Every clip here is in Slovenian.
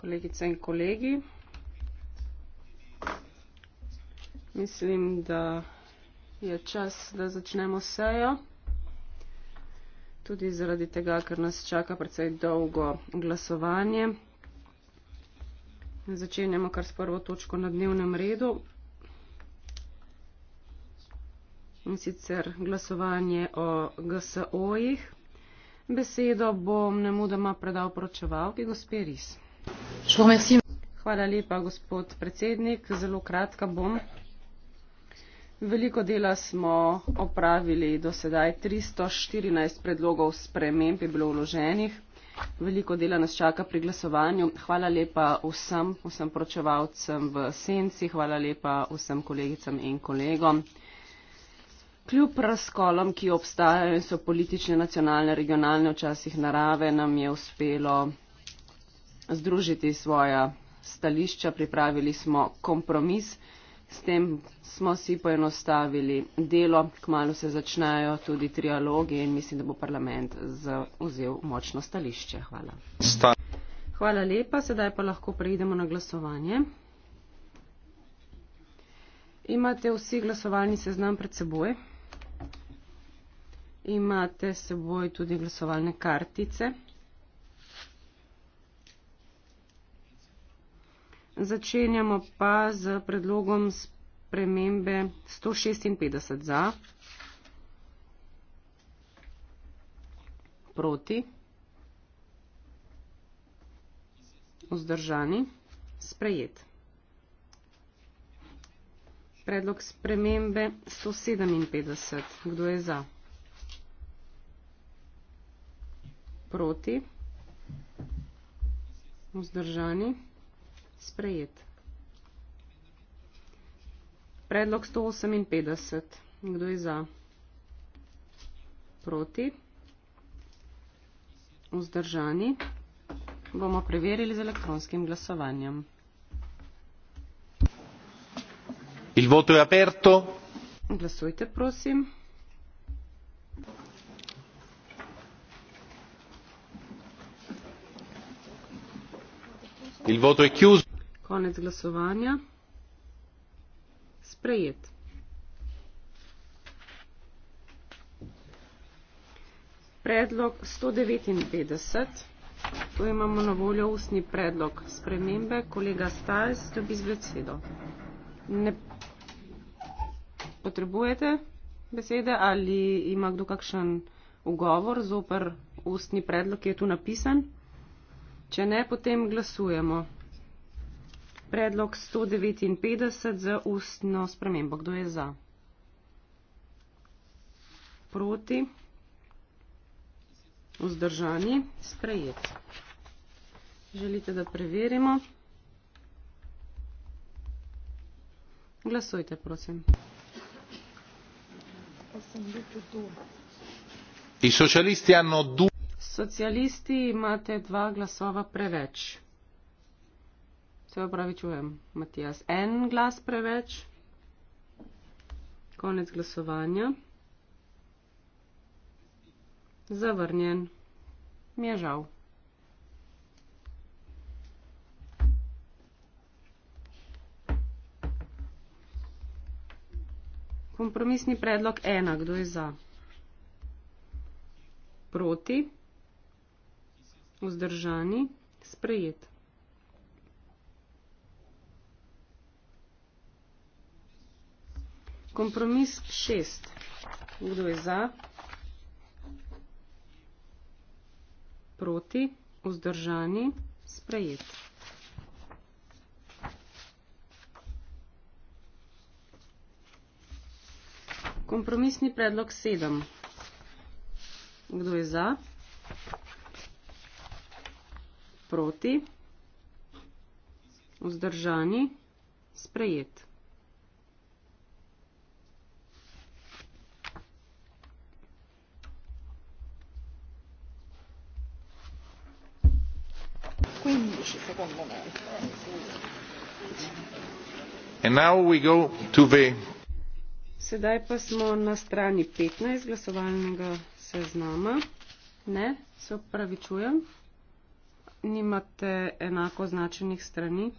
kolegice in kolegi mislim da je čas da začnemo sejo tudi zaradi tega ker nas čaka precej dolgo glasovanje začenjamo kar s prvo točko na dnevnem redu in sicer glasovanje o GSO-jih. Besedo bom ne mudoma predal poročevalki, gospe Ris. Hvala lepa, gospod predsednik. Zelo kratka bom. Veliko dela smo opravili do sedaj. 314 predlogov sprememb je bilo vloženih. Veliko dela nas čaka pri glasovanju. Hvala lepa vsem, vsem poročevalcem v senci. Hvala lepa vsem kolegicam in kolegom. Kljub razkolom, ki obstajajo in so politične, nacionalne, regionalne, včasih narave, nam je uspelo združiti svoja stališča, pripravili smo kompromis, s tem smo si poenostavili delo, kmalo se začnejo tudi trialogi in mislim, da bo parlament vzel močno stališče. Hvala. Sta. Hvala lepa, sedaj pa lahko preidemo na glasovanje. Imate vsi glasovalni seznam pred seboj? imate s seboj tudi glasovalne kartice. Začenjamo pa z predlogom spremembe 156 za, proti, vzdržani, sprejet. Predlog spremembe 157. Kdo je za? proti, vzdržani, sprejet. Predlog 158. Kdo je za? Proti, vzdržani, bomo preverili z elektronskim glasovanjem. Il voto je aperto. Glasujte, prosim. konec glasovanja sprejet predlog sto devetinpetdeset tu imamo na voljo ustni predlog spremembe kolega stajs dobi z besedo ne potrebujete besede ali ima kdo kakšen ugovor zoper ustni predlog ki je tu napisan Če ne, potem glasujemo. Predlog 159 za ustno spremembo. Kdo je za? Proti? Vzdržani? Sprejet. Želite, da preverimo? Glasujte, prosim. I socialisti hanno due. Socialisti imate dva glasova preveč. Se opravičujem, Matijas. En glas preveč. Konec glasovanja. Zavrnjen. Mi je žal. Kompromisni predlog ena. Kdo je za? Proti vzdržani, sprejet. Kompromis šest. Kdo je za? Proti, vzdržani, sprejet. Kompromisni predlog sedem. Kdo je za? Proti proti, vzdržani, sprejet. Sedaj pa smo na strani 15 glasovalnega seznama. Ne, se opravičujem nimate enako označenih strani.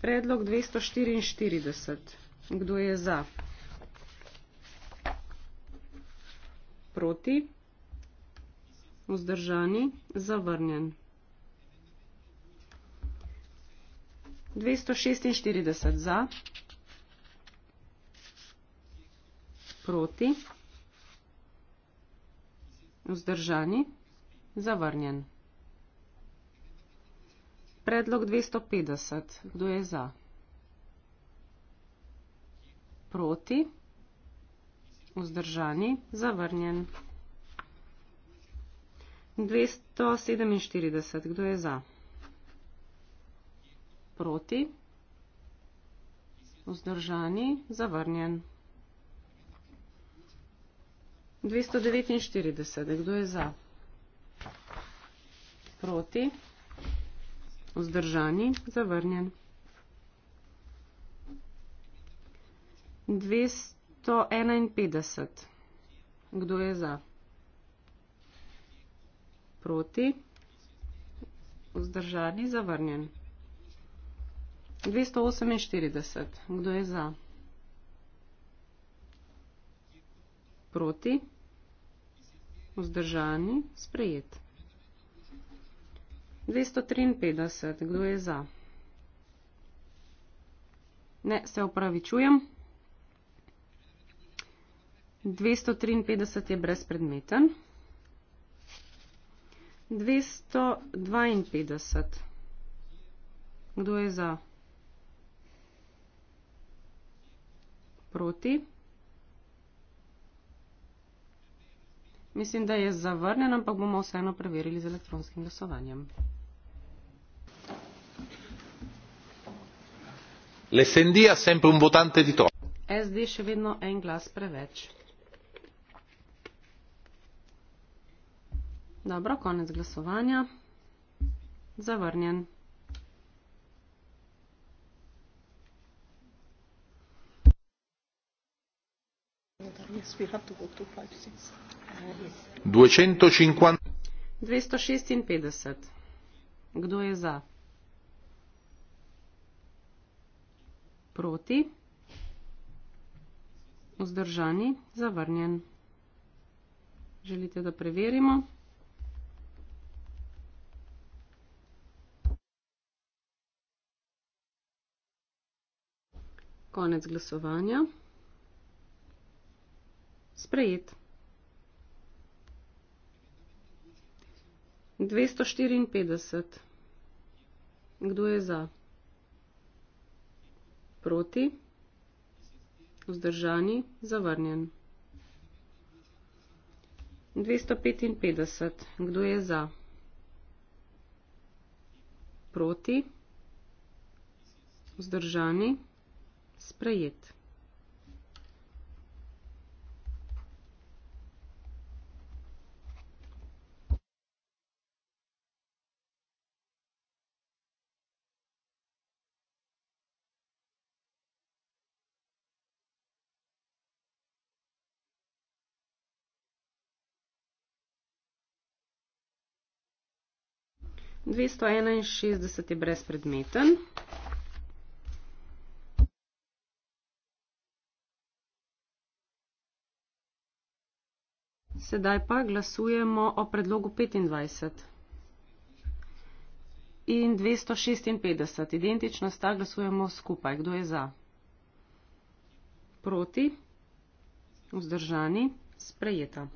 Predlog 244. Kdo je za? Proti? Vzdržani? Zavrnjen. 246 za, proti, Vzdržani? Zavrnjen. Predlog 250. Kdo je za? Proti? Vzdržani? Zavrnjen. 247. Kdo je za? Proti? Vzdržani? Zavrnjen. 249. Kdo je za? Proti? Vzdržani? Zavrnjen. 251. Kdo je za? Proti? Vzdržani? Zavrnjen. 248. Kdo je za? Proti? vzdržani, sprejet. 253, kdo je za? Ne, se opravičujem. 253 je brezpredmeten. 252. Kdo je za? Proti. Mislim, da je zavrnjen, ampak bomo vseeno preverili z elektronskim glasovanjem. SD še vedno en glas preveč. Dobro, konec glasovanja. Zavrnjen. Let me speak up to go to five six. 256. Kdo je za? Proti? Vzdržani? Zavrnjen. Želite, da preverimo? Konec glasovanja. Sprejet. 254. Kdo je za? Proti? Vzdržani? Zavrnjen. 255. Kdo je za? Proti? Vzdržani? Sprejet. 256. 261 je brezpredmeten. Sedaj pa glasujemo o predlogu 25. In 256, identično sta, glasujemo skupaj. Kdo je za? Proti? Vzdržani? Sprejeta.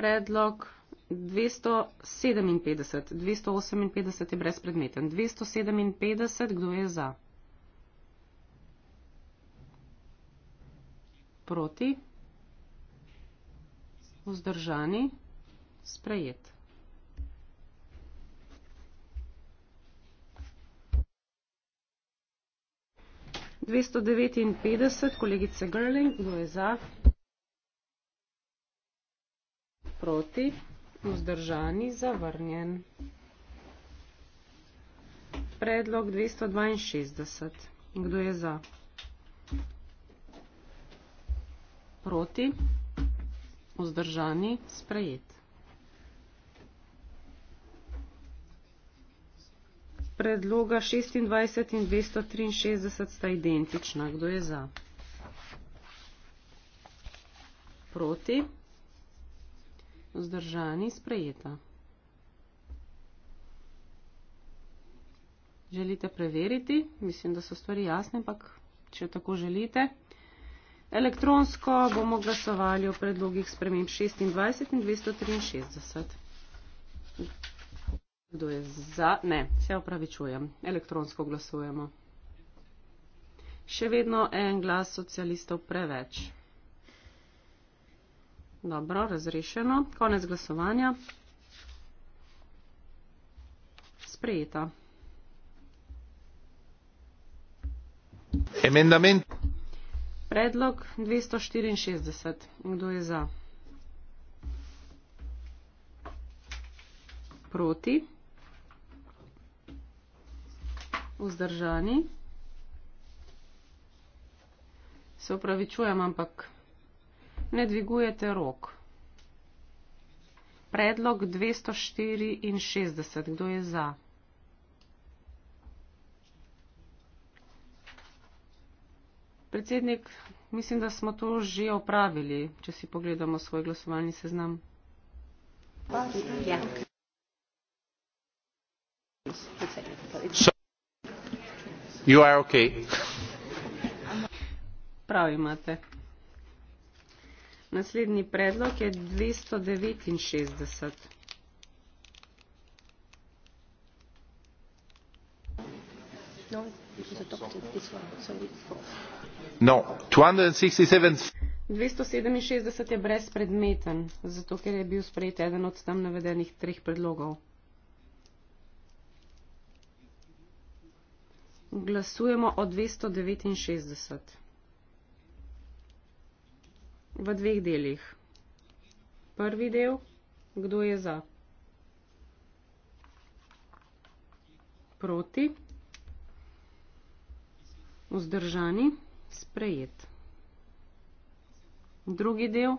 predlog 257. 258 je brezpredmeten. 257, kdo je za? Proti? Vzdržani? Sprejet. Dvesto devetinpetdeset, kolegice Grling, kdo je za? proti, vzdržani, zavrnjen. Predlog 262. Kdo je za? Proti, vzdržani, sprejet. Predloga 26 in 263 sta identična. Kdo je za? Proti. Vzdržani sprejeta. Želite preveriti? Mislim, da so stvari jasne, ampak če tako želite. Elektronsko bomo glasovali o predlogih sprememb 26 in 263. Kdo je za? Ne, se opravičujem. Elektronsko glasujemo. Še vedno en glas socialistov preveč. Dobro, razrešeno. Konec glasovanja. Sprejeta. Emendament. Predlog 264. Kdo je za? Proti. Vzdržani. Se upravičujem, ampak ne dvigujete rok. Predlog 264. Kdo je za? Predsednik, mislim, da smo to že opravili, če si pogledamo svoj glasovalni seznam. Ja. Prav imate. Naslednji predlog je 269. No, 267 no, je brezpredmeten, zato ker je bil sprejet eden od tam navedenih treh predlogov. Glasujemo o 269 v dveh delih. Prvi del, kdo je za, proti, vzdržani, sprejet. Drugi del,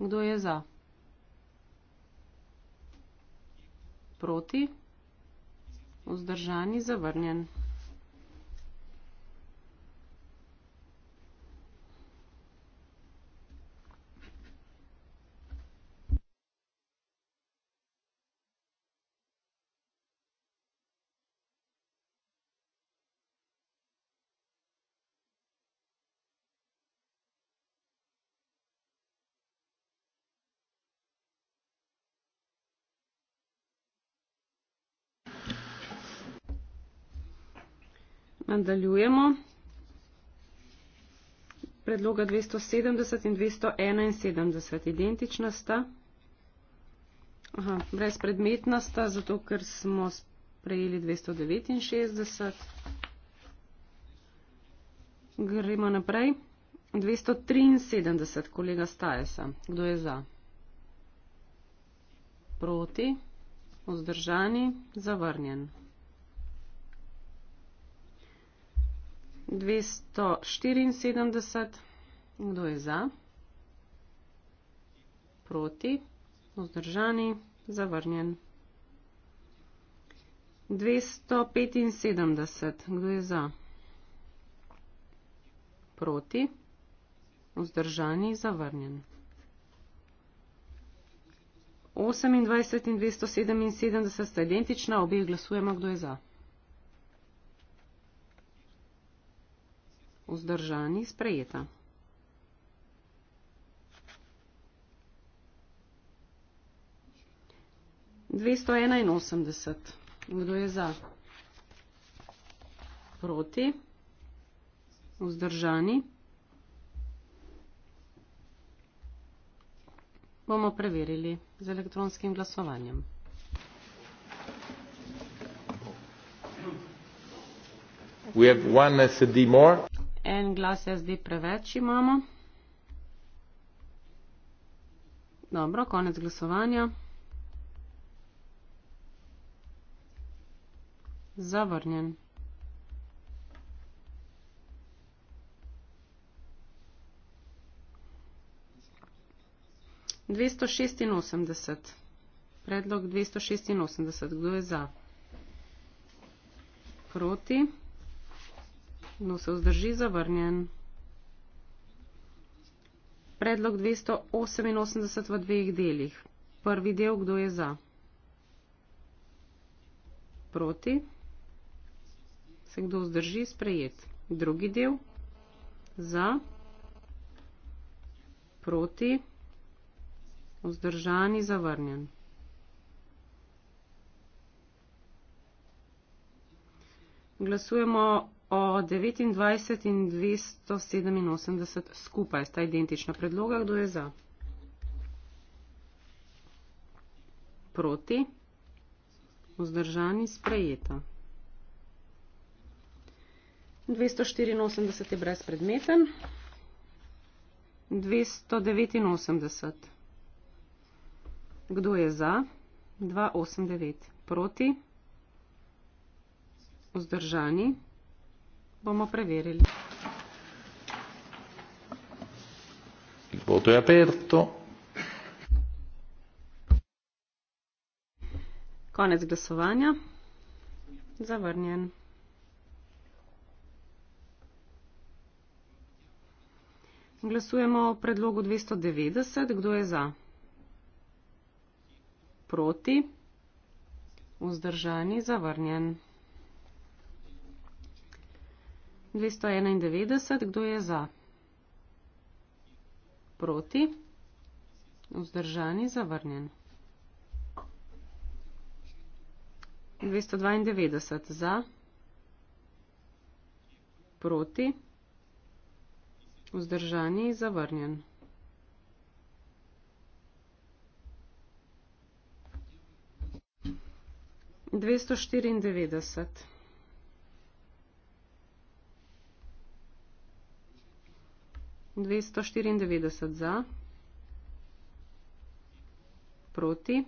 kdo je za, proti, vzdržani, zavrnjen. nadaljujemo. Predloga 270 in 271 identična sta. Aha, brezpredmetna sta, zato ker smo sprejeli 269. Gremo naprej. 273, kolega Stajesa. Kdo je za? Proti. Vzdržani. Zavrnjen. 274. Kdo je za? Proti? Vzdržani? Zavrnjen. 275. Kdo je za? Proti? Vzdržani? Zavrnjen. 28 in 277 sta identična, obe glasujemo, kdo je za. vzdržani sprejeta. Dvesto enainosemdeset. Kdo je za? Proti? Vzdržani? Bomo preverili z elektronskim glasovanjem. We have one SD more en glas jaz zdi preveč imamo. Dobro, konec glasovanja. Zavrnjen. Dvesto šestinosemdeset. Predlog dvesto šestinosemdeset. Kdo je za? Proti. No se vzdrži zavrnjen. Predlog 288 v dveh delih. Prvi del, kdo je za? Proti? Se kdo vzdrži? Sprejet. Drugi del? Za? Proti? Vzdržani, zavrnjen. Glasujemo o 29 in 287 skupaj sta identična predloga. Kdo je za? Proti? Vzdržani sprejeta. 284 je brezpredmeten. 289. Kdo je za? 289. Proti? Vzdržani sprejeta bomo preverili. Il voto è aperto. Konec glasovanja. Zavrnjen. Glasujemo o predlogu 290. Kdo je za? Proti? Vzdržani? Zavrnjen. 291, kdo je za? Proti? Vzdržani, zavrnjen. 292 za, proti, vzdržani, zavrnjen. Dvesto štiriindevetdeset. 294 za, proti,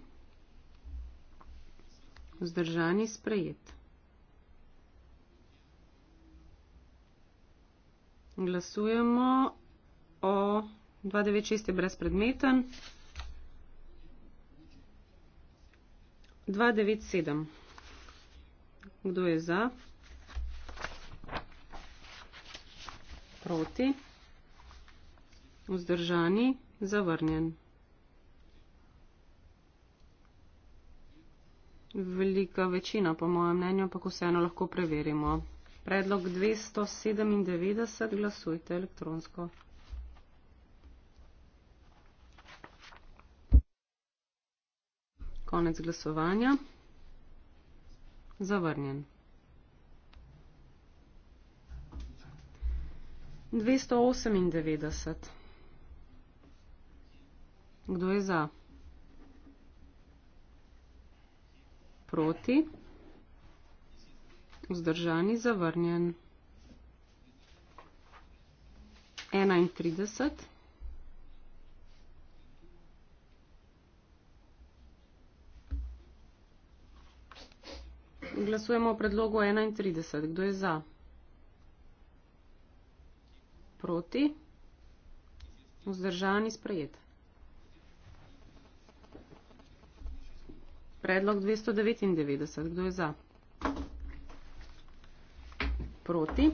vzdržani sprejet. Glasujemo o 296 je brezpredmeten. 297. Kdo je za? Proti vzdržani, zavrnjen. Velika večina, po mojem mnenju, pa vseeno lahko preverimo. Predlog 297 glasujte elektronsko. Konec glasovanja. Zavrnjen. 298. Kdo je za? Proti? Vzdržani zavrnjen. 31. Glasujemo o predlogu 31. Kdo je za? Proti? Vzdržani sprejet. predlog 299. Kdo je za? Proti.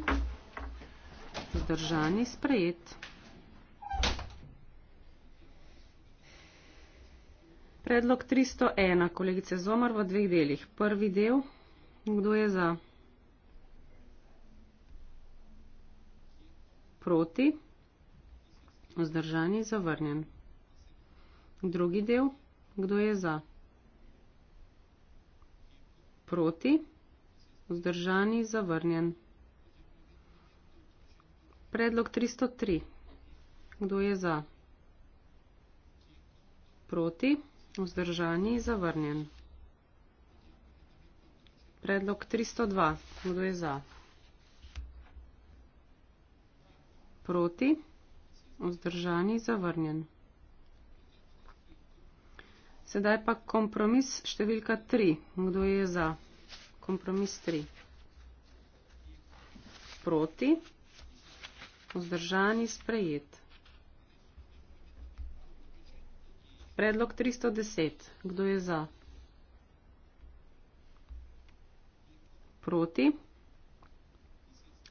Zdržani sprejet. Predlog 301. Kolegice Zomar v dveh delih. Prvi del. Kdo je za? Proti. Vzdržani zavrnjen. Drugi del. Kdo je za? proti, vzdržani, zavrnjen. Predlog 303. Kdo je za? Proti, vzdržani, zavrnjen. Predlog 302. Kdo je za? Proti, vzdržani, zavrnjen. Sedaj pa kompromis številka 3. Kdo je za? Kompromis 3. Proti. Vzdržani sprejet. Predlog 310. Kdo je za? Proti.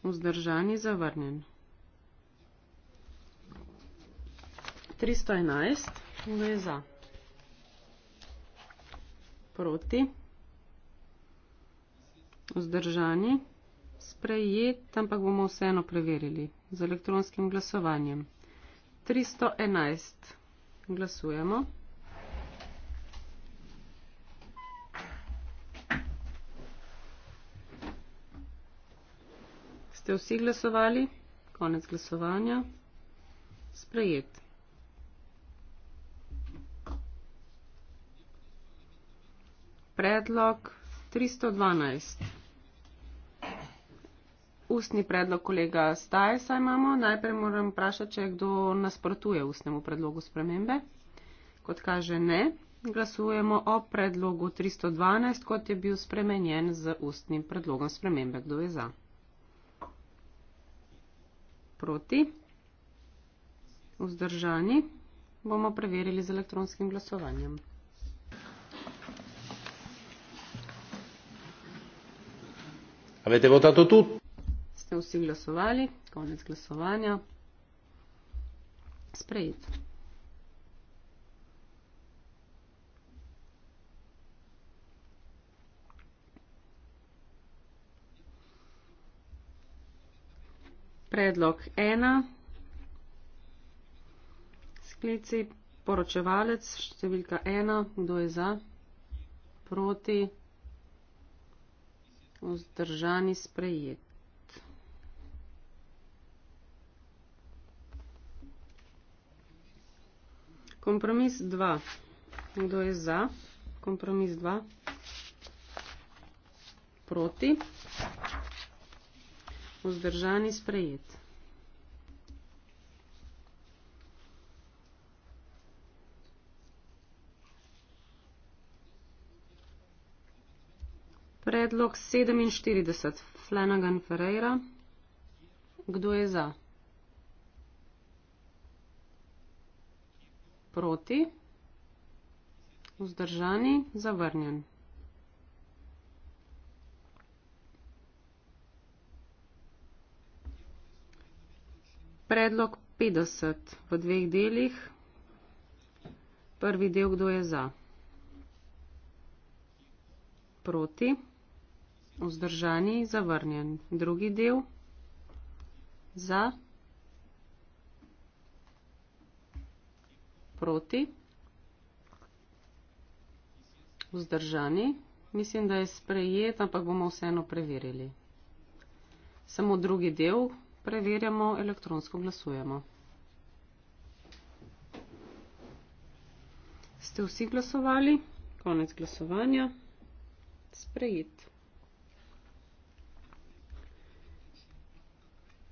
Vzdržani zavrnjen. 311. Kdo je za? proti, vzdržani, sprejet, ampak bomo vseeno preverili z elektronskim glasovanjem. 311. Glasujemo. Ste vsi glasovali? Konec glasovanja. Sprejet. 312. Predlog 312. Ustni predlog kolega Stajsa imamo. Najprej moram vprašati, če kdo nasprotuje ustnemu predlogu spremembe. Kot kaže ne, glasujemo o predlogu 312, kot je bil spremenjen z ustnim predlogom spremembe. Kdo je za? Proti? Vzdržani? Bomo preverili z elektronskim glasovanjem. avete votato tutti siamo tutti glasovali con il glasovania spreit predlog ena sklici poročevalec številka ena kdo je za proti vzdržani sprejet. Kompromis 2. Kdo je za? Kompromis 2. Proti. Vzdržani sprejet. Predlog 47, Flanagan Ferreira. Kdo je za? Proti? Vzdržani? Zavrnjen. Predlog 50 v dveh delih. Prvi del, kdo je za? Proti? vzdržani, zavrnjen. Drugi del, za, proti, vzdržani. Mislim, da je sprejet, ampak bomo vseeno preverili. Samo drugi del preverjamo, elektronsko glasujemo. Ste vsi glasovali? Konec glasovanja. Sprejet.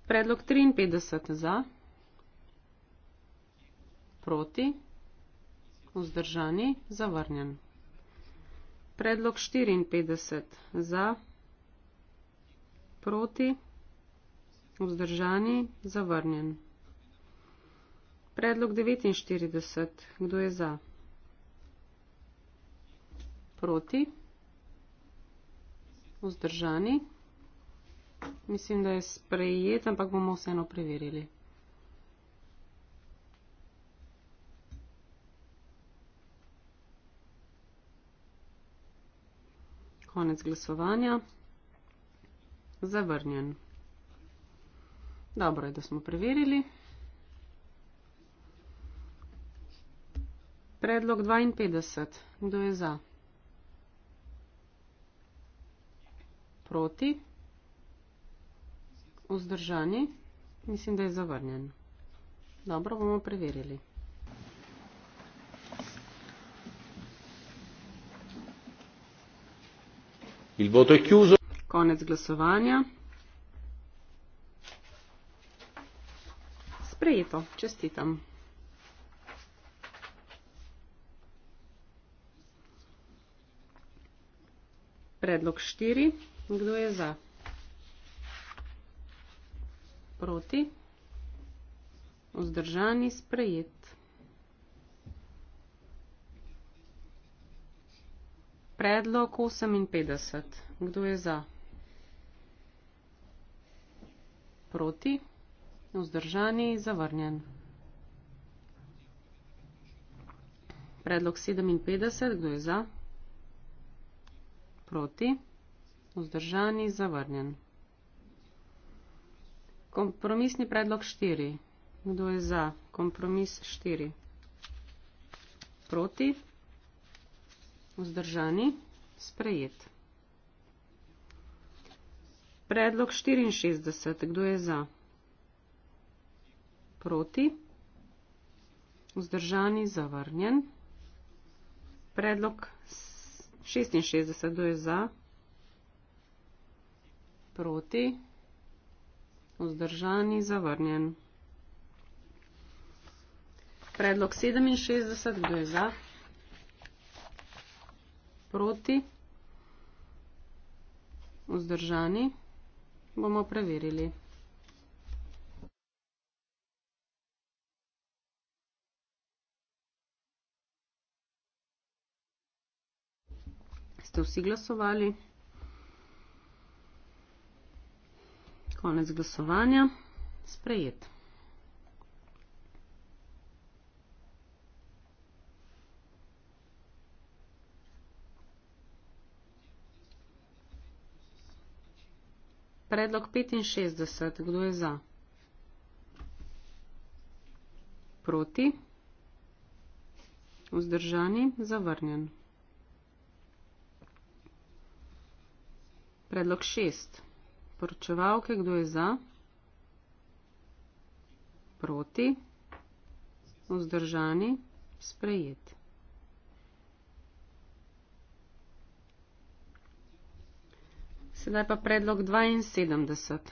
Predlog 53 za, proti, vzdržani, zavrnjen. Predlog 54 za, proti, vzdržani, zavrnjen. Predlog 49, kdo je za? Proti, vzdržani, zavrnjen. Mislim, da je sprejet, ampak bomo vseeno preverili. Konec glasovanja. Zavrnjen. Dobro je, da smo preverili. Predlog 52. Kdo je za? Proti vzdržani. Mislim, da je zavrnjen. Dobro, bomo preverili. Il voto je chiuso. Konec glasovanja. Sprejeto, čestitam. Predlog štiri, kdo je za? proti, vzdržani sprejet. Predlog 58. Kdo je za? Proti, vzdržani, zavrnjen. Predlog 57. Kdo je za? Proti, vzdržani, zavrnjen. Kompromisni predlog 4. Kdo je za? Kompromis 4. Proti. Vzdržani. Sprejet. Predlog 64. Kdo je za? Proti. Vzdržani. Zavrnjen. Predlog 66. Kdo je za? Proti. Vzdržani zavrnjen. Predlog 67, kdo je za? Proti? Vzdržani? Bomo preverili. Ste vsi glasovali? Konec glasovanja. Sprejet. Predlog 65. Kdo je za? Proti. Vzdržani. Zavrnjen. Predlog 6 sporočevalke, kdo je za, proti, vzdržani, sprejet. Sedaj pa predlog 72.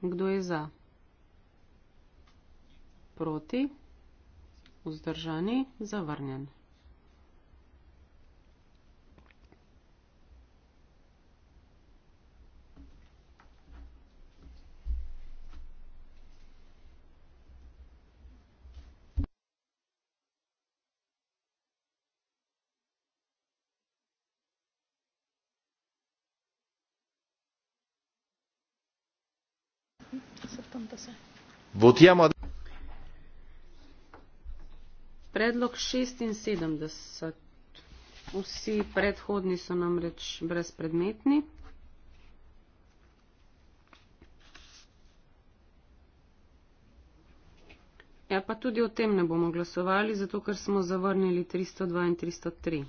Kdo je za? Proti, vzdržani, zavrnjen. Predlog 76. Vsi predhodni so namreč brezpredmetni. Ja, pa tudi o tem ne bomo glasovali, zato ker smo zavrnili 302 in 303.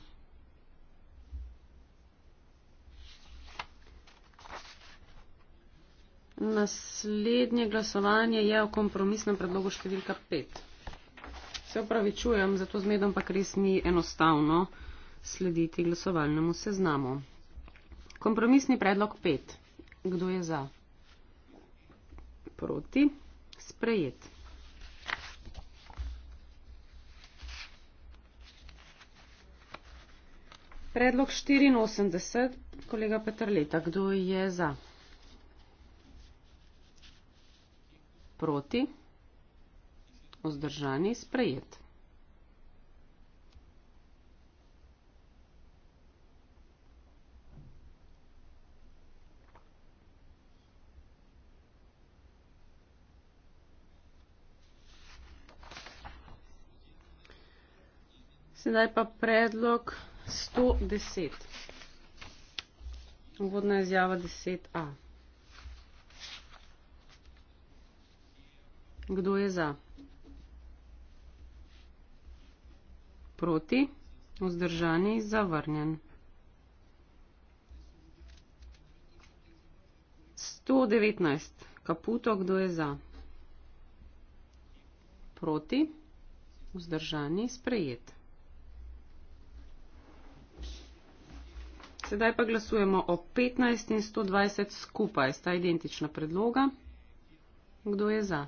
Naslednje glasovanje je o kompromisnem predlogu številka 5. Se upravičujem, zato zmedom pa res ni enostavno slediti glasovalnemu seznamu. Kompromisni predlog 5. Kdo je za? Proti. Sprejet. Predlog 84. Kolega Petrleta, kdo je za? proti, vzdržani, sprejet. Sedaj pa predlog 110. Uvodna izjava 10a. Kdo je za? Proti? Vzdržani? Zavrnjen. 119. Kaputo, kdo je za? Proti? Vzdržani? Sprejet. Sedaj pa glasujemo o 15 in 120 skupaj. Sta identična predloga. Kdo je za?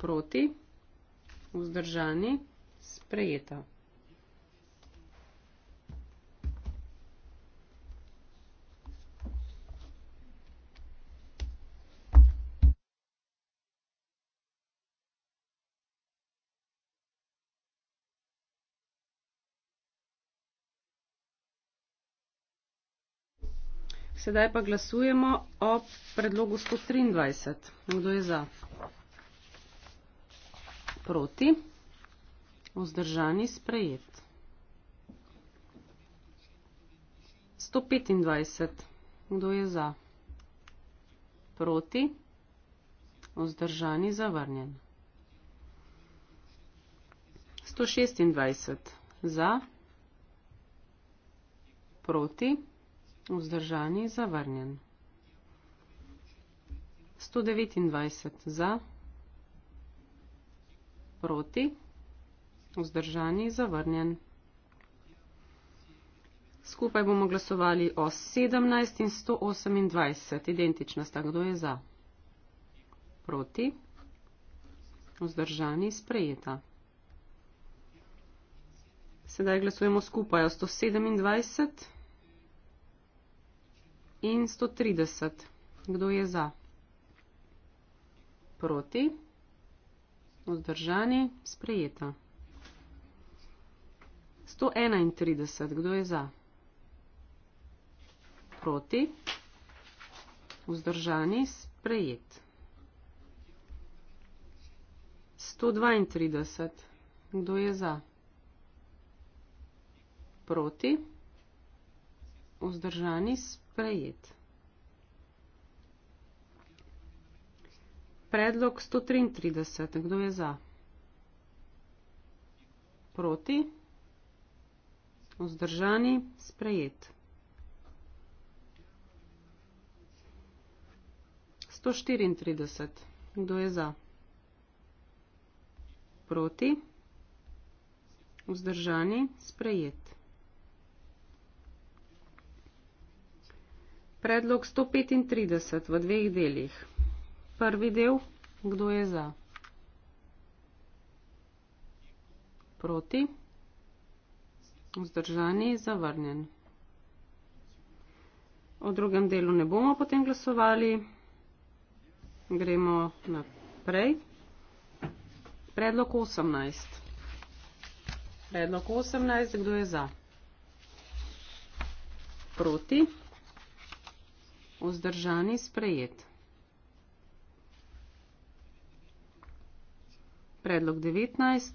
proti, vzdržani, sprejeta. Sedaj pa glasujemo o predlogu 123. Kdo je za? proti, vzdržani sprejet. 125. Kdo je za? Proti, vzdržani zavrnjen. 126. Za, proti, vzdržani zavrnjen. 129. Za proti, vzdržani, zavrnjen. Skupaj bomo glasovali o 17 in 128, identična sta, kdo je za. Proti, vzdržani, sprejeta. Sedaj glasujemo skupaj o 127 in 130. Kdo je za? Proti. Vzdržani, sprejeta. 131, kdo je za? Proti. Vzdržani, sprejet. 132, kdo je za? Proti. Vzdržani, sprejet. Predlog 133. Kdo je za? Proti? Ozdržani? Sprejet. 134. Kdo je za? Proti? Vzdržani, sprejet. Predlog 135 v dveh delih prvi del. Kdo je za? Proti? Vzdržani? Zavrnjen. O drugem delu ne bomo potem glasovali. Gremo naprej. Predlog 18. Predlog 18. Kdo je za? Proti? Vzdržani sprejet. predlog 19.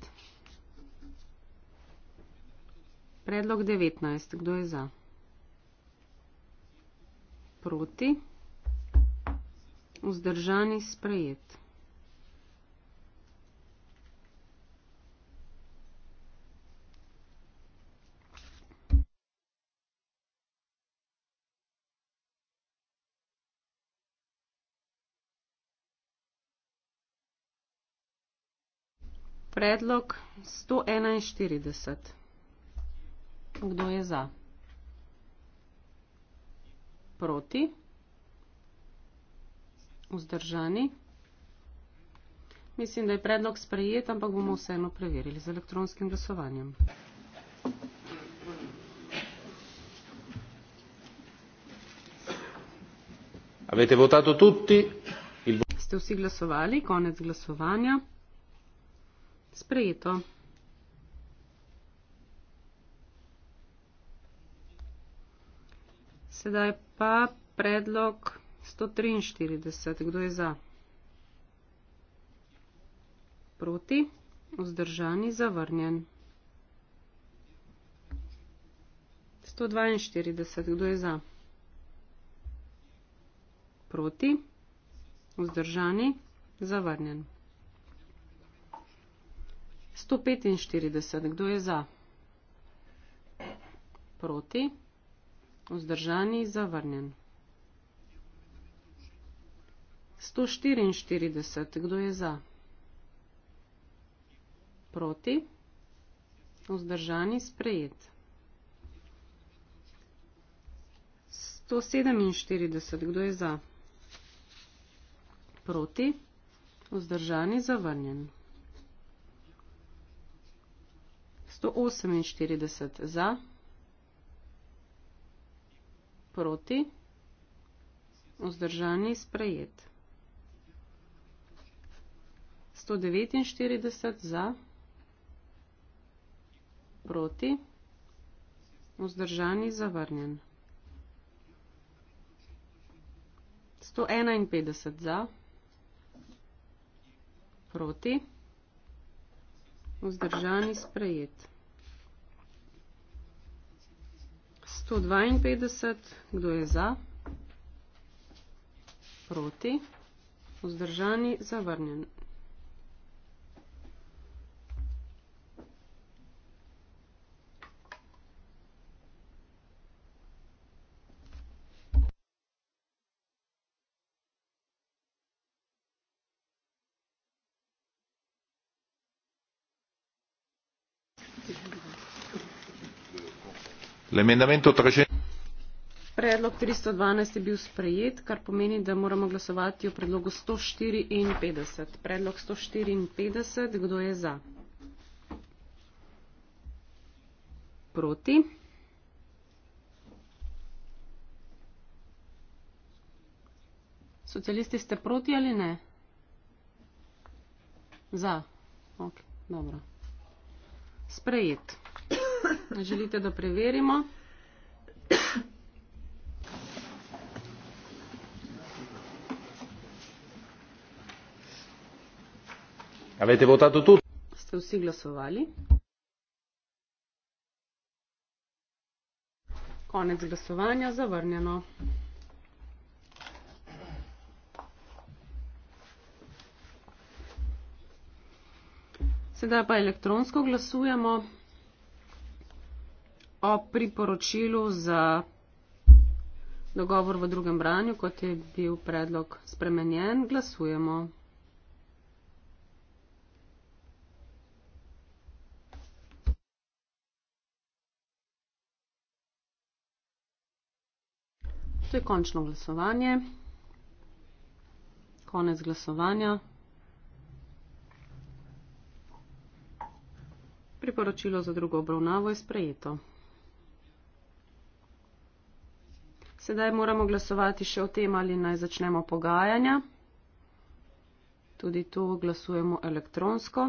Predlog 19. Kdo je za? Proti. Vzdržani sprejet. Predlog 141. Kdo je za? Proti? Vzdržani? Mislim, da je predlog sprejet, ampak bomo vseeno preverili z elektronskim glasovanjem. Avete votato tutti? Ste vsi glasovali? Konec glasovanja. Sprejeto. Sedaj pa predlog 143. Kdo je za? Proti? Vzdržani? Zavrnjen. 142. Kdo je za? Proti? Vzdržani? Zavrnjen. 145. Kdo je za? Proti. Vzdržani. Zavrnjen. 144. Kdo je za? Proti. Vzdržani. Sprejet. 147. Kdo je za? Proti. Vzdržani. Zavrnjen. 148 za, proti, vzdržani, sprejet. 149 za, proti, vzdržani, zavrnjen. 151 za, proti, vzdržani, zavrnjen. Vzdržani sprejet. 152. Kdo je za? Proti. Vzdržani zavrnjen. predlog tristo dvanajst je bil sprejet kar pomeni da moramo glasovati o predlogu sto štiriinpetdeset predlog sto štiriinpetdeset kdo je za proti socialisti ste proti ali ne za ok dobro sprejet Želite, da preverimo? Avete votato tutti? Ste vsi glasovali? Konec glasovanja, zavrnjeno. Sedaj pa elektronsko glasujemo o priporočilu za dogovor v drugem branju, kot je bil predlog spremenjen, glasujemo. To je končno glasovanje. Konec glasovanja. Priporočilo za drugo obravnavo je sprejeto. Sedaj moramo glasovati še o tem, ali naj začnemo pogajanja. Tudi tu glasujemo elektronsko.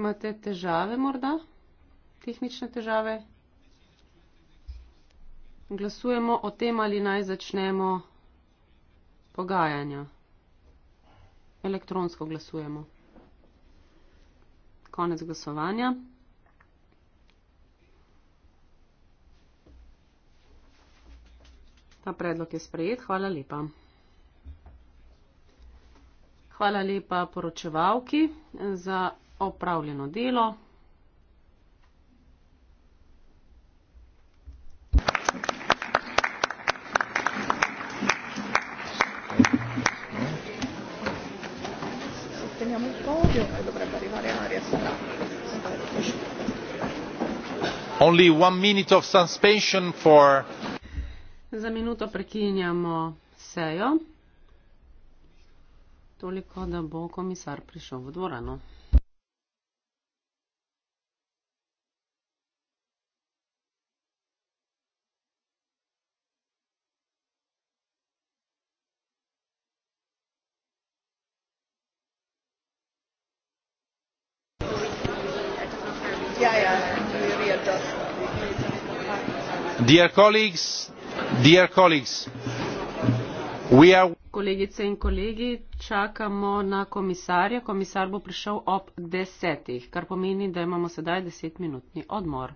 Imate težave morda? Tehnične težave? Glasujemo o tem, ali naj začnemo pogajanja elektronsko glasujemo. Konec glasovanja. Ta predlog je sprejet. Hvala lepa. Hvala lepa poročevalki za opravljeno delo. za minuto prekinjamo sejo toliko da bo komisar prišel v dvorano kolegice in kolegi čakamo na komisarja komisar bo prišel ob desetih kar pomeni da imamo sedaj desetminutni odmor.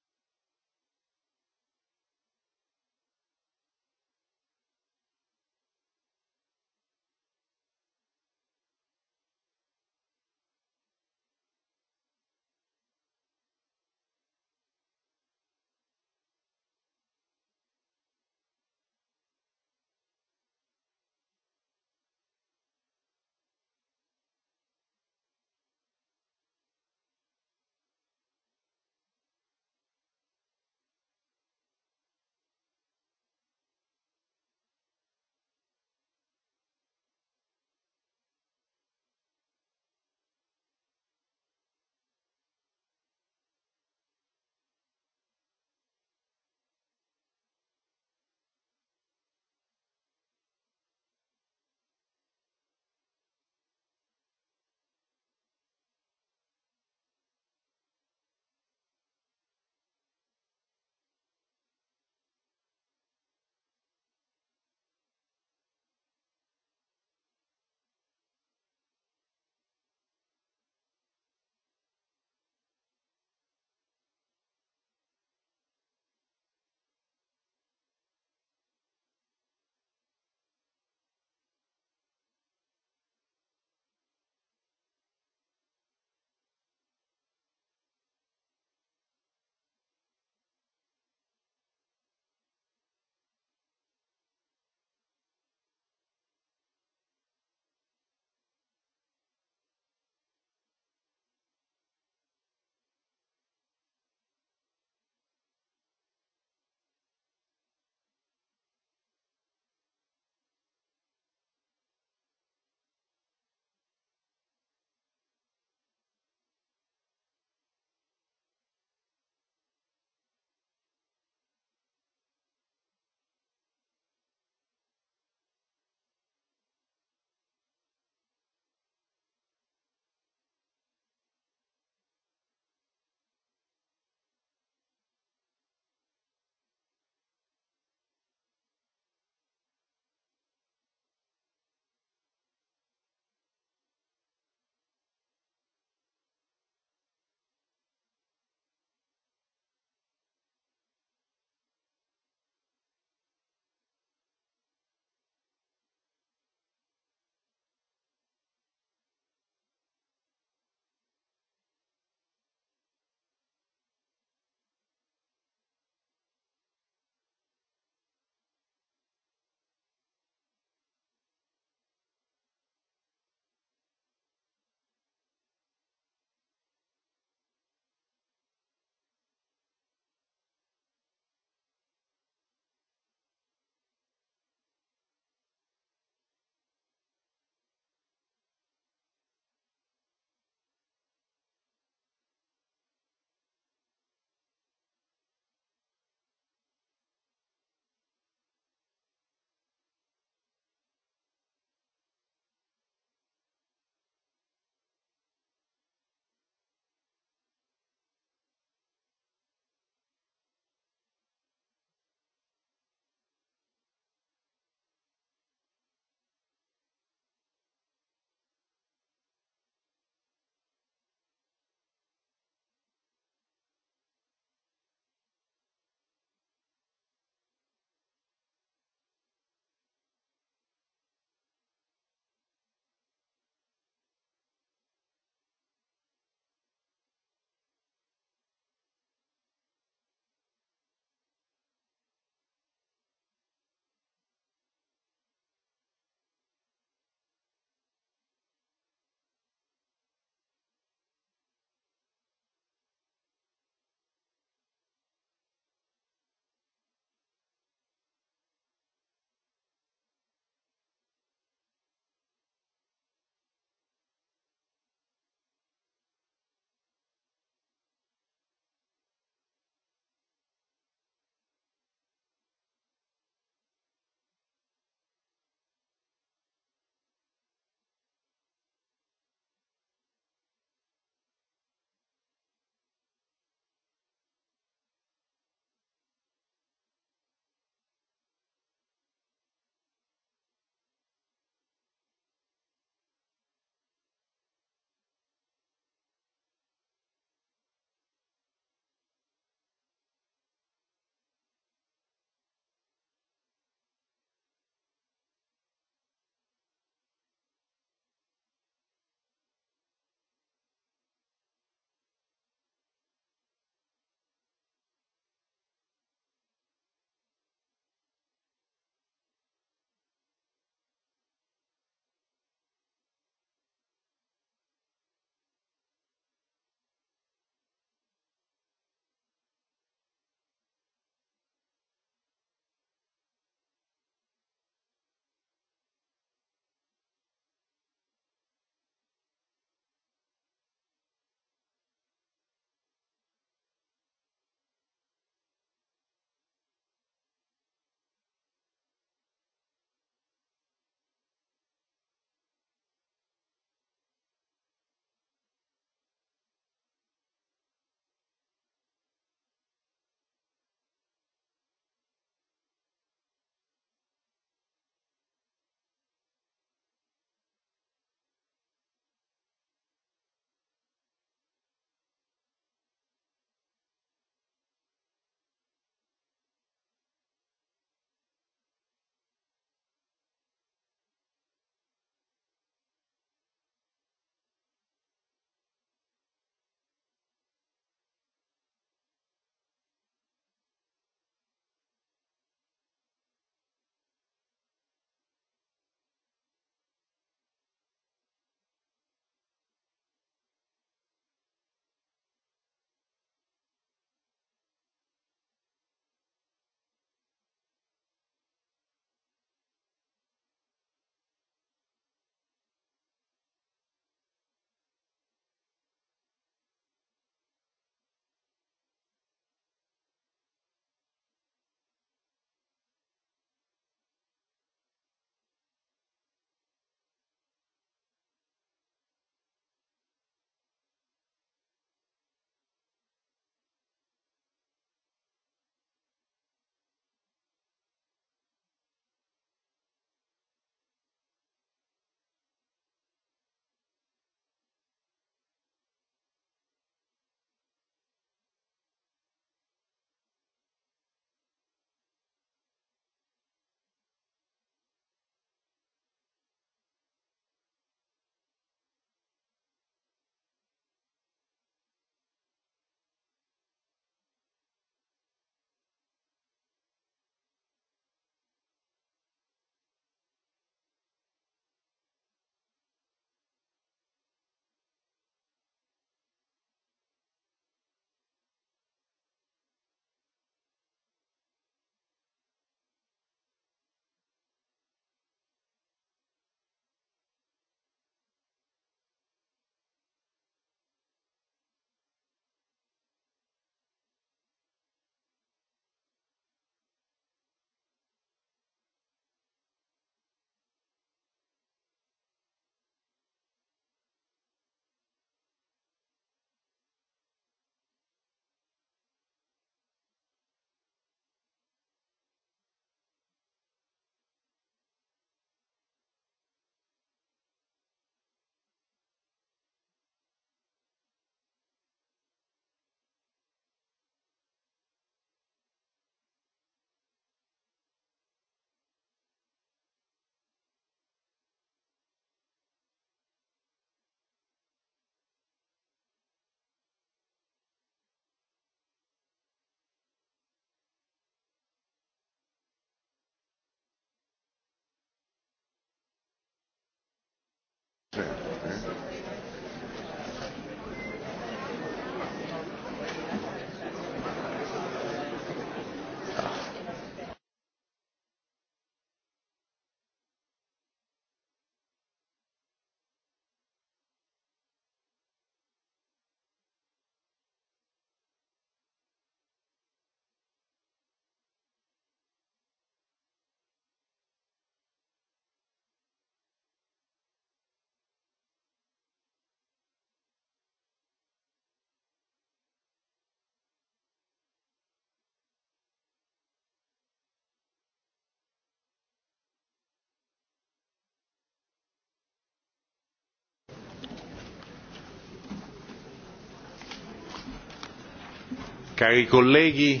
cari colleghi.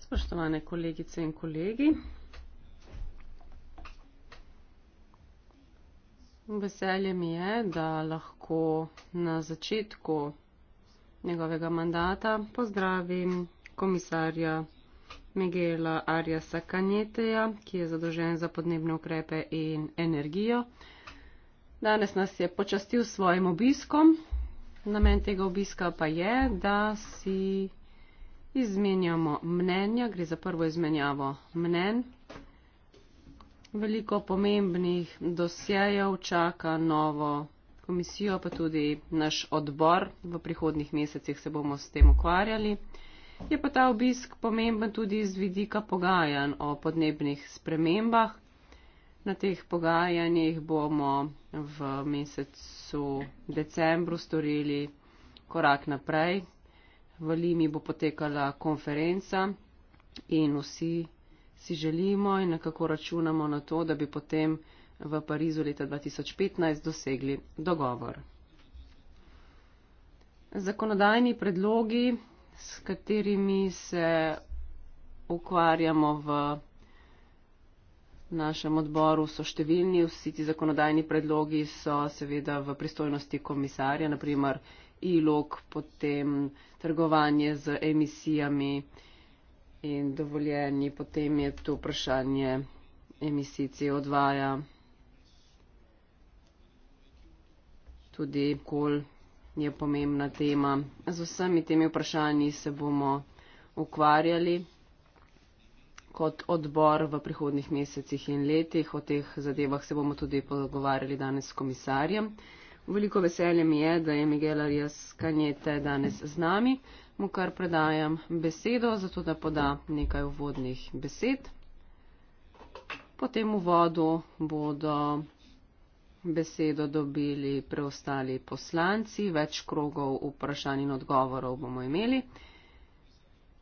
Spoštovane kolegice in kolegi. Veselje mi je, da lahko na začetku njegovega mandata pozdravim komisarja Miguela Arjasa Kanjeteja, ki je zadolžen za podnebne ukrepe in energijo. Danes nas je počastil svojim obiskom. Namen tega obiska pa je, da si izmenjamo mnenja, gre za prvo izmenjavo mnen. Veliko pomembnih dosjejev čaka novo komisijo, pa tudi naš odbor. V prihodnih mesecih se bomo s tem ukvarjali. Je pa ta obisk pomemben tudi z vidika pogajanj o podnebnih spremembah. Na teh pogajanjih bomo v mesecu decembru storili korak naprej, v Limi bo potekala konferenca in vsi si želimo in nekako računamo na to, da bi potem v Parizu leta 2015 dosegli dogovor. Zakonodajni predlogi, s katerimi se ukvarjamo v našem odboru, so številni. Vsi ti zakonodajni predlogi so seveda v pristojnosti komisarja, naprimer ilog, potem trgovanje z emisijami in dovoljeni, potem je tu vprašanje emisij CO2, ja. tudi kol je pomembna tema. Z vsemi temi vprašanji se bomo ukvarjali kot odbor v prihodnih mesecih in letih. O teh zadevah se bomo tudi pogovarjali danes s komisarjem. Veliko veselje mi je, da je Miguel Arias Kanjete danes z nami. Mu kar predajam besedo, zato da poda nekaj uvodnih besed. Po tem uvodu bodo besedo dobili preostali poslanci, več krogov vprašanj in odgovorov bomo imeli.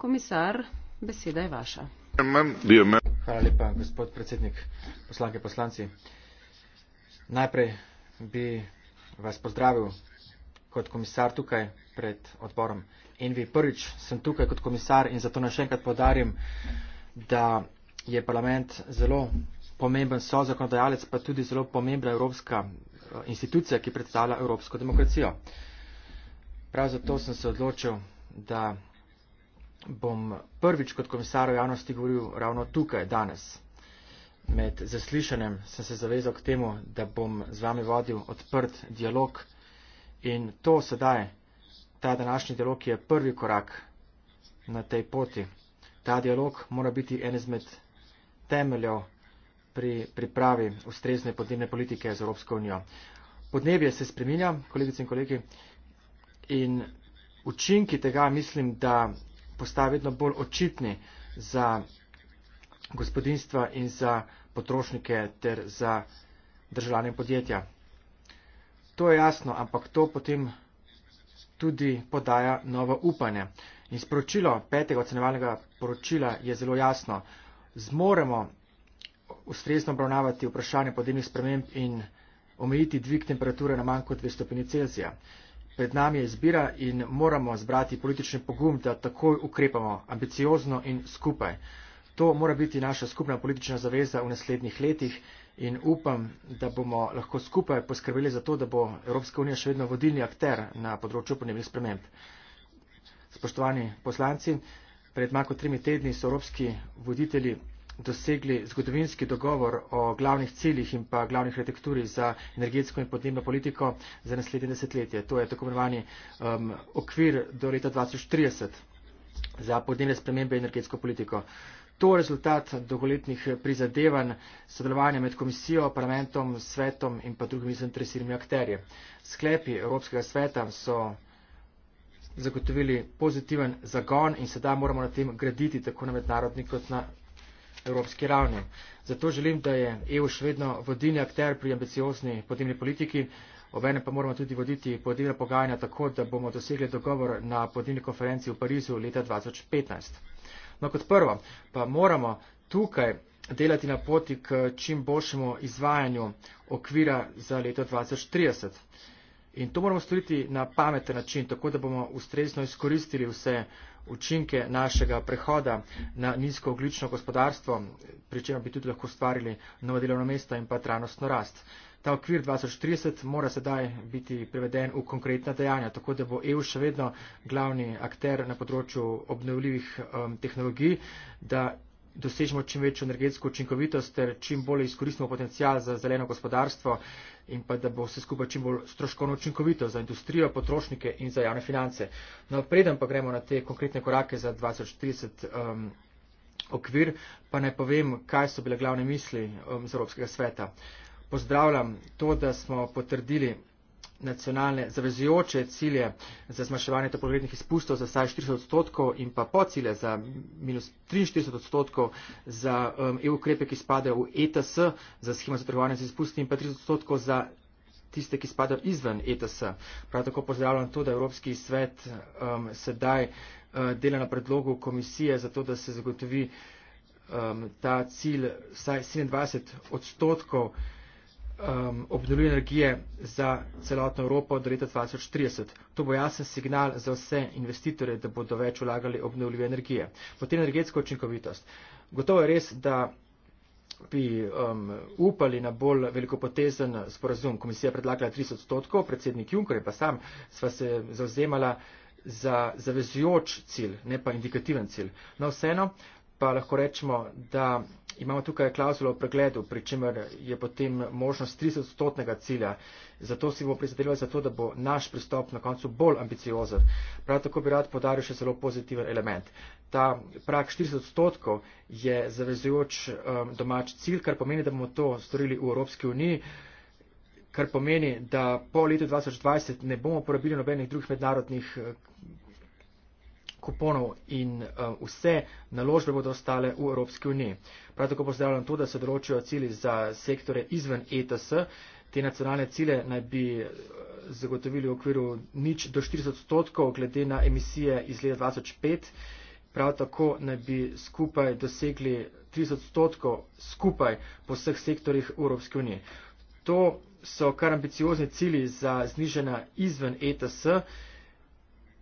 Komisar, beseda je vaša. Hvala lepa, gospod predsednik, poslanke, poslanci. Najprej bi vas pozdravil kot komisar tukaj pred odborom. In vi prvič sem tukaj kot komisar in zato naj še enkrat podarim, da je parlament zelo pomemben so zakonodajalec, pa tudi zelo pomembna evropska eh, institucija, ki predstavlja evropsko demokracijo. Prav zato sem se odločil, da bom prvič kot komisar v javnosti govoril ravno tukaj, danes. Med zaslišanjem sem se zavezal k temu, da bom z vami vodil odprt dialog in to sedaj, ta današnji dialog je prvi korak na tej poti. Ta dialog mora biti en izmed temeljev pri pripravi ustrezne podnebne politike z Evropsko unijo. Podnebje se spreminja, kolegice in kolegi, in učinki tega mislim, da postajajo vedno bolj očitni za gospodinstva in za potrošnike ter za državljane podjetja. To je jasno, ampak to potem tudi podaja novo upanje. In sporočilo petega ocenevalnega poročila je zelo jasno. Zmoremo ustrezno obravnavati vprašanje podnebnih sprememb in omejiti dvig temperature na manj kot 2 stopinje Celzija. Pred nami je izbira in moramo zbrati politični pogum, da takoj ukrepamo ambiciozno in skupaj. To mora biti naša skupna politična zaveza v naslednjih letih in upam, da bomo lahko skupaj poskrbeli za to, da bo Evropska unija še vedno vodilni akter na področju podnebnih sprememb. Spoštovani poslanci, pred manj kot tremi tedni so evropski voditelji dosegli zgodovinski dogovor o glavnih ciljih in pa glavnih retekturi za energetsko in podnebno politiko za naslednje desetletje. To je tako imenovani um, okvir do leta 2030 za podnebne spremembe in energetsko politiko to rezultat dolgoletnih eh, prizadevanj sodelovanja med komisijo, parlamentom, svetom in pa drugimi zainteresiranimi akterji. Sklepi Evropskega sveta so zagotovili pozitiven zagon in sedaj moramo na tem graditi tako na mednarodni kot na evropski ravni. Zato želim, da je EU še vedno vodilni akter pri ambiciozni podnebni politiki, obene pa moramo tudi voditi podnebna pogajanja tako, da bomo dosegli dogovor na podnebni konferenci v Parizu leta 2015. No, kot prvo, pa moramo tukaj delati na poti k čim boljšemu izvajanju okvira za leto 2030. In to moramo storiti na pameten način, tako da bomo ustrezno izkoristili vse učinke našega prehoda na nizkooglično gospodarstvo, pri čem bi tudi lahko ustvarili nova delovna mesta in pa trajnostno rast. Ta okvir 2030 mora sedaj biti preveden v konkretna dejanja, tako da bo EU še vedno glavni akter na področju obnovljivih um, tehnologij, da dosežemo čim večjo energetsko učinkovitost ter čim bolje izkoristimo potencial za zeleno gospodarstvo in pa da bo vse skupaj čim bolj stroškovno učinkovito za industrijo, potrošnike in za javne finance. No, preden pa gremo na te konkretne korake za 2030. Um, okvir, pa ne povem, kaj so bile glavne misli um, z Evropskega sveta pozdravljam to, da smo potrdili nacionalne zavezujoče cilje za zmanjševanje toplogrednih izpustov za vsaj 40 odstotkov in pa po cilje za minus 43 odstotkov za um, EU ukrepe, ki spadajo v ETS za schema za trgovanje z izpusti in pa 30 odstotkov za tiste, ki spadajo izven ETS. Prav tako pozdravljam to, da Evropski svet um, sedaj uh, dela na predlogu komisije za to, da se zagotovi um, ta cilj vsaj 27 odstotkov um, obnovljive energije za celotno Evropo do leta 2030. To bo jasen signal za vse investitore, da bodo več vlagali obnovljive energije. Potem energetska učinkovitost. Gotovo je res, da bi um, upali na bolj velikopotezen sporazum. Komisija predlagala 30 odstotkov, predsednik Juncker je pa sam, sva se zauzemala za zavezujoč cilj, ne pa indikativen cilj. No vseeno pa lahko rečemo, da Imamo tukaj klauzulo o pregledu, pri čemer je potem možnost 30-stotnega cilja. Zato si bomo prizadevali za to, da bo naš pristop na koncu bolj ambiciozen. Prav tako bi rad podaril še zelo pozitiven element. Ta prak 40-stotkov je zavezujoč um, domač cilj, kar pomeni, da bomo to storili v Evropski uniji, kar pomeni, da po letu 2020 ne bomo porabili nobenih drugih mednarodnih kuponov in uh, vse naložbe bodo ostale v Evropski uniji. Prav tako pozdravljam to, da se določijo cilji za sektore izven ETS. Te nacionalne cilje naj bi eh, zagotovili v okviru nič do 40 odstotkov glede na emisije iz leta 2005. Prav tako naj bi skupaj dosegli 30 odstotkov skupaj po vseh sektorjih v Evropski uniji. To so kar ambiciozni cilji za znižena izven ETS.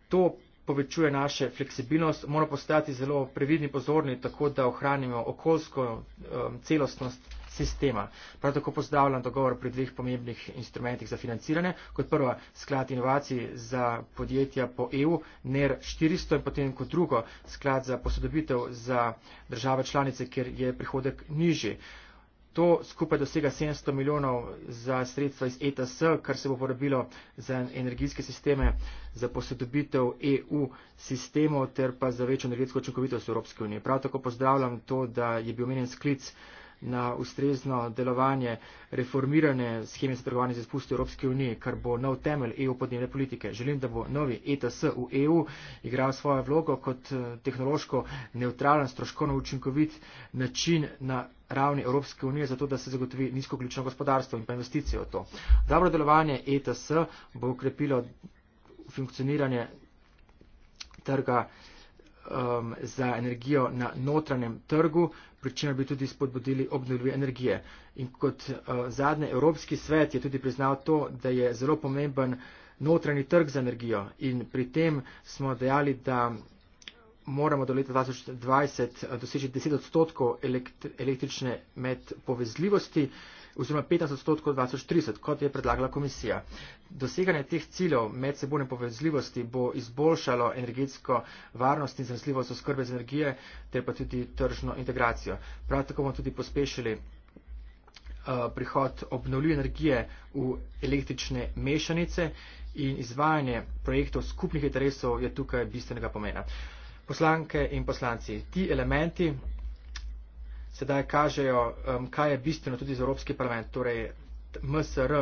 To povečuje naše fleksibilnost, moramo postati zelo previdni, pozorni, tako da ohranimo okoljsko um, celostnost sistema. Prav tako pozdravljam dogovor pri dveh pomembnih instrumentih za financiranje. Kot prva, sklad inovacij za podjetja po EU, NER 400 in potem kot drugo, sklad za posodobitev za države članice, kjer je prihodek nižji. Uh, To skupaj dosega 700 milijonov za sredstva iz ETS, kar se bo porabilo za energijske sisteme, za posodobitev EU sistemov ter pa za večjo energetsko učinkovitost Evropske unije. Prav tako pozdravljam to, da je bil omenjen sklic na ustrezno delovanje reformirane scheme za trgovanje z izpusti Evropske unije, kar bo nov temelj EU podnebne politike. Želim, da bo novi ETS v EU igral svojo vlogo kot eh, tehnološko neutralen, stroškovno učinkovit način na ravni Evropske unije, zato da se zagotovi nizkoključno gospodarstvo in pa investicije v to. Dobro delovanje ETS bo ukrepilo funkcioniranje trga um, za energijo na notranjem trgu pri čemer bi tudi spodbudili obnovljive energije. In kot eh, zadnje, Evropski svet je tudi priznal to, da je zelo pomemben notranji trg za energijo in pri tem smo dejali, da moramo do leta 2020 eh, doseči 10 odstotkov električne med povezljivosti oziroma 50 odstotkov 2030, kot je predlagala komisija. Doseganje teh ciljev medsebojne povezljivosti bo izboljšalo energetsko varnost in zanesljivost oskrbe z energije, ter pa tudi tržno integracijo. Prav tako bomo tudi pospešili eh, prihod obnovljive energije v električne mešanice in izvajanje projektov skupnih interesov je tukaj bistvenega pomena. Poslanke in poslanci, ti elementi sedaj kažejo, um, kaj je bistveno tudi za Evropski parlament, torej MSR,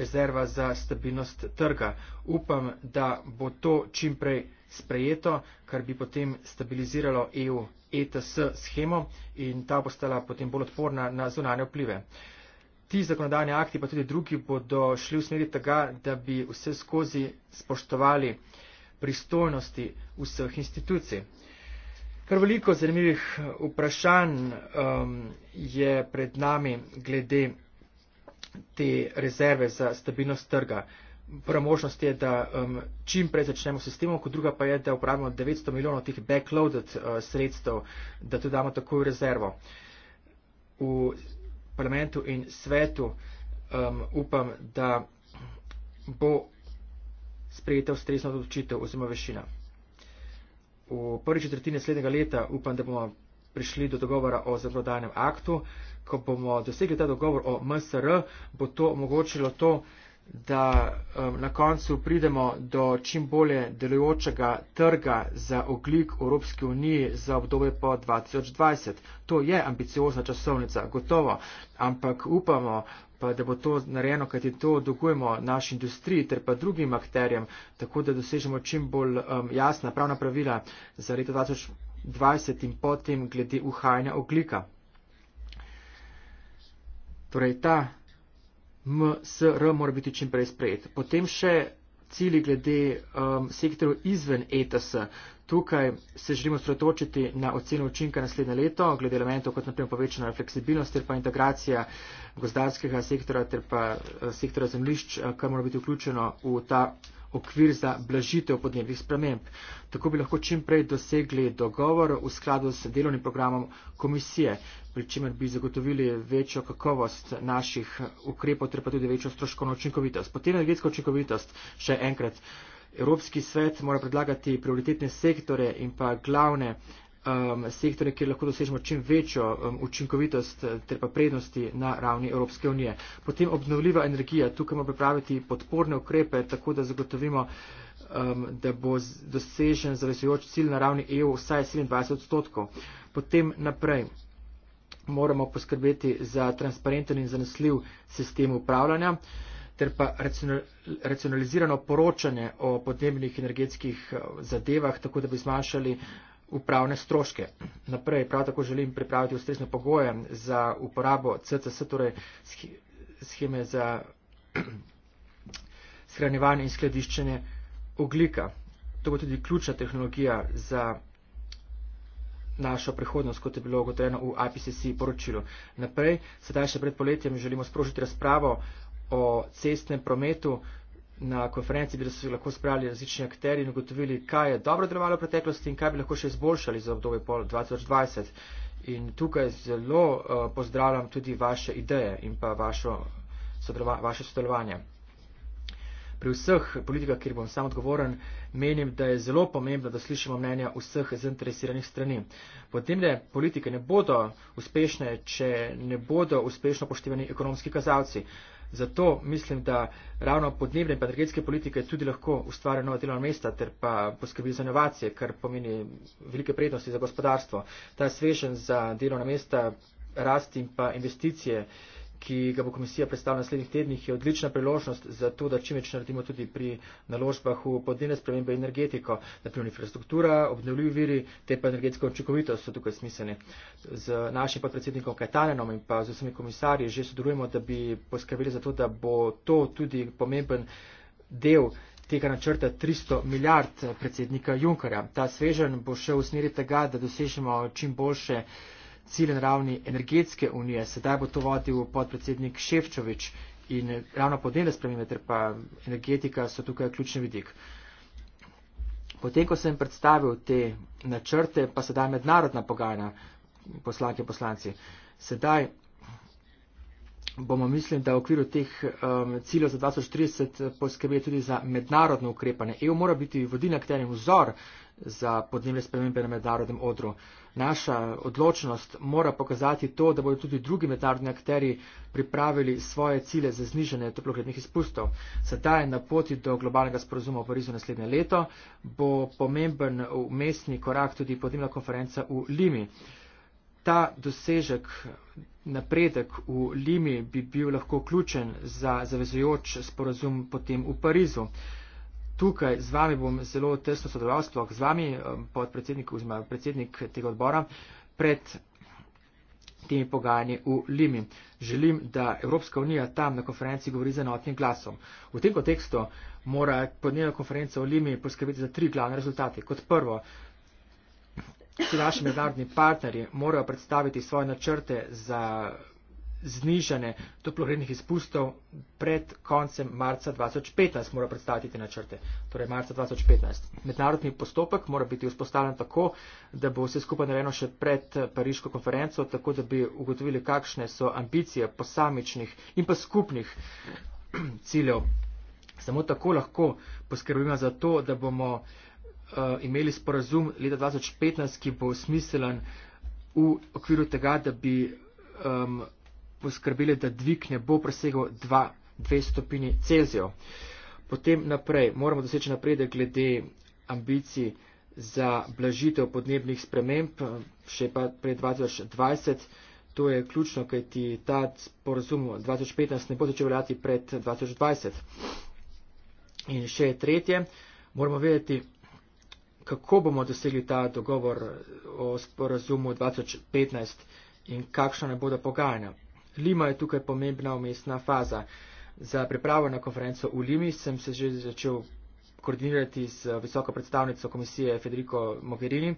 rezerva za stabilnost trga. Upam, da bo to čimprej sprejeto, kar bi potem stabiliziralo EU ETS schemo in ta postala potem bolj odporna na zunanje vplive. Ti zakonodajni akti, pa tudi drugi, bodo šli v smeri tega, da bi vse skozi spoštovali pristojnosti vseh institucij. Kar veliko zanimivih eh, vprašanj um, je pred nami glede te rezerve za stabilnost trga. Prva možnost je, da um, čim prej začnemo s sistemom, kot druga pa je, da upravimo 900 milijonov tih backloaded uh, sredstev, da to damo takoj v rezervo. V parlamentu in svetu um, upam, da bo sprejeta ustrezna odločitev oziroma vešina v prvi četrtini naslednjega leta upam, da bomo prišli do dogovora o zakonodajnem aktu. Ko bomo dosegli ta dogovor o MSR, bo to omogočilo to, da um, na koncu pridemo do čim bolje delujočega trga za oglik v Evropski uniji za obdobje po 2020. To je ambiciozna časovnica, gotovo, ampak upamo, pa da bo to narejeno, kajti to dolgujemo naši industriji ter pa drugim akterjem, tako da dosežemo čim bolj um, jasna pravna pravila za leto 2020 in potem glede uhajanja oglika. Torej ta MSR mora biti čim prej sprejet. Potem še cilji glede um, sektorov izven ETS. Tukaj se želimo sretočiti na oceno učinka naslednje leto, glede elementov, kot naprimer povečana fleksibilnost ter pa integracija gozdarskega sektora ter pa eh, sektora zemlišč, eh, kar mora biti vključeno v ta okvir za blažitev podnebnih sprememb. Tako bi lahko čim prej dosegli dogovor v skladu s delovnim programom komisije, pri čemer bi zagotovili večjo kakovost naših ukrepov ter pa tudi večjo stroškovno učinkovitost. Potem energetska učinkovitost, še enkrat. Evropski svet mora predlagati prioritetne sektore in pa glavne um, sektore, kjer lahko dosežemo čim večjo um, učinkovitost ter pa prednosti na ravni Evropske unije. Potem obnovljiva energija. Tukaj moramo pripraviti podporne ukrepe, tako da zagotovimo, um, da bo dosežen zavesujoč cilj na ravni EU vsaj 27 odstotkov. Potem naprej moramo poskrbeti za transparenten in zanesljiv sistem upravljanja. Uh, ter pa racionalizirano poročanje o podnebnih energetskih eh, zadevah, tako da bi zmanjšali upravne stroške. Naprej prav tako želim pripraviti ustrezne pogoje za uporabo CCS, torej scheme za shranjevanje in skladiščenje oglika. To bo tudi ključna tehnologija za našo prihodnost, kot je bilo ugotovljeno v IPCC poročilu. Naprej, sedaj še pred poletjem želimo sprožiti razpravo o cestnem prometu. Na konferenci bi se lahko spravili različni akteri in ugotovili, kaj je dobro delovalo v preteklosti in kaj bi lahko še izboljšali za obdobje pol 2020. In tukaj zelo uh, pozdravljam tudi vaše ideje in pa vašo, sodelova, vaše sodelovanje. Pri vseh politikah, kjer bom sam odgovoren, menim, da je zelo pomembno, da slišimo mnenja vseh zainteresiranih strani. Podnebne politike ne bodo uspešne, če ne bodo uspešno poštevani ekonomski kazalci. Uh, Zato mislim, da ravno podnebne in energetske politike tudi lahko ustvarjajo nova delovna mesta ter pa poskrbi za inovacije, kar pomeni velike prednosti za gospodarstvo. Ta svežen za delovna mesta, rasti in pa investicije ki ga bo komisija predstavila v naslednjih tednih, je odlična priložnost za to, da čim več naredimo tudi pri naložbah v podnebne spremembe in energetiko. Naprimer, infrastruktura, obnovljivi viri, te pa energetska očekovitost so tukaj smiselni. Z našim podpredsednikom Katarenom in pa z vsemi komisarji že sodelujemo, da bi poskrbeli za to, da bo to tudi pomemben del tega načrta 300 milijard predsednika Junkarja. Ta svežen bo še v smeri tega, da dosežemo čim boljše cilj na ravni energetske unije. Sedaj bo to vodil podpredsednik Ševčovič in ravno podnebne spremembe ter pa energetika so tukaj ključni vidik. Potem, ko sem predstavil te načrte, pa sedaj mednarodna pogajanja, poslanke in poslanci, sedaj bomo, mislim, da v okviru teh um, ciljev za 2030 poskrbeti tudi za mednarodno ukrepanje. EU mora biti vodilna k temu vzor za podnebne spremembe na mednarodnem odru. Uh, naša odločnost mora pokazati to, da bodo tudi drugi mednarodni akteri pripravili svoje cilje za znižanje toplogrednih izpustov. Sedaj na poti do globalnega sporozuma v Parizu naslednje leto bo pomemben umestni korak tudi podnebna konferenca v Limi. Ta dosežek, napredek v Limi bi bil lahko ključen za zavezujoč sporozum potem v Parizu tukaj z vami bom zelo tesno sodeloval, sploh z vami, um, podpredsednik oziroma predsednik tega odbora, pred temi pogajanji v Limi. Želim, da Evropska unija tam na konferenci govori z enotnim glasom. V tem kontekstu mora podnebna konferenca v Limi poskrbeti za tri glavne rezultate. Kot prvo, vsi naši mednarodni partnerji morajo predstaviti svoje načrte za znižanje toplogrednih izpustov pred koncem marca 2015, mora predstaviti načrte. Torej, marca 2015. Mednarodni postopek mora biti vzpostavljen tako, da bo vse skupaj narejeno še pred eh, pariško konferenco, tako da bi ugotovili, kakšne so ambicije posamičnih in pa skupnih ciljev. Samo tako lahko poskrbimo za to, da bomo uh, imeli sporazum leta 2015, ki bo smiselen v okviru tega, da bi um, poskrbeli, da dvig ne bo presegel 2 stopinje Celzija. Potem naprej moramo doseči napredek glede ambicij za blažitev podnebnih sprememb, še pa pred 2020. To je ključno, kaj ti ta sporozum 2015 ne bo začel veljati pred 2020. In še tretje, moramo vedeti, kako bomo dosegli ta dogovor o sporozumu 2015 in kakšna ne bodo pogajanja. Lima je tukaj pomembna umestna faza. Za pripravo na konferenco v Limi sem se že začel koordinirati z visoko predstavnico komisije Federico Mogherini.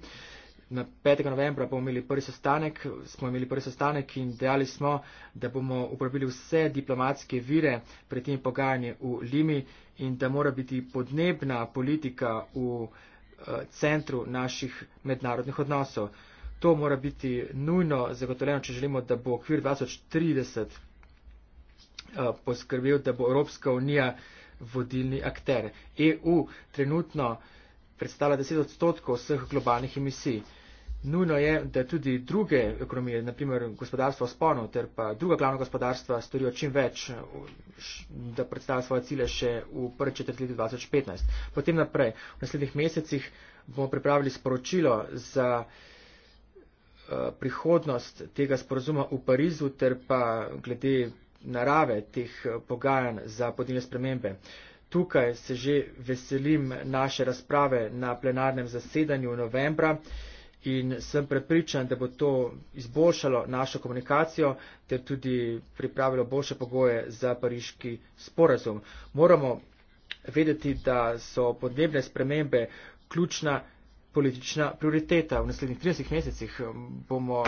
Na 5. novembra bomo imeli prvi sestanek, smo imeli prvi sestanek in dejali smo, da bomo uporabili vse diplomatske vire pri tem pogajanju v Limi in da mora biti podnebna politika v eh, centru naših mednarodnih odnosov. To mora biti nujno zagotovljeno, če želimo, da bo okvir 2030 eh, poskrbel, da bo Evropska unija vodilni akter. EU trenutno predstavlja 10 odstotkov vseh globalnih emisij. Nujno je, da tudi druge ekonomije, naprimer gospodarstvo spono ter pa druga glavna gospodarstva, storijo čim več, da predstavlja svoje cilje še v prvi četrtletju 2015. Potem naprej, v naslednjih mesecih bomo pripravili sporočilo za. Eh, prihodnost tega sporozuma v Parizu ter pa glede narave teh eh, pogajanj za podnebne spremembe. Tukaj se že veselim naše razprave na plenarnem zasedanju novembra in sem prepričan, da bo to izboljšalo našo komunikacijo ter tudi pripravilo boljše pogoje za pariški sporazum. Moramo vedeti, da so podnebne spremembe ključna politična prioriteta. V naslednjih 30 mesecih um, bomo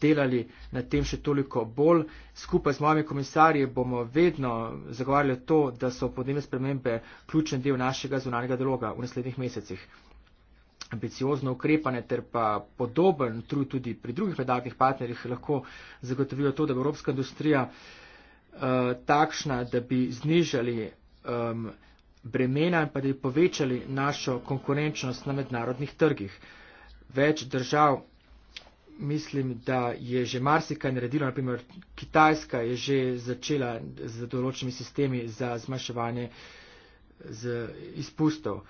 delali na tem še toliko bolj. Skupaj z mojimi komisarji bomo vedno zagovarjali to, da so podnebne spremembe ključen del našega zunanjega dialoga v naslednjih mesecih. Ambiciozno ukrepanje ter pa podoben trud tudi pri drugih mednarodnih partnerjih lahko zagotovijo to, da bo evropska industrija uh, takšna, da bi znižali um, bremena in pa da bi povečali našo konkurenčnost na mednarodnih trgih. Več držav, mislim, da je že marsikaj naredilo, naprimer Kitajska je že začela z določenimi sistemi za zmanjševanje izpustov.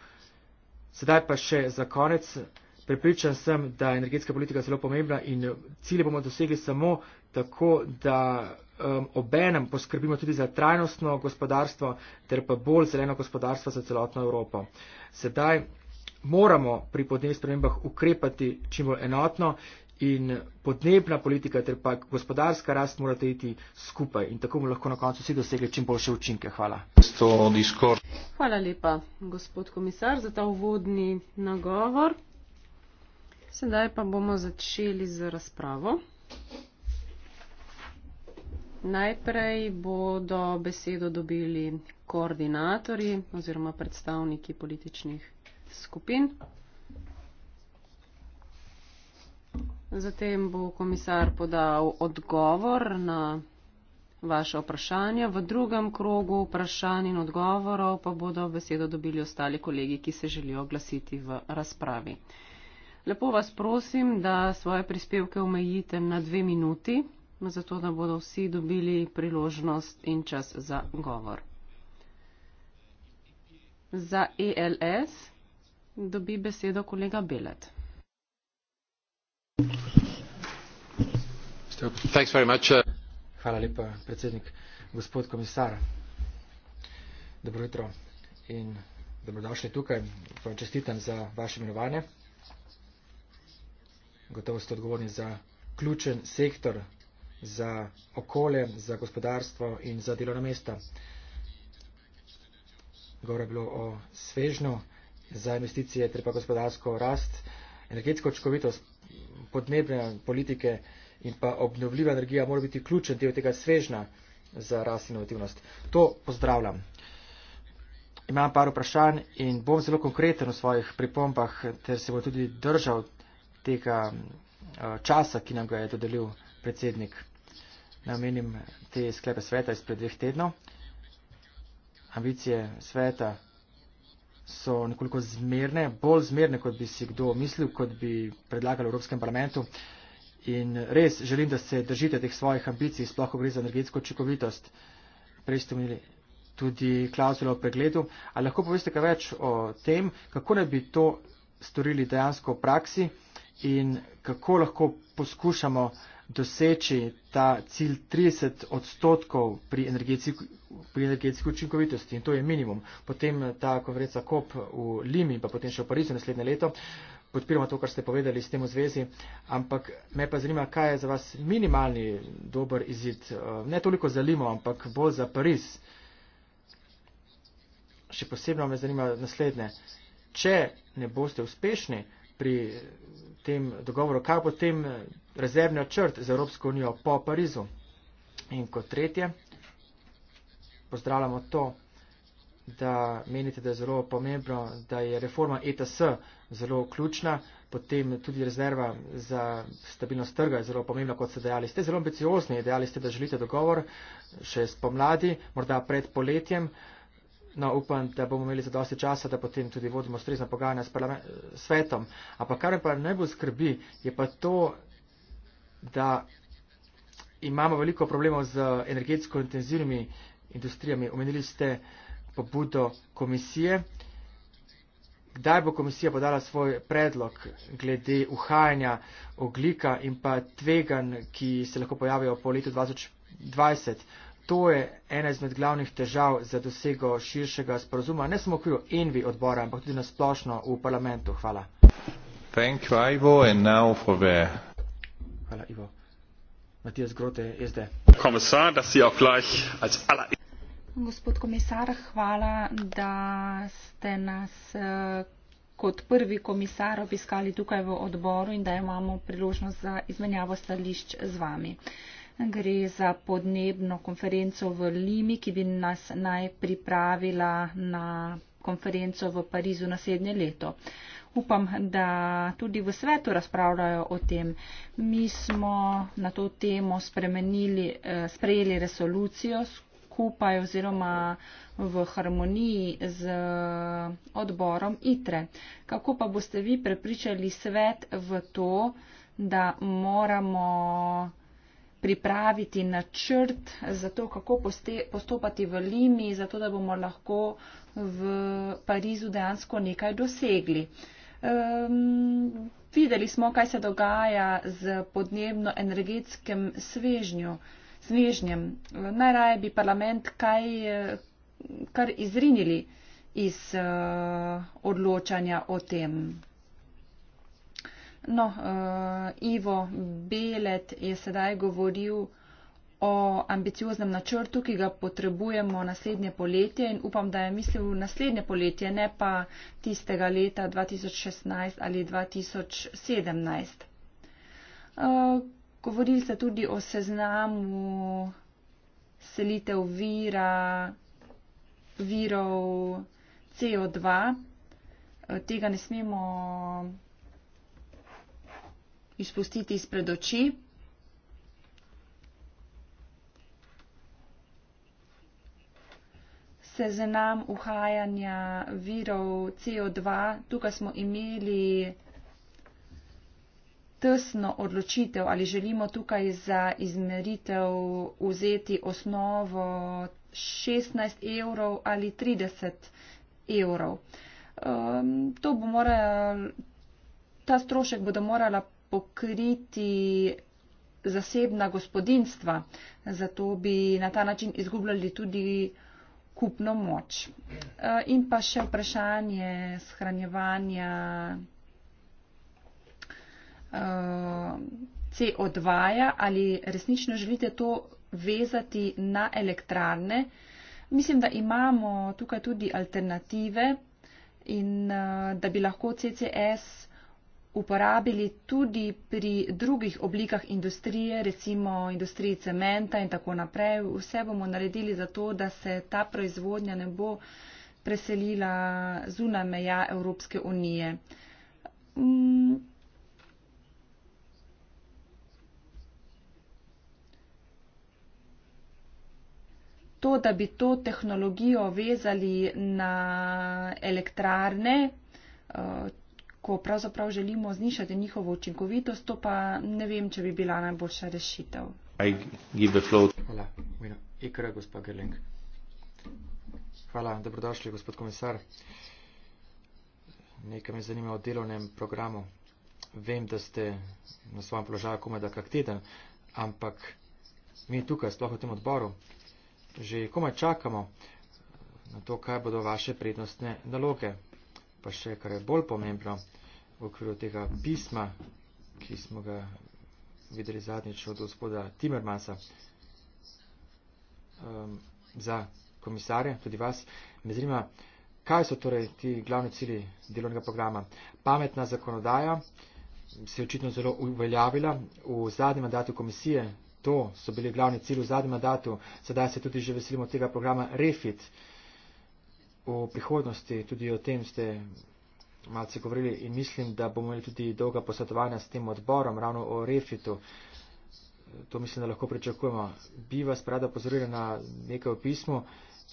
Sedaj pa še za konec. Prepričan sem, da je energetska politika zelo pomembna in cilje bomo dosegli samo tako, da um, obenem poskrbimo tudi za trajnostno gospodarstvo ter pa bolj zeleno gospodarstvo za celotno Evropo. Sedaj moramo pri podnebnih spremembah ukrepati čim bolj enotno in podnebna politika ter pa gospodarska rast morate iti skupaj in tako bomo lahko na koncu vsi dosegli čim boljše učinke. Hvala. Hvala lepa, gospod komisar, za ta uvodni nagovor. Sedaj pa bomo začeli z razpravo. Najprej bodo besedo dobili koordinatorji oziroma predstavniki političnih skupin. Zatem bo komisar podal odgovor na vaše vprašanje. V drugem krogu vprašanj in odgovorov pa bodo besedo dobili ostali kolegi, ki se želijo oglasiti v razpravi. Lepo vas prosim, da svoje prispevke omejite na dve minuti, zato da bodo vsi dobili priložnost in čas za govor. Za ELS dobi besedo kolega Belet. Uh, Hvala lepa, predsednik, gospod komisar. Dobro jutro in dobrodošli tukaj. Vam čestitam za vaše imenovanje. Gotovo ste odgovorni za ključen sektor za okolje, za gospodarstvo in za delovna mesta. Govore je bilo o svežnju za investicije, treba gospodarsko rast, energetsko očkovitost, podnebne politike in pa obnovljiva energija mora biti ključen del tega svežna za rast in inovativnost. To pozdravljam. Imam par vprašanj in bom zelo konkreten v svojih pripombah, ter se bo tudi držal tega eh, časa, ki nam ga je dodelil predsednik namenim te sklepe sveta izpred dveh tednov. Ambicije sveta so nekoliko zmerne, bolj zmerne, kot bi si kdo mislil, kot bi predlagali v Evropskem parlamentu. In res želim, da se držite teh svojih ambicij, sploh ko gre za energetsko učinkovitost. Prej ste imeli tudi klauzulo o pregledu. Ali lahko poveste kaj več o tem, kako naj bi to storili dejansko v praksi in kako lahko poskušamo doseči ta cilj 30 odstotkov pri energetski, pri energetski učinkovitosti in to je minimum. Potem eh, ta konferenca COP v Limi, pa potem še v Parizu naslednje leto. Podpiramo to, kar ste povedali s tem v zvezi, ampak me pa zanima, kaj je za vas minimalni dober izid, eh, ne toliko za Limo, ampak bolj za Pariz. Še posebno me zanima naslednje. Če ne boste uspešni pri tem dogovoru, kaj bo potem eh, rezervni očrt za Evropsko unijo po Parizu. In kot tretje, pozdravljamo to, da menite, da je zelo pomembno, da je reforma ETS zelo ključna, potem tudi rezerva za stabilnost trga je zelo pomembna, kot ste dejali. Ste zelo ambiciozni, dejali ste, da želite dogovor še spomladi, morda pred poletjem. Uh, No, upam, da bomo imeli zadosti časa, da potem tudi vodimo strezna pogajanja s svetom. Ampak kar pa najbolj skrbi, je pa to, da imamo veliko problemov z energetsko intenzivnimi industrijami. Omenili ste pobudo komisije. Kdaj bo komisija podala svoj predlog glede uhajanja oglika in pa tvegan, ki se lahko pojavijo po letu 2020? To je ena izmed glavnih težav za dosego širšega sporozuma, ne samo v okviru envi odbora, ampak tudi na splošno v parlamentu. Hvala. You, Ivo, the... Hvala, Ivo. Matijas Grote, SD. Komisar, da si avklaš als aller. Gospod komisar, hvala, da ste nas eh, kot prvi komisar obiskali tukaj v odboru in da imamo priložnost za izmenjavo stališč z vami. Uh, Gre za podnebno konferenco v Limi, ki bi nas naj pripravila na konferenco v Parizu naslednje leto. Upam, da tudi v svetu razpravljajo o tem. Mi smo na to temo eh, sprejeli resolucijo skupaj oziroma v harmoniji z eh, odborom ITRE. Kako pa boste vi prepričali svet v to, da moramo pripraviti načrt za to, kako postopati v Limi, zato da bomo lahko v Parizu dejansko nekaj dosegli. Um, videli smo, kaj se dogaja z podnebno-energetskem svežnjem. Najraje bi parlament kaj, kar izrinili iz uh, odločanja o tem. No, uh, Ivo Belet je sedaj govoril o ambicioznem načrtu, ki ga potrebujemo naslednje poletje in upam, da je mislil naslednje poletje, ne pa tistega leta 2016 ali 2017. Uh, eh, govorili ste tudi o seznamu selitev vira, virov CO2. Uh, eh, tega ne smemo izpustiti izpred oči. Se znam uhajanja virov CO2. Tukaj smo imeli tesno odločitev, ali želimo tukaj za izmeritev vzeti osnovo 16 evrov ali 30 evrov. Um, to bo morala, ta strošek bodo morala pokriti zasebna gospodinstva, zato bi na ta način izgubljali tudi kupno moč. Eh, in pa še vprašanje shranjevanja eh, CO2, -ja. ali resnično želite to vezati na elektrarne. Mislim, da imamo tukaj tudi alternative in eh, da bi lahko CCS uporabili tudi pri drugih oblikah industrije, recimo industriji cementa in tako naprej. Vse bomo naredili za to, da se ta proizvodnja ne bo preselila zunaj meja Evropske unije. Mm. To, da bi to tehnologijo vezali na elektrarne, eh, ko pravzaprav želimo znišati njihovo učinkovitost, to pa ne vem, če bi bila najboljša rešitev. Hvala, Mina Ikra, gospa Gerling. Hvala, dobrodošli, gospod komisar. Nekaj me zanima o delovnem programu. Vem, da ste na svojem položaju komaj da kak teden, ampak mi tukaj, sploh v tem odboru, že komaj čakamo na to, kaj bodo vaše prednostne naloge pa še kar je bolj pomembno v okviru tega pisma, ki smo ga videli zadnjič od gospoda Timermansa um, za komisarja, tudi vas, me zanima, kaj so torej ti glavni cili delovnega programa. Pametna zakonodaja se je očitno zelo uveljavila v zadnjem mandatu komisije. To so bili glavni cilji v zadnjem mandatu. Sedaj se tudi že veselimo tega programa Refit. Uh, o prihodnosti, tudi o tem ste malce govorili in mislim, da bomo imeli tudi dolga posvetovanja s tem odborom, ravno o refitu. To mislim, da lahko pričakujemo. Bi vas rada pozorila na nekaj v pismu,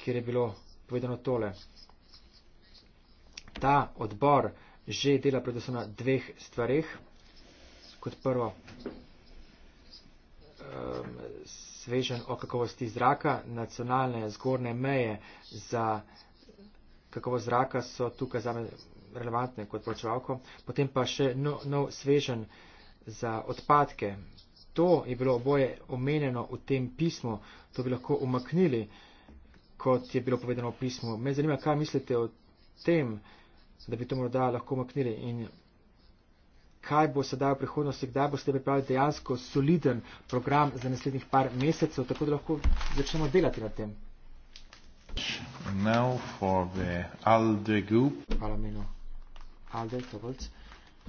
kjer je bilo povedano tole. Ta odbor že dela predvsem na dveh stvareh. Kot prvo, um, svežen o kakovosti zraka, nacionalne zgornje meje za kakovo zraka so tukaj za me relevantne kot pročevalko. Potem pa še nov, nov svežen za odpadke. To je bilo oboje omenjeno v tem pismu, to bi lahko umaknili, kot je bilo povedano v pismu. Me zanima, kaj mislite o tem, da bi to morda lahko umaknili in kaj bo sedaj v prihodnosti, kdaj boste pripravili dejansko soliden program za naslednjih par mesecev, tako da lahko začnemo delati na tem much. And now for the ALDE group. ALDE towards.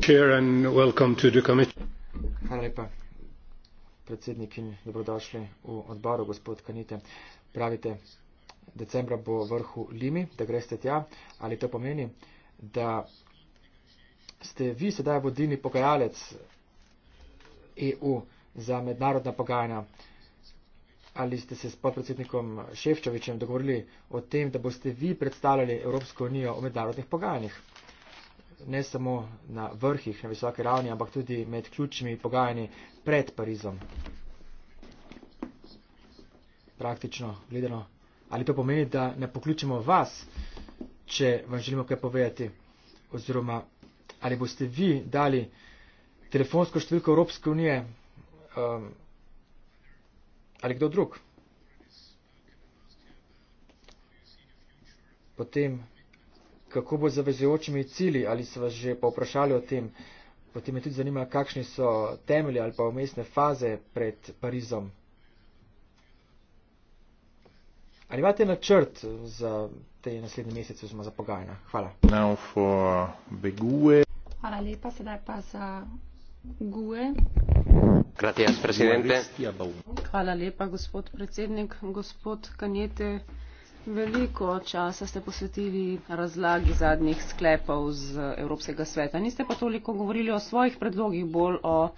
Chair and welcome to the committee. predsednik in dobrodošli v odboru, gospod Kanite. Pravite, decembra bo vrh v Limi, da greste tja, ali to pomeni, da ste vi sedaj vodilni pogajalec EU za mednarodna pogajanja? Uh, ali ste se s podpredsednikom Ševčovičem dogovorili o tem, da boste vi predstavljali Evropsko unijo o mednarodnih pogajanjih? Ne samo na vrhih, na visoke ravni, ampak tudi med ključnimi pogajanji pred Parizom. Praktično gledano, ali to pomeni, da ne poključimo vas, če vam želimo kaj povedati, oziroma ali boste vi dali telefonsko številko Evropske unije? Um, ali kdo drug. Potem, kako bo z zavezujočimi cilji, ali so vas že povprašali o tem. Potem me tudi zanima, kakšni so temelji ali pa umestne faze pred Parizom. Ali imate načrt za te naslednje mesece, oziroma za pogajanja? Hvala. E. Hvala lepa, sedaj pa za GUE gospod predsednik gospod caete veliko časa ste posvetili razlagi zadnjih sklepov z evropskega sveta niste pa toliko govorili o svojih predlogih bolj o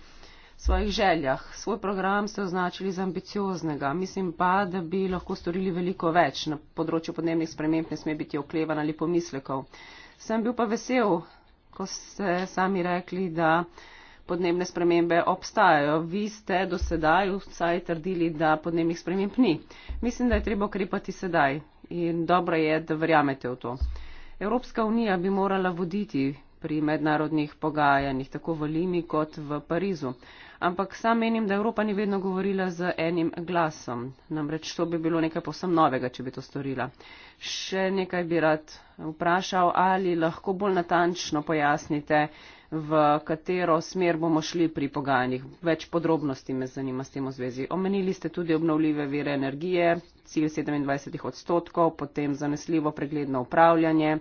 svojih željah svoj program ste označili za ambicioznega mislim pa da bi lahko storili veliko več na področju podnebnih sprememb ne sme biti oklevan ali pomislekov sem bil pa vesel ko ste sami rekli da podnebne spremembe obstajajo. Vi ste dosedaj vsaj trdili, da podnebnih sprememb ni. Mislim, da je treba ukrepati sedaj in dobro je, da verjamete v to. Evropska unija bi morala voditi pri mednarodnih pogajanjih tako v Limi kot v Parizu ampak sam menim, da Evropa ni vedno govorila z enim glasom. Namreč to bi bilo nekaj posem novega, če bi to storila. Še nekaj bi rad vprašal, ali lahko bolj natančno pojasnite, v katero smer bomo šli pri pogajanjih. Več podrobnosti me zanima s tem v zvezi. Omenili ste tudi obnovljive vire energije, cilj 27 odstotkov, potem zanesljivo pregledno upravljanje.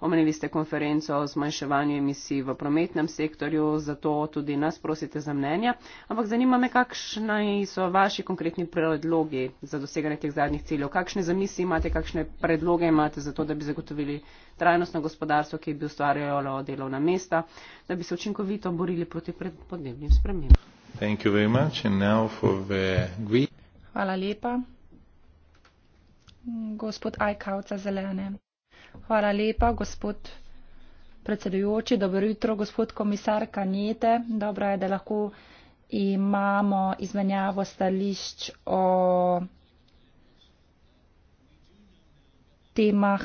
Omenili ste konferenco o zmanjševanju emisij v prometnem sektorju, zato tudi nas prosite za mnenja. Ampak zanima me, kakšni so vaši konkretni predlogi za doseganje teh zadnjih ciljev? Kakšne zamisli imate, kakšne predloge imate za to, da bi zagotovili trajnostno gospodarstvo, ki bi ustvarjalo delovna mesta, da bi se učinkovito borili proti podnebnim spremembam? Hvala lepa. Gospod Ajkavca zelene. Hvala lepa, gospod predsedujoči. Dobro jutro, gospod komisar Kanete. Dobro je, da lahko imamo izmenjavo stališč o temah.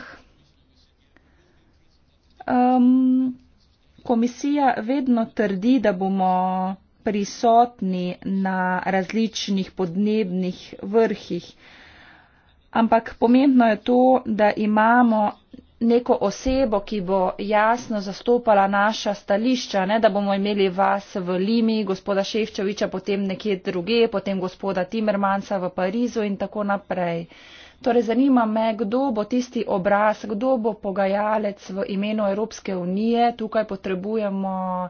Um, komisija vedno trdi, da bomo prisotni na različnih podnebnih vrhih ampak pomembno je to, da imamo neko osebo, ki bo jasno zastopala naša stališča, ne da bomo imeli vas v Limi, gospoda Ševčoviča, potem nekje druge, potem gospoda Timermansa v Parizu in tako naprej. Torej, zanima me, kdo bo tisti obraz, kdo bo pogajalec v imenu Evropske unije. Tukaj potrebujemo uh,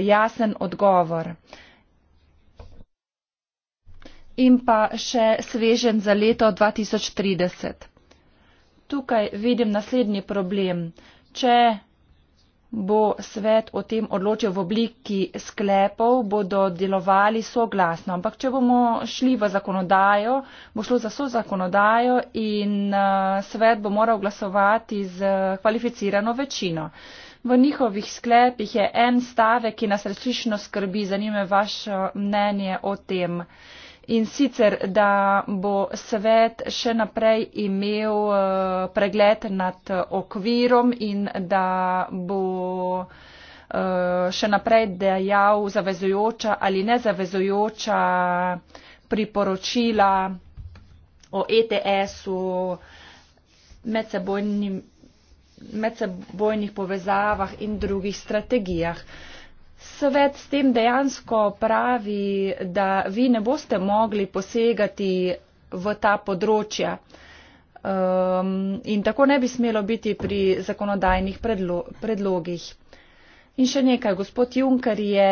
jasen odgovor. Uh, in pa še svežen za leto 2030. Tukaj vidim naslednji problem. Če bo svet o tem odločil v obliki sklepov, bodo delovali soglasno. Ampak če bomo šli v zakonodajo, bo šlo za so zakonodajo in eh, svet bo moral glasovati z kvalificirano večino. V njihovih sklepih je en stavek, ki nas resnično skrbi, zanime vaše mnenje o tem. In sicer, da bo svet še naprej imel eh, pregled nad okvirom in da bo eh, še naprej dejal zavezujoča ali nezavezujoča priporočila o ETS-u, medsebojnih povezavah in drugih strategijah svet s tem dejansko pravi, da vi ne boste mogli posegati v ta področja. Um, in tako ne bi smelo biti pri zakonodajnih predlo predlogih. In še nekaj, gospod Junker je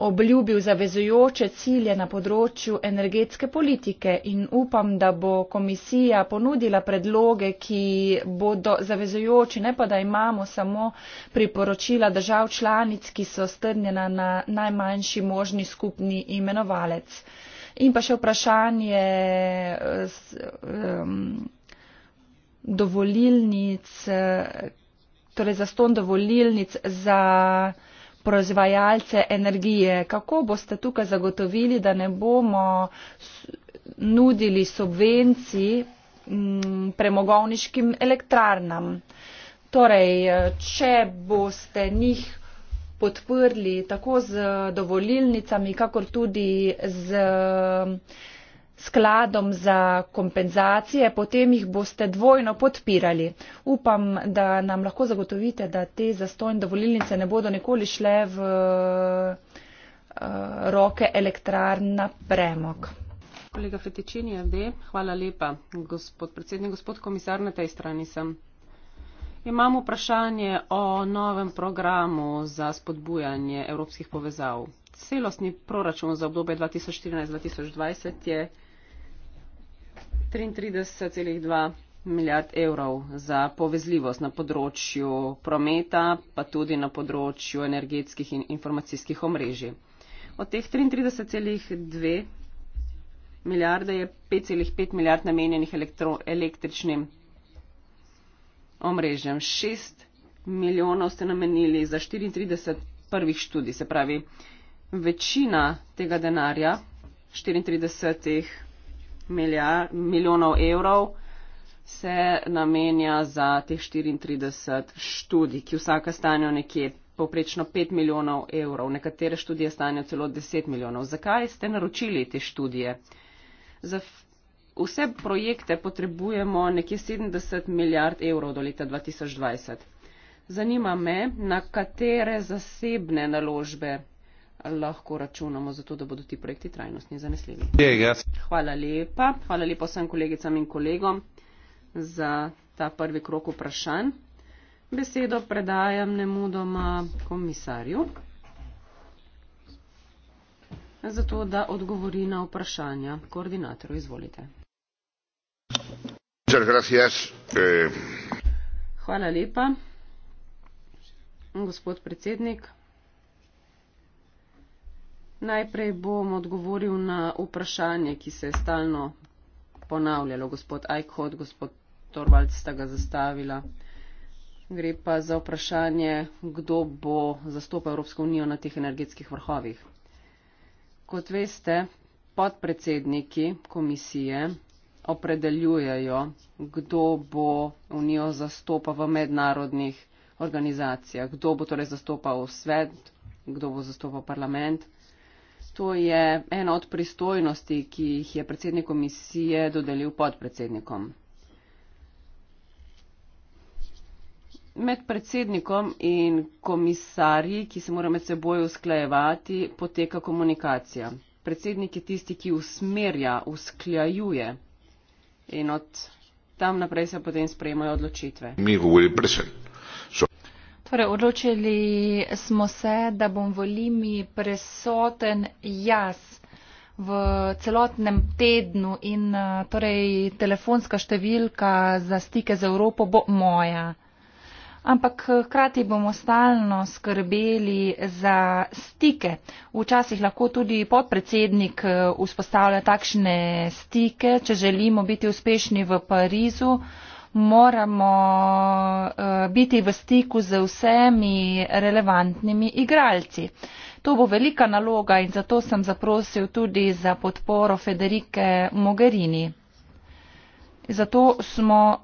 obljubil zavezujoče cilje na področju energetske politike in upam, da bo komisija ponudila predloge, ki bodo zavezujoči, ne pa da imamo samo priporočila držav članic, ki so strnjena na najmanjši možni skupni imenovalec. In pa še vprašanje eh, dovolilnic, eh, torej zaston dovolilnic za proizvajalce energije. Kako boste tukaj zagotovili, da ne bomo nudili subvenci mm, premogovniškim elektrarnam? Torej, če boste njih podprli tako z dovolilnicami, kakor tudi z skladom za kompenzacije, potem jih boste dvojno podpirali. Upam, da nam lahko zagotovite, da te zastojne dovolilnice ne bodo nikoli šle v eh, roke elektrarna premog. Kolega Fetičin je vde, hvala lepa. Gospod predsednik, gospod komisar, na tej strani sem. Imamo vprašanje o novem programu za spodbujanje evropskih povezav. Celostni proračun za obdobje 2014-2020 je 33,2 milijard evrov za povezljivost na področju prometa, pa tudi na področju energetskih in informacijskih omrežij. Od teh 33,2 milijarde je 5,5 milijard namenjenih električnim omrežjem. 6 milijonov ste namenili za 34 prvih študij, se pravi, večina tega denarja, 34 milijard, milijonov evrov se namenja za teh 34 študij, ki vsaka stanjo nekje poprečno 5 milijonov evrov. Nekatere študije stanjo celo 10 milijonov. Zakaj ste naročili te študije? Za vse projekte potrebujemo nekje 70 milijard evrov do leta 2020. Zanima me, na katere zasebne naložbe lahko računamo za to, da bodo ti projekti trajnostni in zanesljivi. Ja. Hvala lepa. Hvala lepa vsem kolegicam in kolegom za ta prvi krok vprašanj. Besedo predajam nemudoma komisarju, zato da odgovori na vprašanja koordinatorju. Izvolite. Eh. Hvala lepa, gospod predsednik. Najprej bom odgovoril na vprašanje, ki se je stalno ponavljalo. Gospod Ajkhod, gospod Torvald sta ga zastavila. Gre pa za vprašanje, kdo bo zastopal Evropsko unijo na teh energetskih vrhovih. Kot veste, podpredsedniki komisije opredeljujejo, kdo bo unijo zastopal v mednarodnih organizacijah, kdo bo torej zastopal svet, kdo bo zastopal parlament. To je ena od pristojnosti, ki jih je predsednik komisije dodelil podpredsednikom. Med predsednikom in komisarji, ki se mora med seboj usklajevati, poteka komunikacija. Predsednik je tisti, ki usmerja, usklajuje in od tam naprej se potem sprejmajo odločitve. Mi govorimo predsednik. Torej, odločili smo se, da bom v Limi prisoten jaz v celotnem tednu in eh, torej telefonska številka za stike z Evropo bo moja. Ampak eh, hkrati bomo stalno skrbeli za stike. Včasih lahko tudi podpredsednik eh, vzpostavlja takšne stike, če želimo biti uspešni v Parizu moramo uh, biti v stiku z vsemi relevantnimi igralci. To bo velika naloga in zato sem zaprosil tudi za podporo Federike Mogherini. Zato smo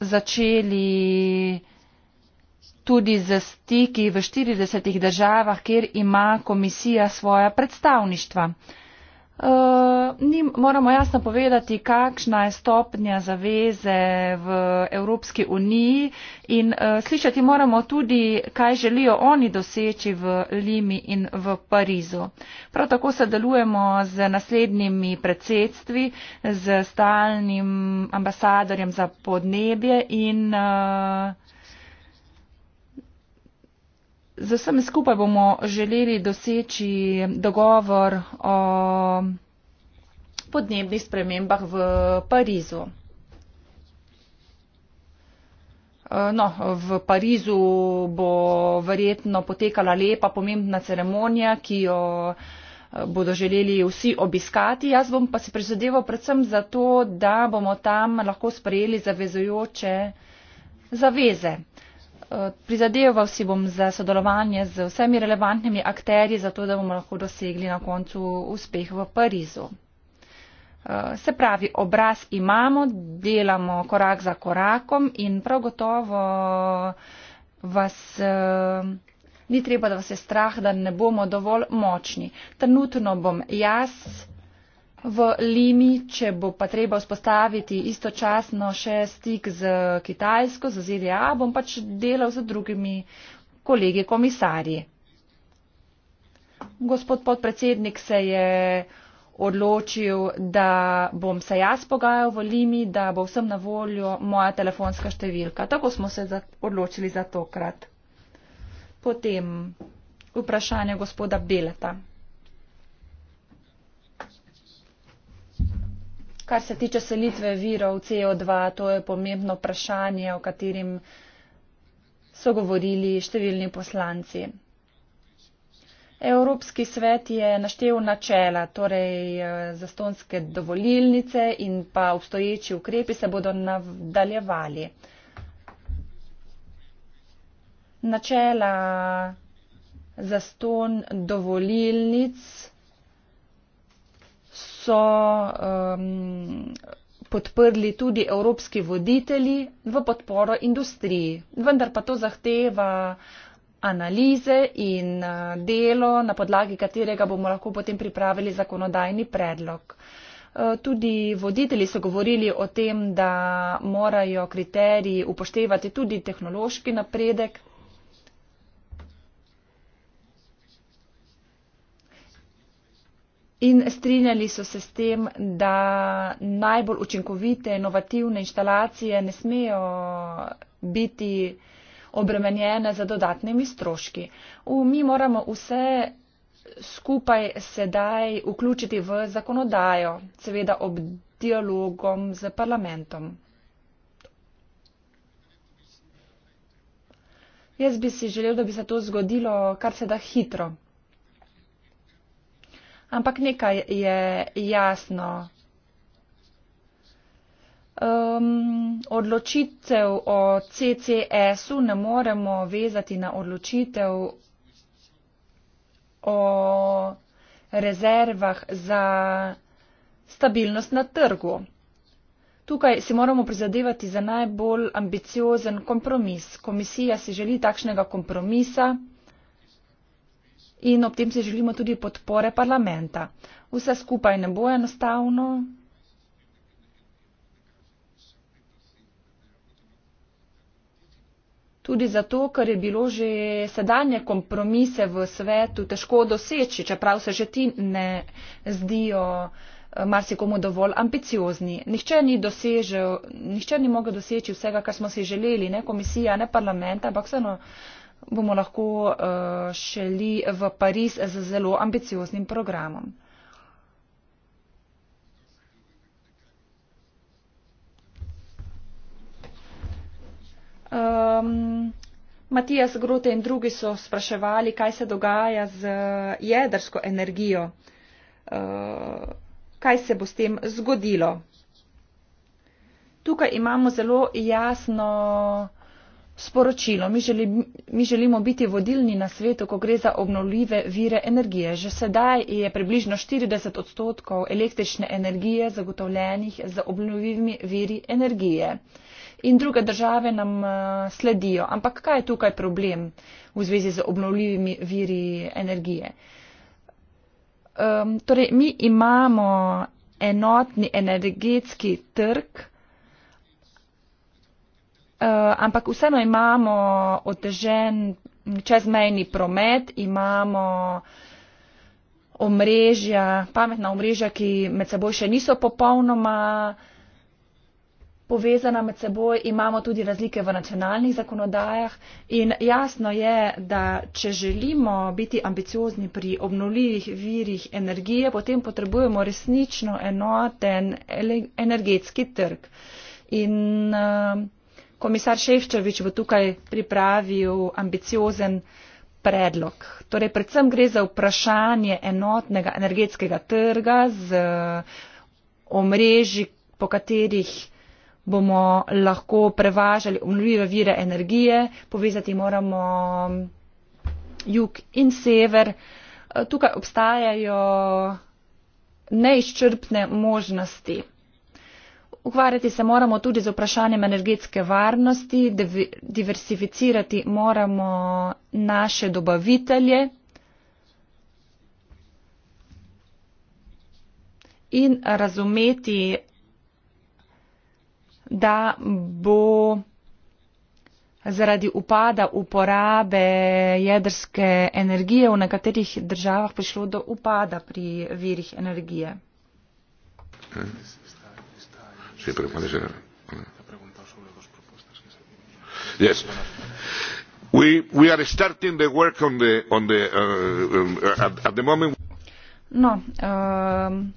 začeli tudi z stiki v 40 državah, kjer ima komisija svoja predstavništva. Mi eh, uh, moramo jasno povedati, kakšna je stopnja zaveze v Evropski uniji in uh, slišati moramo tudi, kaj želijo oni doseči v Limi in v Parizu. Prav tako sodelujemo z naslednjimi predsedstvi, z stalnim ambasadorjem za podnebje in uh, Z vsemi skupaj bomo želeli doseči dogovor o podnebnih spremembah v Parizu. Eh, no, v Parizu bo verjetno potekala lepa, pomembna ceremonija, ki jo eh, bodo želeli vsi obiskati. Jaz bom pa si prizadeval predvsem za to, da bomo tam lahko sprejeli zavezojoče zaveze. Eh, prizadeval si bom za sodelovanje z vsemi relevantnimi akterji, zato da bomo lahko dosegli na koncu uspeh v Parizu. Eh, se pravi, obraz imamo, delamo korak za korakom in prav gotovo vas, eh, ni treba, da vas je strah, da ne bomo dovolj močni. Trenutno bom jaz v Limi, če bo pa treba vzpostaviti istočasno še stik z Kitajsko, z ZDA, bom pač delal z drugimi kolegi komisarji. Gospod podpredsednik se je odločil, da bom se jaz pogajal v Limi, da bo vsem na voljo moja telefonska številka. Tako smo se odločili za tokrat. Potem vprašanje gospoda Beleta. kar se tiče selitve virov CO2, to je pomembno vprašanje, o katerim so govorili številni poslanci. Evropski svet je naštel načela, torej eh, zastonske dovolilnice in pa obstoječi ukrepi se bodo nadaljevali. Načela zaston dovolilnic so um, podprli tudi evropski voditelji v podporo industriji. Vendar pa to zahteva analize in uh, delo, na podlagi katerega bomo lahko potem pripravili zakonodajni predlog. Uh, tudi voditelji so govorili o tem, da morajo kriteriji upoštevati tudi tehnološki napredek In strinjali so se s tem, da najbolj učinkovite, inovativne inštalacije ne smejo biti obremenjene za dodatnimi stroški. U, mi moramo vse skupaj sedaj vključiti v zakonodajo, seveda ob dialogom z parlamentom. Jaz bi si želel, da bi se to zgodilo kar se da hitro ampak nekaj je jasno. Um, odločitev o CCS-u ne moremo vezati na odločitev o rezervah za stabilnost na trgu. Tukaj si moramo prizadevati za najbolj ambiciozen kompromis. Komisija si želi takšnega kompromisa in ob tem si želimo tudi podpore parlamenta. Vse skupaj ne bo enostavno. Tudi zato, ker je bilo že sedanje kompromise v svetu težko doseči, čeprav se že ti ne zdijo eh, marsikomu dovolj ambiciozni. Nihče ni, dosežel, nihče ni mogel doseči vsega, kar smo si želeli, ne komisija, ne parlament, ampak vseeno bomo lahko eh, šli v Pariz z zelo ambicioznim programom. Um, Matijas Grote in drugi so spraševali, kaj se dogaja z jedrsko energijo, uh, kaj se bo s tem zgodilo. Tukaj imamo zelo jasno sporočilo. Mi, želi, mi želimo biti vodilni na svetu, ko gre za obnovljive vire energije. Že sedaj je približno 40 odstotkov električne energije zagotovljenih z obnovljivimi viri energije. In druge države nam eh, sledijo. Ampak kaj je tukaj problem v zvezi z obnovljivimi viri energije? Um, torej, mi imamo enotni energetski trg, Eh, ampak vseeno imamo otežen čezmejni promet, imamo omrežja, pametna omrežja, ki med seboj še niso popolnoma povezana med seboj, imamo tudi razlike v nacionalnih zakonodajah in jasno je, da če želimo biti ambiciozni pri obnovljivih virih energije, potem potrebujemo resnično enoten energetski trg. In, uh, komisar Ševčevič bo tukaj pripravil ambiciozen predlog. Torej, predvsem gre za vprašanje enotnega energetskega trga z eh, omrežji, po katerih bomo lahko prevažali obnovljive vire energije, povezati moramo mm, jug in sever. Eh, tukaj obstajajo neizčrpne možnosti ukvarjati se moramo tudi z vprašanjem energetske varnosti, diversificirati moramo naše dobavitelje in razumeti, da bo zaradi upada uporabe jedrske energije v nekaterih državah prišlo do upada pri virih energije. Yes. Sí, pero puede ser. Yes. We, we are starting the work on the, on the, uh, um, at, at the moment. No. Um,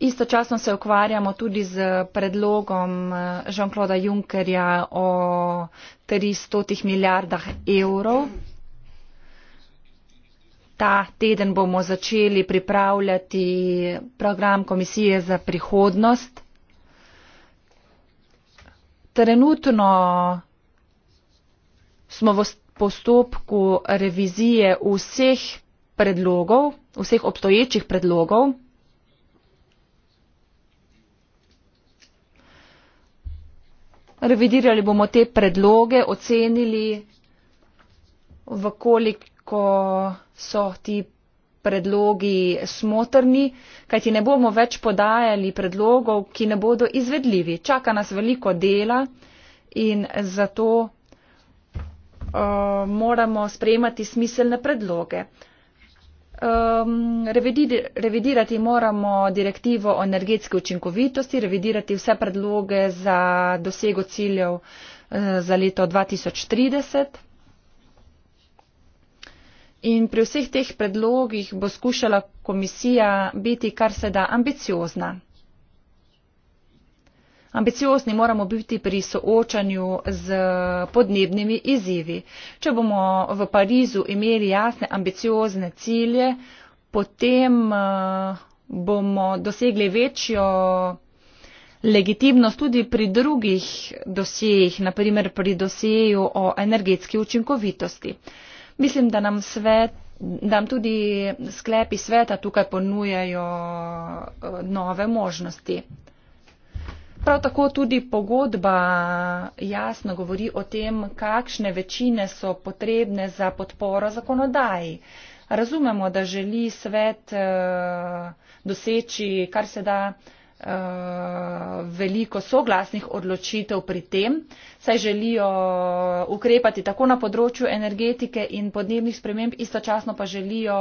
istočasno se ukvarjamo tudi z predlogom uh, Jean-Claude Junckerja o 300 milijardah evrov. Ta teden bomo začeli pripravljati program Komisije za prihodnost. Trenutno smo v postopku revizije vseh predlogov, vseh obstoječih predlogov. Revidirali bomo te predloge, ocenili, v kolik ko so ti predlogi smotrni, kajti ne bomo več podajali predlogov, ki ne bodo izvedljivi. Čaka nas veliko dela in zato uh, moramo sprejemati smiselne predloge. Um, revidir, revidirati moramo direktivo o energetski učinkovitosti, revidirati vse predloge za dosego ciljev uh, za leto 2030. In pri vseh teh predlogih bo skušala komisija biti kar se da ambiciozna. Ambiciozni moramo biti pri soočanju z podnebnimi izzivi. Če bomo v Parizu imeli jasne ambiciozne cilje, potem eh, bomo dosegli večjo legitimnost tudi pri drugih dosejih, naprimer pri doseju o energetski učinkovitosti mislim da nam svet da nam tudi sklepi sveta tukaj ponujajo eh, nove možnosti. Prav tako tudi pogodba jasno govori o tem, kakšne večine so potrebne za podporo zakonodaji. Razumemo, da želi svet eh, doseči kar se da Eh, veliko soglasnih odločitev pri tem, saj želijo ukrepati tako na področju energetike in podnebnih sprememb, istočasno pa želijo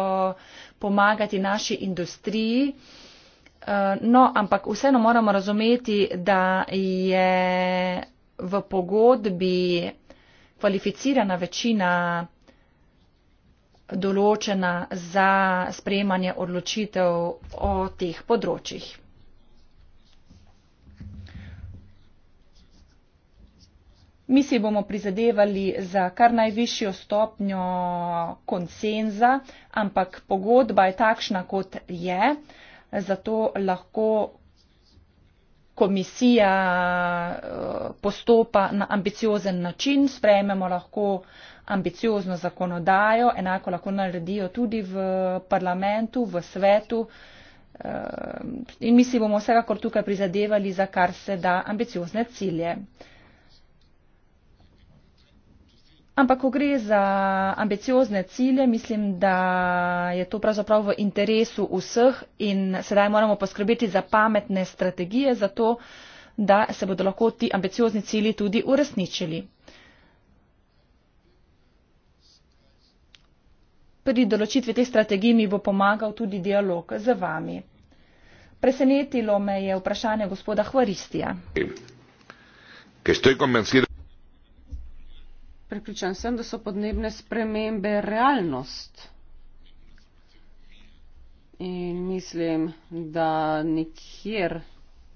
pomagati naši industriji. Eh, no, ampak vseeno moramo razumeti, da je v pogodbi kvalificirana večina določena za sprejemanje odločitev o teh področjih. Mi si bomo prizadevali za kar najvišjo stopnjo konsenza, ampak pogodba je takšna, kot je, zato lahko komisija eh, postopa na ambiciozen način, sprejmemo lahko ambiciozno zakonodajo, enako lahko naredijo tudi v parlamentu, v svetu eh, in mi si bomo vsekakor tukaj prizadevali za kar se da ambiciozne cilje. Ampak, ko gre za ambiciozne cilje, mislim, da je to pravzaprav v interesu vseh in sedaj moramo poskrbeti za pametne strategije, zato da se bodo lahko ti ambiciozni cilji tudi uresničili. Pri določitvi teh strategij mi bo pomagal tudi dialog z vami. Presenetilo me je vprašanje gospoda Hvaristija. Okay prepričan sem, da so podnebne spremembe realnost. In mislim, da nikjer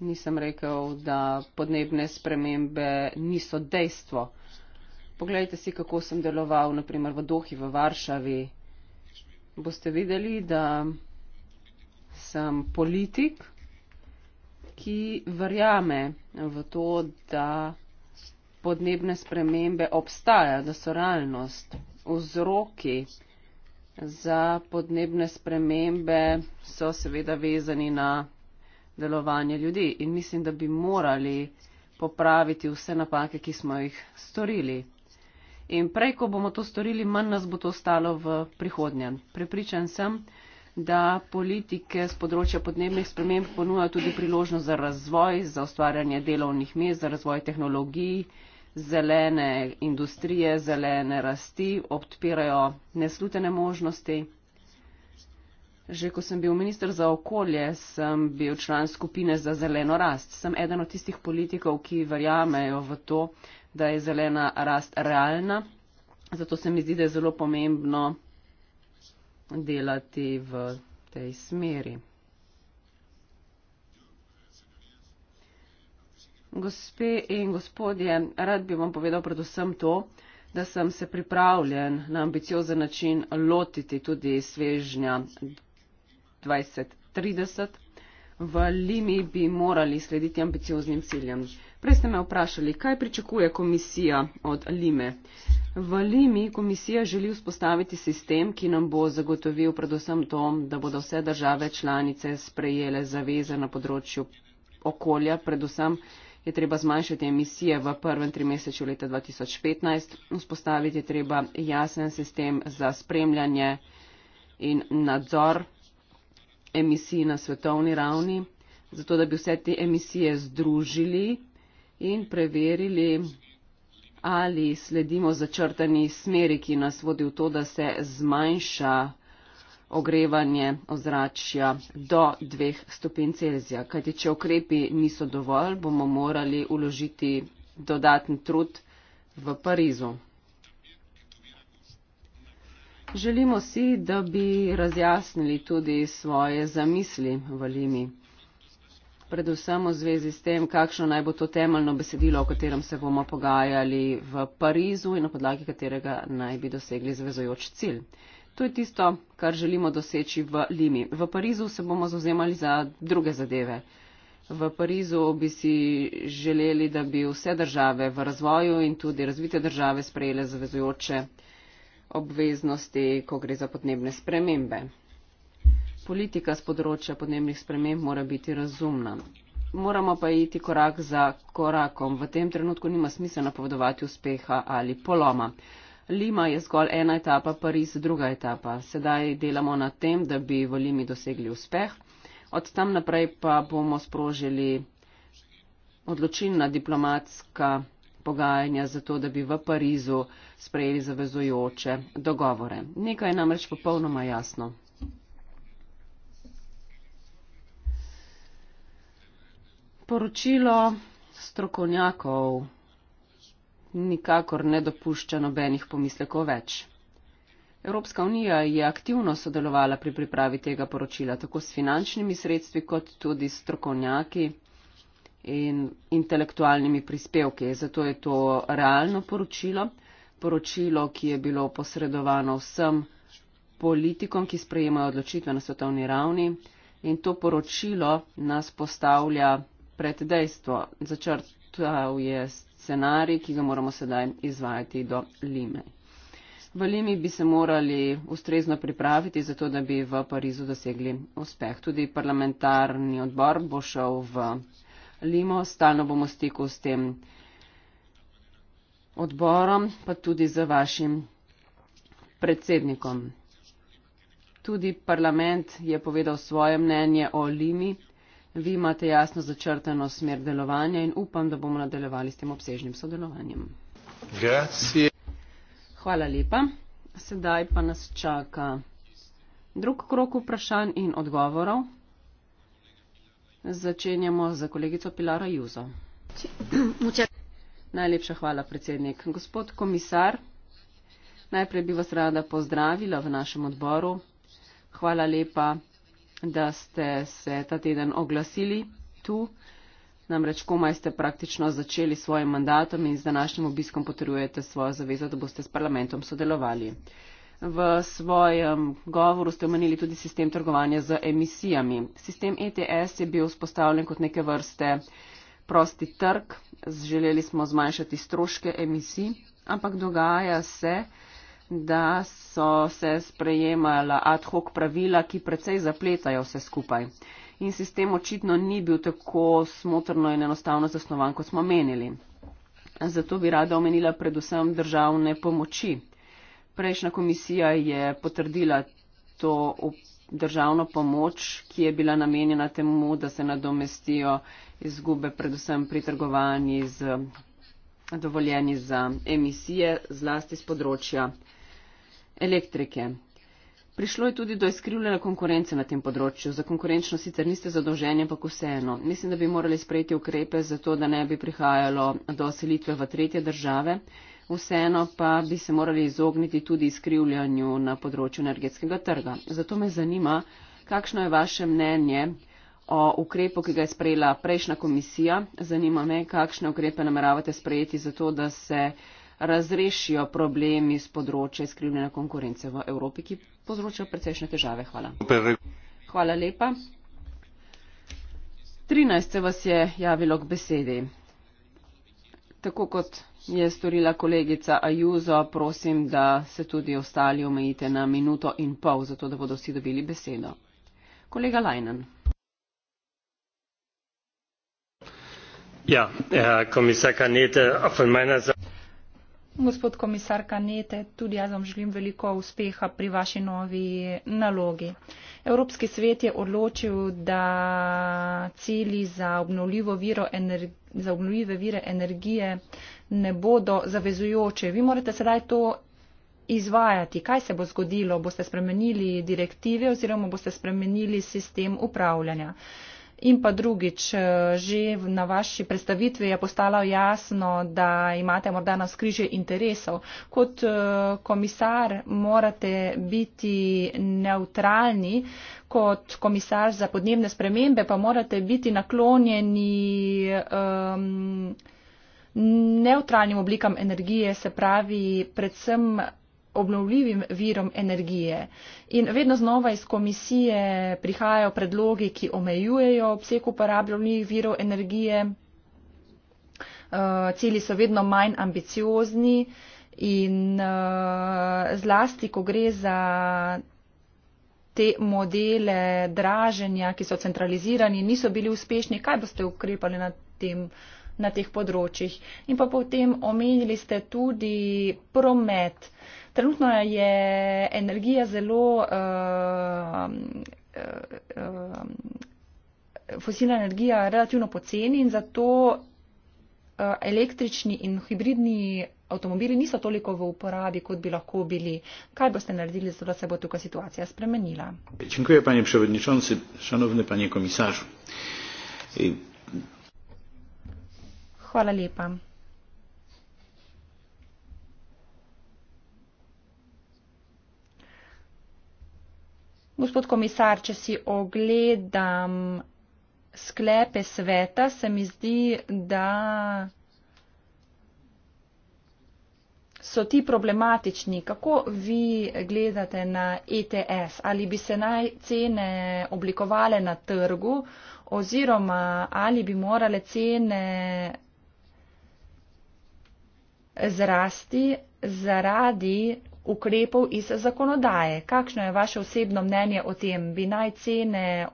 nisem rekel, da podnebne spremembe niso dejstvo. Poglejte si, kako sem deloval, naprimer, v Dohi, v Varšavi. Boste videli, da sem politik, ki verjame v to, da podnebne spremembe obstaja, da so realnost, vzroki za podnebne spremembe so seveda vezani na delovanje ljudi in mislim, da bi morali popraviti vse napake, ki smo jih storili. In prej, ko bomo to storili, manj nas bo to stalo v prihodnjem. Prepričan sem, da politike z področja podnebnih sprememb ponujajo tudi priložnost za razvoj, za ustvarjanje delovnih mest, za razvoj tehnologij, zelene industrije, zelene rasti, odpirajo neslutene možnosti. Že ko sem bil minister za okolje, sem bil član skupine za zeleno rast. Sem eden od tistih politikov, ki verjamejo v to, da je zelena rast realna. Zato se mi zdi, da je zelo pomembno delati v tej smeri. Gospe in gospodje, rad bi vam povedal predvsem to, da sem se pripravljen na ambiciozen način lotiti tudi svežnja 2030. V Limi bi morali slediti ambicioznim ciljem. Prej ste me vprašali, kaj pričakuje komisija od Lime. V Limi komisija želi vzpostaviti sistem, ki nam bo zagotovil predvsem to, da bodo vse države članice sprejele zaveze na področju okolja, predvsem je treba zmanjšati emisije v prvem trimesečju leta 2015, vzpostaviti je treba jasen sistem za spremljanje in nadzor emisij na svetovni ravni, zato da bi vse te emisije združili in preverili, ali sledimo začrtani smeri, ki nas vodi v to, da se zmanjša ogrevanje ozračja do 2 stopinj Celzija. Kajti, če ukrepi niso dovolj, bomo morali uložiti dodatni trud v Parizu. Želimo si, da bi razjasnili tudi svoje zamisli v Limi. Predvsem v zvezi s tem, kakšno naj bo to temeljno besedilo, o katerem se bomo pogajali v Parizu in na podlagi katerega naj bi dosegli zvezojoč cilj. To je tisto, kar želimo doseči v Limi. V Parizu se bomo zauzemali za druge zadeve. V Parizu bi si želeli, da bi vse države v razvoju in tudi razvite države sprejele zavezujoče obveznosti, ko gre za podnebne spremembe. Politika z področja podnebnih sprememb mora biti razumna. Moramo pa iti korak za korakom. V tem trenutku nima smisla napovedovati uspeha ali poloma. Lima je zgolj ena etapa, Pariz druga etapa. Sedaj delamo na tem, da bi v Limi dosegli uspeh. Od tam naprej pa bomo sprožili odločilna diplomatska pogajanja za to, da bi v Parizu sprejeli zavezujoče dogovore. Nekaj je namreč popolnoma jasno. Poročilo strokovnjakov nikakor ne dopušča nobenih pomislekov več. Evropska unija je aktivno sodelovala pri pripravi tega poročila, tako s finančnimi sredstvi, kot tudi s strokovnjaki in intelektualnimi prispevki. Zato je to realno poročilo, poročilo, ki je bilo posredovano vsem politikom, ki sprejemajo odločitve na svetovni ravni. In to poročilo nas postavlja pred dejstvo. Začrt, predstavljal je scenarij, ki ga moramo sedaj izvajati do Lime. V Limi bi se morali ustrezno pripraviti, zato da bi v Parizu dosegli uspeh. Tudi parlamentarni odbor bo šel v Limo, stalno bomo stiku s tem odborom, pa tudi z vašim predsednikom. Tudi parlament je povedal svoje mnenje o Limi vi imate jasno začrteno smer delovanja in upam, da bomo nadaljevali s tem obsežnim sodelovanjem. Grazie. Hvala lepa. Sedaj pa nas čaka drug krok vprašanj in odgovorov. Začenjamo za kolegico Pilara Juzo. Najlepša hvala, predsednik. Gospod komisar, najprej bi vas rada pozdravila v našem odboru. Hvala lepa da ste se ta teden oglasili tu. Namreč komaj ste praktično začeli s svojim mandatom in z današnjim obiskom potrjujete svojo zavezo, da boste s parlamentom sodelovali. V svojem govoru ste omenili tudi sistem trgovanja z emisijami. Sistem ETS je bil vzpostavljen kot neke vrste prosti trg, želeli smo zmanjšati stroške emisij, ampak dogaja se, da so se sprejemala ad hoc pravila, ki precej zapletajo vse skupaj. In sistem očitno ni bil tako smotrno in enostavno zasnovan, kot smo menili. Zato bi rada omenila predvsem državne pomoči. Prejšnja komisija je potrdila to državno pomoč, ki je bila namenjena temu, da se nadomestijo izgube predvsem pri trgovanji z dovoljeni za emisije zlasti z področja elektrike. Prišlo je tudi do izkrivljene konkurence na tem področju. Za konkurenčno sicer niste zadolženi, ampak vseeno. Mislim, da bi morali sprejeti ukrepe za to, da ne bi prihajalo do selitve v tretje države. Vseeno pa bi se morali izogniti tudi izkrivljanju na področju energetskega trga. Zato me zanima, kakšno je vaše mnenje o ukrepu, ki ga je sprejela prejšnja komisija. Zanima me, kakšne ukrepe nameravate sprejeti za to, da se razrešijo problemi z področja izkrivljene konkurence v Evropi, ki povzročajo precejšnje težave. Hvala. Hvala lepa. 13 se vas je javilo k besedi. Tako kot je storila kolegica Ajuzo, prosim, da se tudi ostali omejite na minuto in pol, zato da bodo vsi dobili besedo. Kolega Lajnen. Ja, eh, gospod komisar Kanete, tudi jaz vam želim veliko uspeha pri vaši novi nalogi. Evropski svet je odločil, da cilji za, za obnovljive vire energije ne bodo zavezujoče. Vi morate sedaj to izvajati. Kaj se bo zgodilo? Boste spremenili direktive oziroma boste spremenili sistem upravljanja? In pa drugič, eh, že na vaši predstavitvi je postalo jasno, da imate morda na skrižje interesov. Kot eh, komisar morate biti neutralni, kot komisar za podnebne spremembe pa morate biti naklonjeni. Um, ehm, neutralnim oblikam energije, se pravi predvsem obnovljivim virom energije. In vedno znova iz komisije prihajajo predlogi, ki omejujejo obseg uporabljenih virov energije. Uh, cilji so vedno manj ambiciozni in uh, zlasti, ko gre za te modele draženja, ki so centralizirani, niso bili uspešni, kaj boste ukrepali na, tem, na teh področjih. In pa potem omenili ste tudi promet. Trenutno je energija zelo. Uh, uh, uh, Fosilna energija je relativno poceni in zato uh, električni in hibridni avtomobili niso toliko v uporabi, kot bi lahko bili. Kaj boste naredili, zato da se bo tukaj situacija spremenila? Čenkuje, panje prevodničonci, šanovne panje komisar. E... Hvala lepa. Gospod komisar, če si ogledam sklepe sveta, se mi zdi, da so ti problematični. Kako vi gledate na ETS? Ali bi se naj cene oblikovale na trgu oziroma ali bi morale cene zrasti zaradi ukrepov iz zakonodaje. Kakšno je vaše osebno mnenje o tem? Bi naj,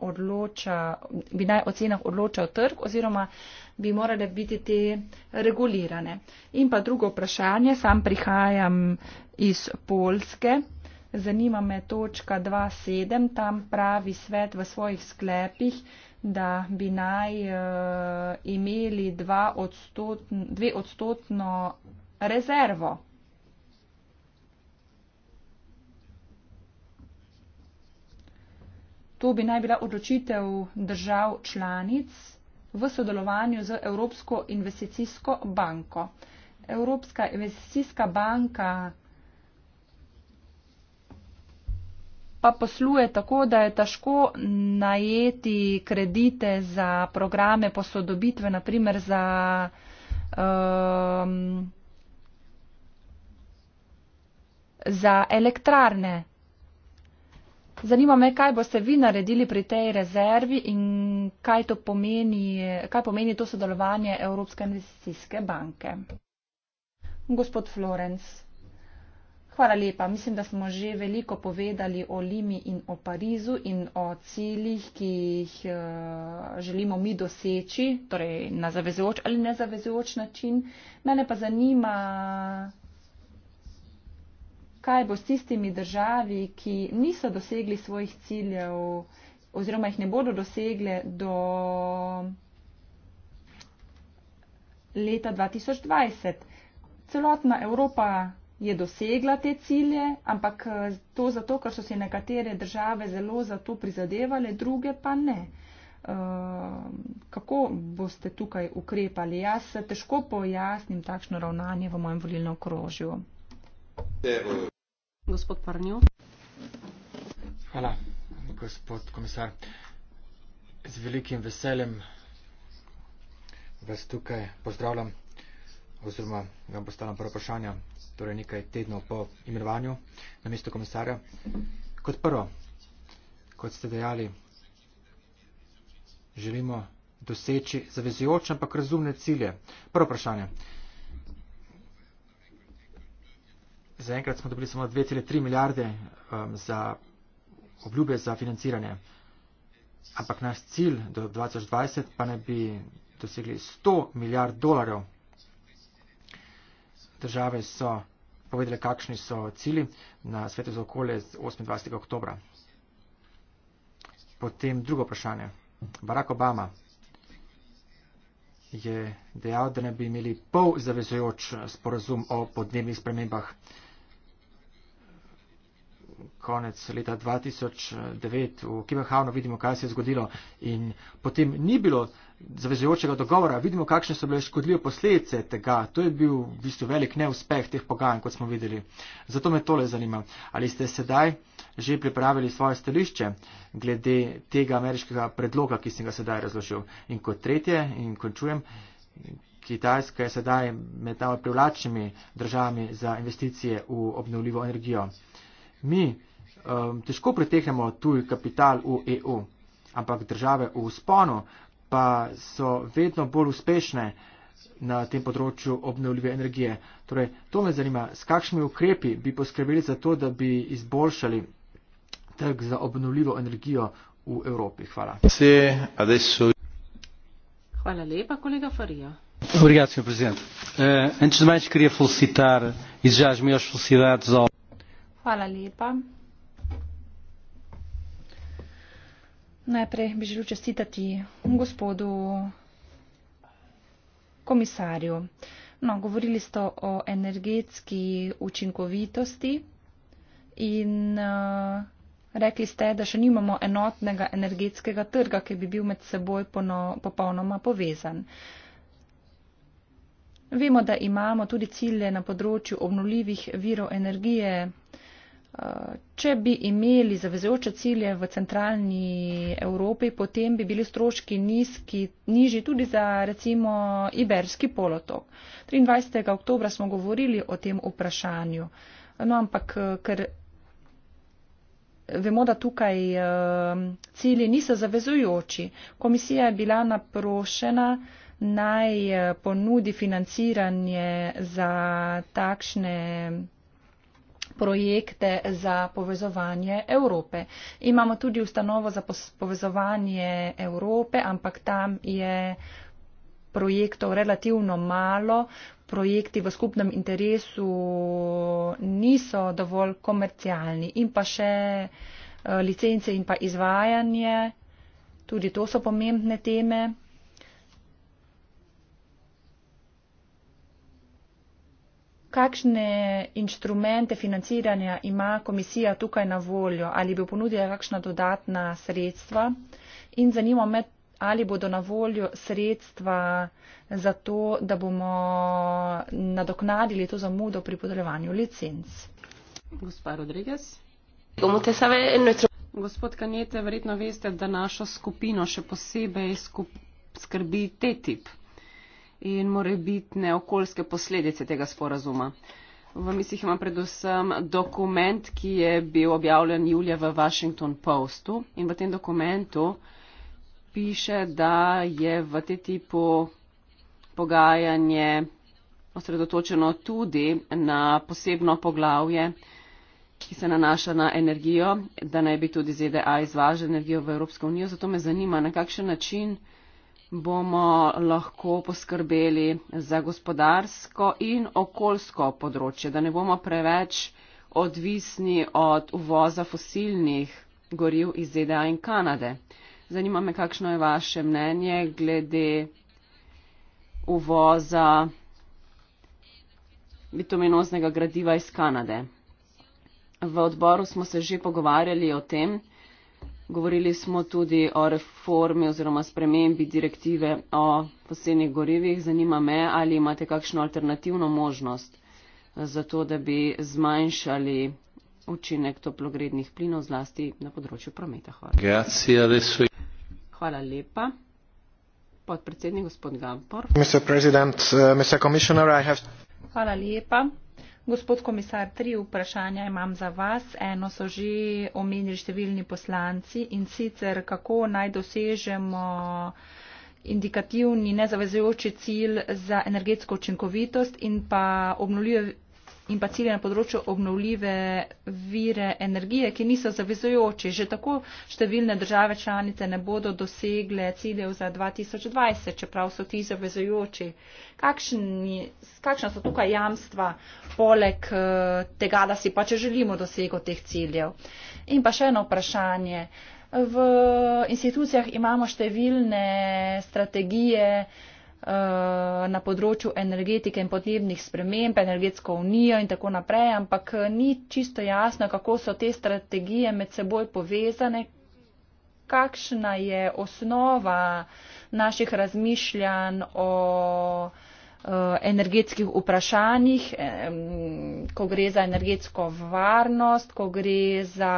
odloča, bi naj o cenah odločal trg oziroma bi morale biti te regulirane? In pa drugo vprašanje, sam prihajam iz Polske. Zanima me točka 2.7, tam pravi svet v svojih sklepih, da bi naj uh, imeli dve odstotno rezervo To bi naj bila odločitev držav članic v sodelovanju z Evropsko investicijsko banko. Evropska investicijska banka pa posluje tako, da je težko najeti kredite za programe posodobitve, naprimer za um, za elektrarne. Zanima me, kaj boste vi naredili pri tej rezervi in kaj, to pomeni, kaj pomeni to sodelovanje Evropske investicijske banke. Gospod Florenc, hvala lepa. Mislim, da smo že veliko povedali o Limi in o Parizu in o ciljih, ki jih eh, želimo mi doseči, torej na zavezujoč ali nezavezujoč način. Mene pa zanima, kaj bo s tistimi državi, ki niso dosegli svojih ciljev oziroma jih ne bodo dosegle do leta 2020. Celotna Evropa je dosegla te cilje, ampak to zato, ker so se nekatere države zelo za to prizadevale, druge pa ne. Ehm, kako boste tukaj ukrepali? Jaz se težko pojasnim takšno ravnanje v mojem volilnem okrožju. Gospod Parnjo. Hvala, gospod komisar. Z velikim veseljem vas tukaj pozdravljam, oziroma vam postavljam prvo vprašanje, torej nekaj tednov po imenovanju na mesto komisarja. Kot prvo, kot ste dejali, želimo doseči zavezujoče, ampak razumne cilje. Prvo vprašanje. zaenkrat smo dobili samo 2,3 milijarde um, za obljube za financiranje. Ampak naš cilj do 2020 pa ne bi dosegli 100 milijard dolarjev. Države so povedali, kakšni so cilji na svetu za okolje 28. oktobra. Potem drugo vprašanje. Barack Obama je dejal, da ne bi imeli pol zavezojoč sporazum o podnebnih spremembah konec leta 2009 v Kibahavnu, vidimo, kaj se je zgodilo in potem ni bilo zavezujočega dogovora, vidimo, kakšne so bile škodljive posledice tega. To je bil v bistvu velik neuspeh teh pogajanj, kot smo videli. Zato me tole zanima, ali ste sedaj že pripravili svoje stališče glede tega ameriškega predloga, ki sem ga sedaj razložil. In kot tretje, in končujem. Kitajska je sedaj med najbolj privlačnimi državami za investicije v obnovljivo energijo mi um, težko pritehnemo tuj kapital v EU, ampak države v usponu pa so vedno bolj uspešne na tem področju obnovljive energije. Torej, to me zanima, s kakšnimi ukrepi bi poskrbeli za to, da bi izboljšali trg za obnovljivo energijo v Evropi. Hvala. Hvala lepa, kolega Farija. Obrigado, Sr. Presidente. Uh, antes de mais, queria felicitar e desejar as maiores felicidades ao. Hvala lepa. Najprej bi želel čestitati gospodu komisarju. No, govorili ste o energetski učinkovitosti in eh, rekli ste, da še nimamo enotnega energetskega trga, ki bi bil med seboj pono, popolnoma povezan. Vemo, da imamo tudi cilje na področju obnuljivih virov energije. Če bi imeli zavezujoče cilje v centralni Evropi, potem bi bili stroški nizki, nižji tudi za recimo Iberski polotok. 23. oktober smo govorili o tem vprašanju, no, ampak ker vemo, da tukaj ehm, cilji niso zavezujoči, komisija je bila naprošena naj eh, ponudi financiranje za takšne projekte za povezovanje Evrope. Imamo tudi ustanovo za povezovanje Evrope, ampak tam je projektov relativno malo, projekti v skupnem interesu niso dovolj komercialni in pa še eh, licence in pa izvajanje, tudi to so pomembne teme. kakšne inštrumente financiranja ima komisija tukaj na voljo, ali bi ponudila kakšna dodatna sredstva in zanima me, ali bodo na voljo sredstva za to, da bomo nadoknadili to zamudo pri podeljevanju licenc. Gospa Rodriguez. Gospod Kanjete, verjetno veste, da našo skupino še posebej skrbi te tip in morebitne okoljske posledice tega sporazuma. V mislih imam predvsem dokument, ki je bil objavljen julija v Washington Postu in v tem dokumentu piše, da je v te tipu pogajanje osredotočeno tudi na posebno poglavje, ki se nanaša na energijo, da naj bi tudi ZDA izvažal energijo v Evropsko unijo. Zato me zanima, na kakšen način bomo lahko poskrbeli za gospodarsko in okoljsko področje, da ne bomo preveč odvisni od uvoza fosilnih goril iz ZDA in Kanade. Zanima me, kakšno je vaše mnenje glede uvoza bitumenoznega gradiva iz Kanade. V odboru smo se že pogovarjali o tem, Govorili smo tudi o reformi oziroma spremembi direktive o posebnih gorivih. Zanima me, ali imate kakšno alternativno možnost za to, da bi zmanjšali učinek toplogrednih plinov zlasti na področju prometa. Hvala. Hvala lepa. Podpredsednik gospod Gampor. Uh, Hvala lepa. Gospod komisar, tri vprašanja imam za vas. Eno so že omenili številni poslanci in sicer, kako naj dosežemo indikativni nezavezujoči cilj za energetsko učinkovitost in pa obnuljive in pa cilje na področju obnovljive vire energije, ki niso zavezojoči. Že tako številne države članice ne bodo dosegle ciljev za 2020, čeprav so ti zavezojoči. Kakšni, kakšna so tukaj jamstva, poleg eh, tega, da si pa če želimo dosego teh ciljev? In pa še eno vprašanje. V institucijah imamo številne strategije, Eh, na področju energetike in podnebnih sprememb, energetsko unijo in tako naprej, ampak eh, ni čisto jasno, kako so te strategije med seboj povezane, kakšna je osnova naših razmišljanj o eh, energetskih vprašanjih, ko gre za energetsko varnost, ko gre za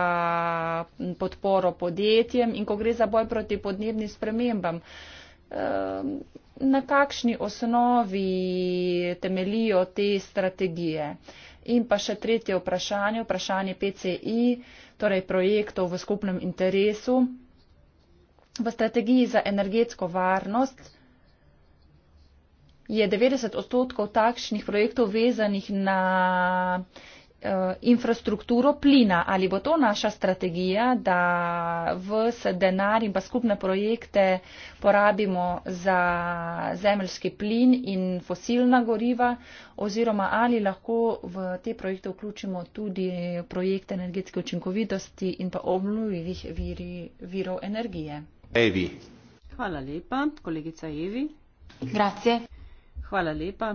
podporo podjetjem in ko gre za boj proti podnebnim spremembam. Uh, na kakšni osnovi temelijo te strategije. In pa še tretje vprašanje, vprašanje PCI, torej projektov v skupnem interesu. V strategiji za energetsko varnost je 90 odstotkov takšnih projektov vezanih na Eh, infrastrukturo plina. Ali bo to naša strategija, da vse denar in pa skupne projekte porabimo za zemljski plin in fosilna goriva, oziroma ali lahko v te projekte vključimo tudi projekte energetske učinkovitosti in pa obnovljivih virov energije. Evi. Hvala lepa, kolegica Evi. Grazie. Hvala lepa.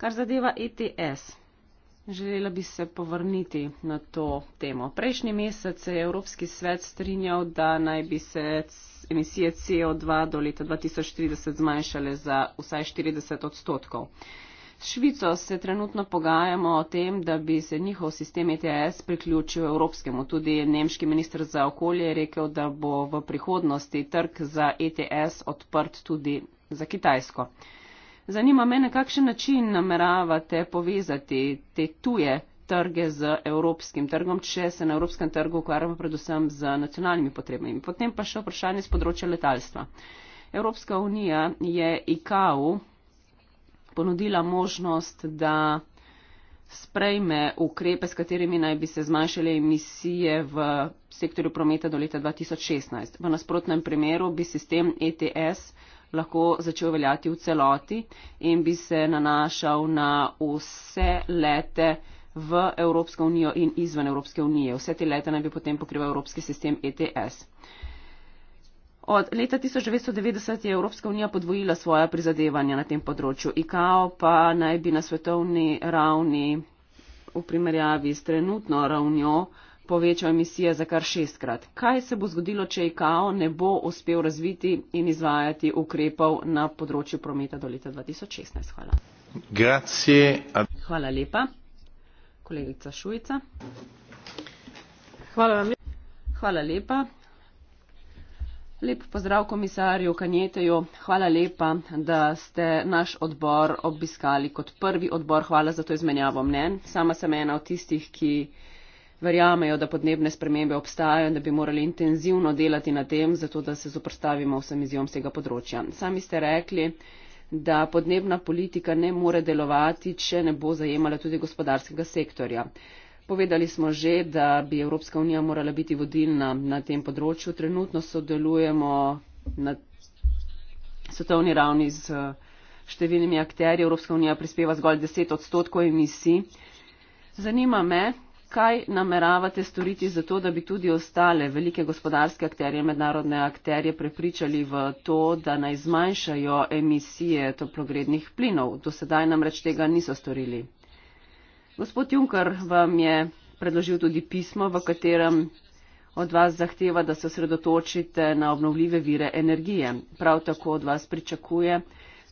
Kar zadeva ETS, želela bi se povrniti na to temo. Prejšnji mesec je Evropski svet strinjal, da naj bi se emisije CO2 do leta 2030 zmanjšale za vsaj 40 odstotkov. S Švico se trenutno pogajamo o tem, da bi se njihov sistem ETS priključil evropskemu. Tudi nemški minister za okolje je rekel, da bo v prihodnosti trg za ETS odprt tudi za Kitajsko. Zanima me, na kakšen način nameravate povezati te tuje trge z evropskim trgom, če se na evropskem trgu ukvarjamo predvsem z nacionalnimi potrebami. Potem pa še vprašanje z področja letalstva. Evropska unija je IKAU ponudila možnost, da sprejme ukrepe, s katerimi naj bi se zmanjšale emisije v sektorju prometa do leta 2016. V nasprotnem primeru bi sistem ETS lahko začel veljati v celoti in bi se nanašal na vse lete v Evropsko unijo in izven Evropske unije. Vse te lete naj bi potem pokrival Evropski sistem ETS. Od leta 1990 je Evropska unija podvojila svoja prizadevanja na tem področju. IKAO pa naj bi na svetovni ravni v primerjavi s trenutno ravnjo uh, povečal emisije za kar šestkrat. Kaj se bo zgodilo, če IKO ne bo uspel razviti in izvajati ukrepov na področju prometa do leta 2016? Hvala. Grazie. Hvala lepa. Kolegica Šujica. Hvala vam. Hvala lepa. Lep pozdrav komisarju Kanjeteju. Hvala lepa, da ste naš odbor obiskali kot prvi odbor. Hvala za to izmenjavo mnen. Sama sem ena od tistih, ki verjamejo, da podnebne spremembe obstajajo in da bi morali intenzivno delati na tem, zato da se zoprstavimo vsem izjom z tega področja. Sami ste rekli, da podnebna politika ne more delovati, če ne bo zajemala tudi gospodarskega sektorja. Povedali smo že, da bi Evropska unija morala biti vodilna na tem področju. Trenutno sodelujemo na svetovni ravni z eh, številnimi akterji. Evropska unija prispeva zgolj 10 odstotkov emisij. Zanima me, kaj nameravate storiti za to, da bi tudi ostale velike gospodarske akterje, mednarodne akterje prepričali v to, da naj zmanjšajo emisije toplogrednih plinov. Do sedaj namreč tega niso storili. Gospod Juncker vam je predložil tudi pismo, v katerem od vas zahteva, da se osredotočite na obnovljive vire energije. Prav tako od vas pričakuje,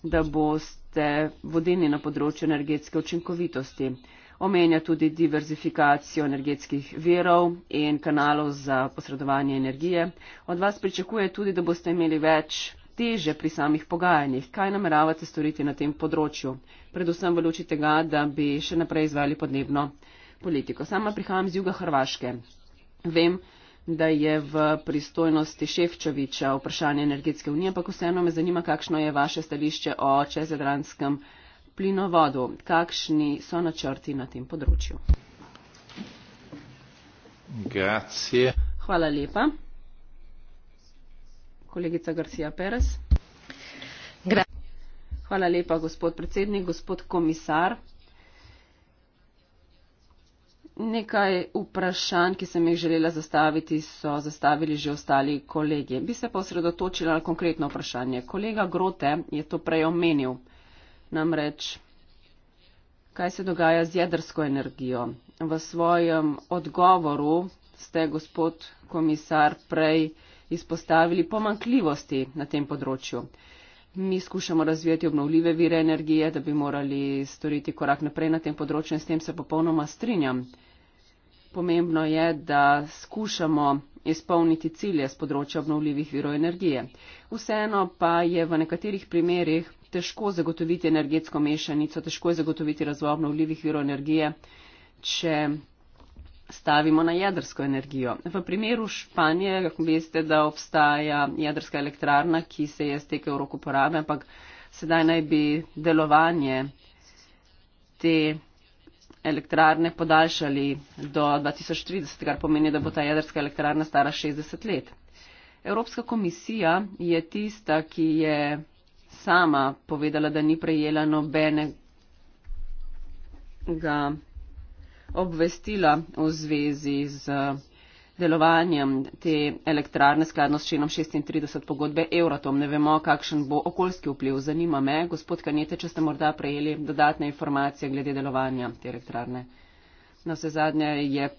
da boste vodeni na področju energetske učinkovitosti omenja tudi diverzifikacijo energetskih virov in kanalov za posredovanje energije. Od vas pričakuje tudi, da boste imeli več teže pri samih pogajanjih. Kaj nameravate storiti na tem področju? Predvsem v luči tega, da bi še naprej izvali podnebno politiko. Sama prihajam z juga Hrvaške. Vem, da je v pristojnosti Ševčoviča vprašanje energetske unije, ampak vseeno me zanima, kakšno je vaše stališče o čezjadranskem področju plinovodu. Kakšni so načrti na tem področju? Grazie. Hvala lepa. Kolegica Garcia Perez. Gra Hvala lepa, gospod predsednik, gospod komisar. Nekaj vprašanj, ki sem jih želela zastaviti, so zastavili že ostali kolegi. Bi se pa osredotočila na konkretno vprašanje. Kolega Grote je to prej omenil. Namreč, kaj se dogaja z jedrsko energijo? V svojem odgovoru ste, gospod komisar, prej izpostavili pomankljivosti na tem področju. Mi skušamo razvijati obnovljive vire energije, da bi morali storiti korak naprej na tem področju in s tem se popolnoma strinjam. Pomembno je, da skušamo izpolniti cilje z področja obnovljivih virov energije. Vseeno pa je v nekaterih primerjih težko zagotoviti energetsko mešanico, težko je zagotoviti razvoj obnovljivih virov energije, če stavimo na jedrsko energijo. V primeru Španije, kako veste, da obstaja jedrska elektrarna, ki se je stekel v roku porabe, ampak sedaj naj bi delovanje te elektrarne podaljšali do 2030, kar pomeni, da bo ta jedrska elektrarna stara 60 let. Evropska komisija je tista, ki je sama povedala, da ni prejela nobenega obvestila v zvezi z eh, delovanjem te elektrarne skladno s členom 36 pogodbe Euratom. Ne vemo, kakšen bo okoljski vpliv. Zanima me, gospod Kanete, če ste morda prejeli dodatne informacije glede delovanja te elektrarne. Na vse zadnje je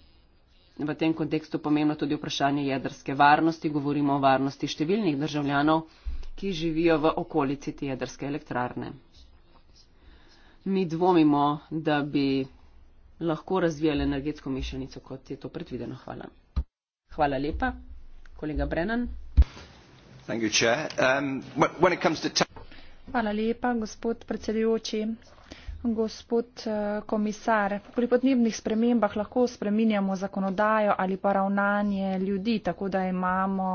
v tem kontekstu pomembno tudi vprašanje jedrske varnosti. Govorimo o varnosti številnih državljanov ki živijo v okolici te jedrske elektrarne. Mi dvomimo, da bi lahko razvijali energetsko mešanico, kot je to predvideno. Hvala. Hvala lepa. Kolega Brennan. Um, Hvala lepa, gospod predsedujoči. Gospod eh, komisar, pri podnebnih spremembah lahko spreminjamo zakonodajo ali pa ravnanje ljudi, tako da imamo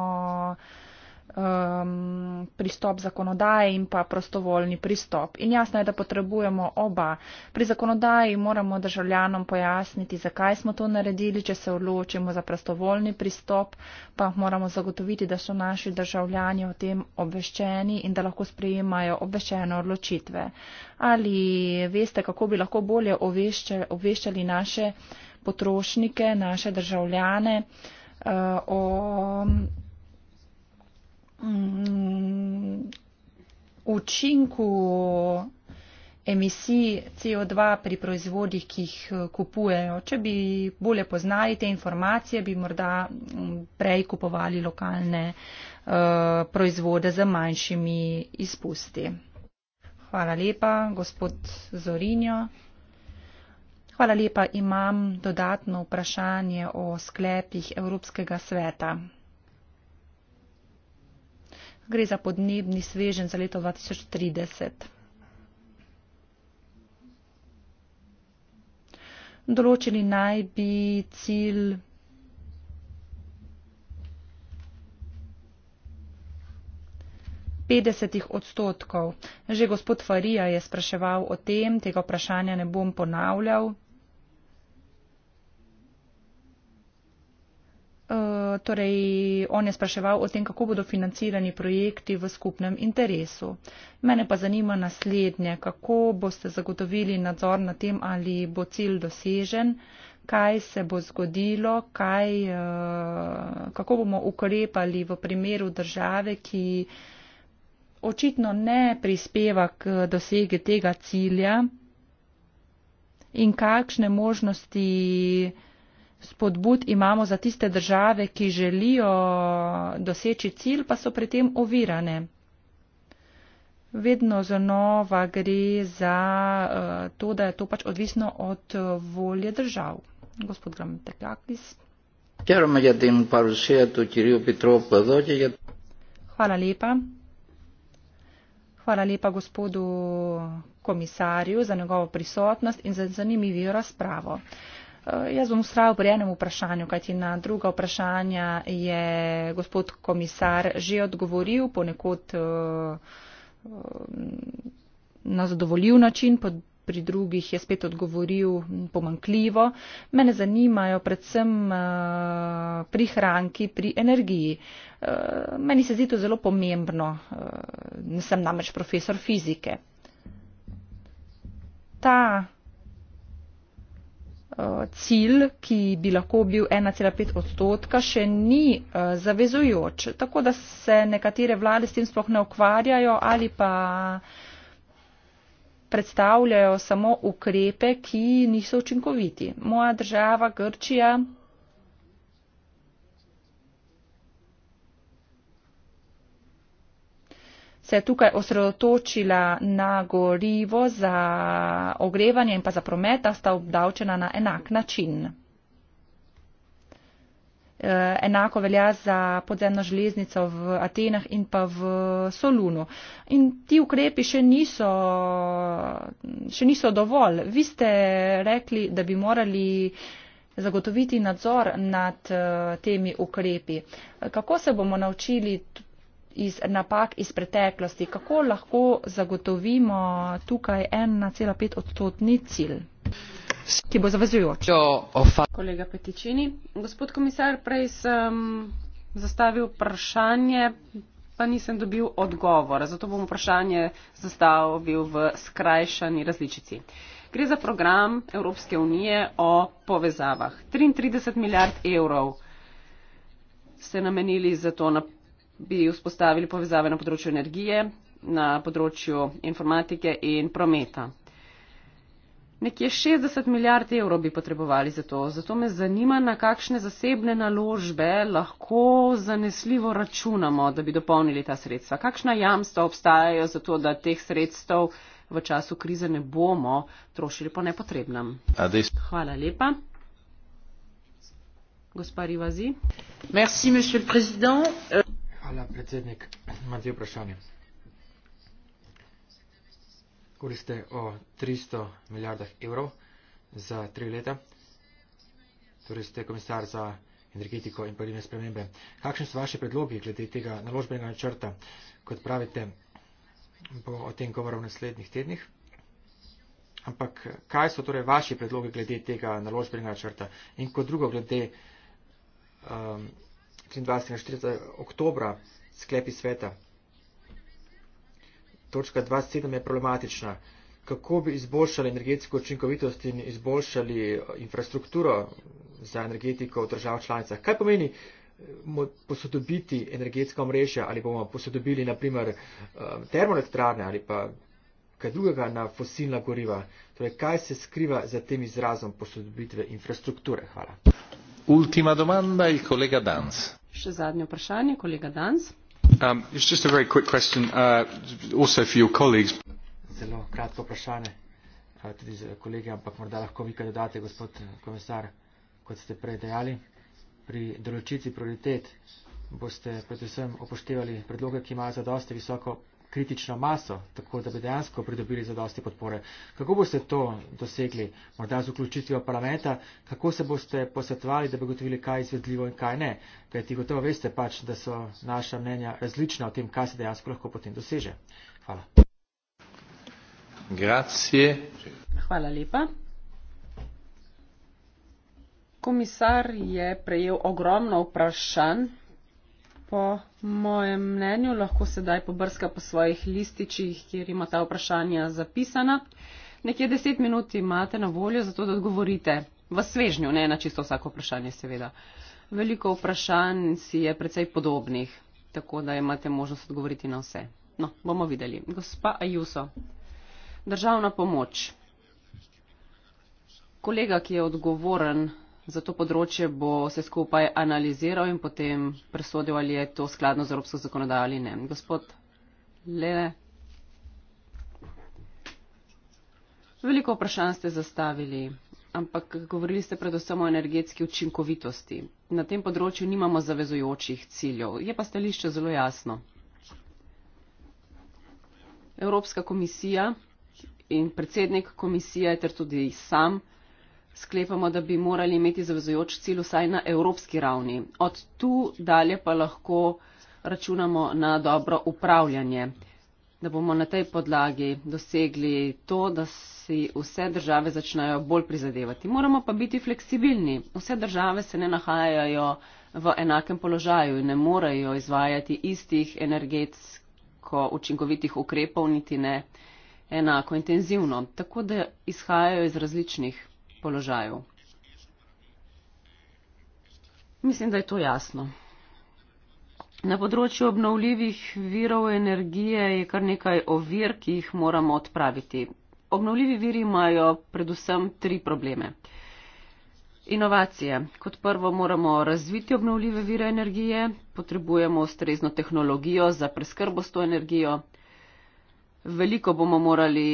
um, pristop zakonodaje in pa prostovoljni pristop. In jasno je, da potrebujemo oba. Pri zakonodaji moramo državljanom pojasniti, zakaj smo to naredili, če se odločimo za prostovoljni pristop, pa moramo zagotoviti, da so naši državljani o tem obveščeni in da lahko sprejemajo obveščene odločitve. Ali veste, kako bi lahko bolje obveščali naše potrošnike, naše državljane uh, o Mm, učinku emisij CO2 pri proizvodih, ki jih eh, kupujejo. Če bi bolje poznali te informacije, bi morda mm, prej kupovali lokalne uh, proizvode z manjšimi izpusti. Hvala lepa, gospod Zorinjo. Hvala lepa, imam dodatno vprašanje o sklepih Evropskega sveta. Gre za podnebni svežen za leto 2030. Določili naj bi cilj petdesetih odstotkov. Že gospod Farija je spraševal o tem, tega vprašanja ne bom ponavljal. Eh, torej on je spraševal o tem, kako bodo financirani projekti v skupnem interesu. Mene pa zanima naslednje, kako boste zagotovili nadzor na tem, ali bo cilj dosežen, kaj se bo zgodilo, kaj, eh, kako bomo ukrepali v primeru države, ki očitno ne prispeva k dosegi tega cilja in kakšne možnosti spodbud imamo za tiste države, ki želijo doseči cilj, pa so pri tem ovirane. Vedno znova gre za eh, to, da je to pač odvisno od eh, volje držav. Gospod Gramtekakis. Hvala lepa. Hvala lepa gospodu komisarju za njegovo prisotnost in za zanimivijo razpravo. Eh, jaz bom ustrajal pri enem vprašanju, kajti na druga vprašanja je gospod komisar že odgovoril ponekod eh, eh, na zadovoljiv način, pri drugih je spet odgovoril pomankljivo. Mene zanimajo predvsem prihranki pri energiji. Meni se zdi to zelo pomembno, nisem namreč profesor fizike. Ta Eh, cilj, ki bi lahko bil 1,5 odstotka, še ni eh, zavezujoč. Tako da se nekatere vlade s tem sploh ne ukvarjajo ali pa predstavljajo samo ukrepe, ki niso učinkoviti. Moja država Grčija se je tukaj osredotočila na gorivo za ogrevanje in pa za promet, da sta obdavčena na enak način. E, enako velja za podzemno železnico v Atenah in pa v Solunu. In ti ukrepi še niso, še niso dovolj. Vi ste rekli, da bi morali zagotoviti nadzor nad e, temi ukrepi. Kako se bomo naučili iz napak iz preteklosti. Kako lahko zagotovimo tukaj 1,5 odstotni cilj? ki bo zavezujoč. Kolega Petičini, gospod komisar, prej sem zastavil vprašanje, pa nisem dobil odgovora, zato bom vprašanje zastavil v skrajšani različici. Gre za program Evropske unije o povezavah. 33 milijard evrov ste namenili za to na bi vzpostavili povezave na področju energije, na področju informatike in prometa. Nekje 60 milijard evrov bi potrebovali za to. Zato me zanima, na kakšne zasebne naložbe lahko zanesljivo računamo, da bi dopolnili ta sredstva. Kakšna jamstva obstajajo za to, da teh sredstev v času krize ne bomo trošili po nepotrebnem? Hvala lepa. Gospa Rivazi. Merci, Hvala, predsednik. Imam dve vprašanje. Govorite o 300 milijardah evrov za tri leta. Torej ste komisar za energetiko in podnebne spremembe. Kakšni so vaše predlogi glede tega naložbenega načrta? Kot pravite, bo o tem govoril v naslednjih tednih. Ampak kaj so torej vaši predlogi glede tega naložbenega načrta? In kot drugo, glede. Um, 23. in 4. oktobra, sklepi sveta. Točka 27 je problematična. Kako bi izboljšali energetsko učinkovitost in izboljšali eh, infrastrukturo za energetiko v državah članicah? Kaj pomeni eh, posodobiti energetska omrežja ali bomo posodobili naprimer eh, termoelektrarne ali pa kaj drugega na fosilna goriva? Torej, kaj se skriva za tem izrazom posodobitve infrastrukture? Hvala ultima domanda il collega Danz. Še zadnje vprašanje, kolega Danz. Um, uh, Zelo kratko vprašanje, uh, tudi za kolege, ampak morda lahko vi kaj dodate, gospod eh, komisar, kot ste prej dejali. Pri določici prioritet boste predvsem upoštevali predloge, ki imajo za dosti visoko kritično maso, tako da bi dejansko pridobili zadosti podpore. Kako boste to dosegli, morda z vključitvijo parlamenta, kako se boste posvetovali, da bi gotovili, kaj je izvedljivo in kaj ne, kaj ti gotovo veste pač, da so naša mnenja različna o tem, kaj se dejansko lahko potem doseže. Hvala. Grazie. Hvala lepa. Komisar je prejel ogromno vprašanj po mojem mnenju lahko sedaj pobrska po svojih lističih, kjer ima ta vprašanja zapisana. Nekje deset minut imate na voljo, zato da odgovorite v svežnju, ne na čisto vsako vprašanje seveda. Veliko vprašanj si je precej podobnih, tako da imate možnost odgovoriti na vse. No, bomo videli. Gospa Ajuso, državna pomoč. Kolega, ki je odgovoren Za to področje bo vse skupaj analiziral in potem presodil, ali je to skladno z evropsko zakonodajo ali ne. Gospod Lele, veliko vprašanj ste zastavili, ampak govorili ste predvsem o energetski učinkovitosti. Na tem področju nimamo zavezujočih ciljev. Je pa stališče zelo jasno. Evropska komisija in predsednik komisije ter tudi sam sklepamo, da bi morali imeti zavezujoč cilj vsaj na evropski ravni. Od tu dalje pa lahko računamo na dobro upravljanje, da bomo na tej podlagi dosegli to, da si vse države začnejo bolj prizadevati. Moramo pa biti fleksibilni. Vse države se ne nahajajo v enakem položaju in ne morejo izvajati istih energetsko učinkovitih ukrepov, niti ne enako intenzivno. Tako da izhajajo iz različnih položaju. Mislim, da je to jasno. Na področju obnovljivih virov energije je kar nekaj ovir, ki jih moramo odpraviti. Obnovljivi viri imajo predvsem tri probleme. Inovacije. Kot prvo moramo razviti obnovljive vire energije, potrebujemo ustrezno tehnologijo za preskrbo s to energijo. Veliko bomo morali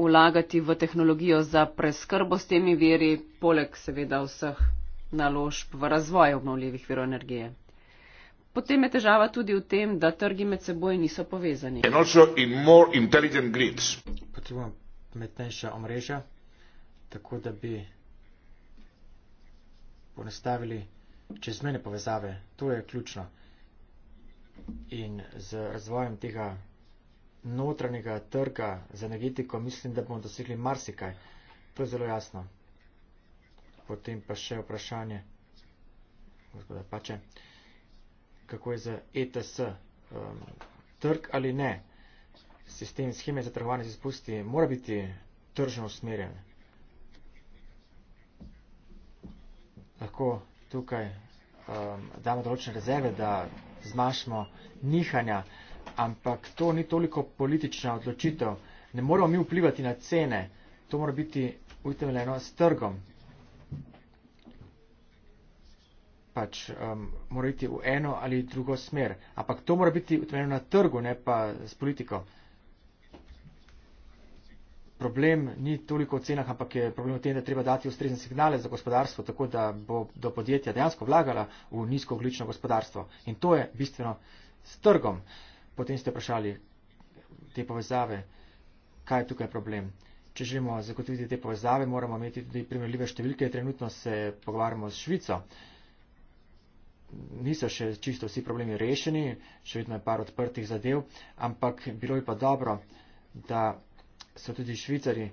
vlagati v tehnologijo za preskrbo s temi veri, poleg seveda vseh naložb v razvoj obnovljivih virov energije. Potem je težava tudi v tem, da trgi med seboj niso povezani. In Potrebujemo pametnejša omrežja, tako da bi ponestavili čezmene povezave. To je ključno. In z razvojem tega notranjega trga z energetiko, mislim, da bomo dosegli marsikaj. To je zelo jasno. Potem pa še vprašanje, gospoda Pače, kako je za ETS um, trg ali ne. Sistem scheme za trgovanje z izpusti mora biti tržno usmerjen. Lahko tukaj um, damo določene rezerve, da zmašimo nihanja ampak to ni toliko politična odločitev. Ne moramo mi vplivati na cene, to mora biti utemeljeno s trgom. Pač um, mora iti v eno ali drugo smer, ampak to mora biti utemeljeno na trgu, ne pa s politiko. Problem ni toliko v cenah, ampak je problem v tem, da treba dati ustrezne signale za gospodarstvo, tako da bo do podjetja dejansko vlagala v nizkooglično gospodarstvo. In to je bistveno s trgom. Uh, potem ste vprašali te povezave, kaj je tukaj problem. Če želimo zagotoviti te povezave, moramo imeti tudi primerljive številke. Trenutno se pogovarjamo s Švico. Niso še čisto vsi problemi rešeni, še vedno je par odprtih zadev, ampak bilo bi pa dobro, da so tudi švicari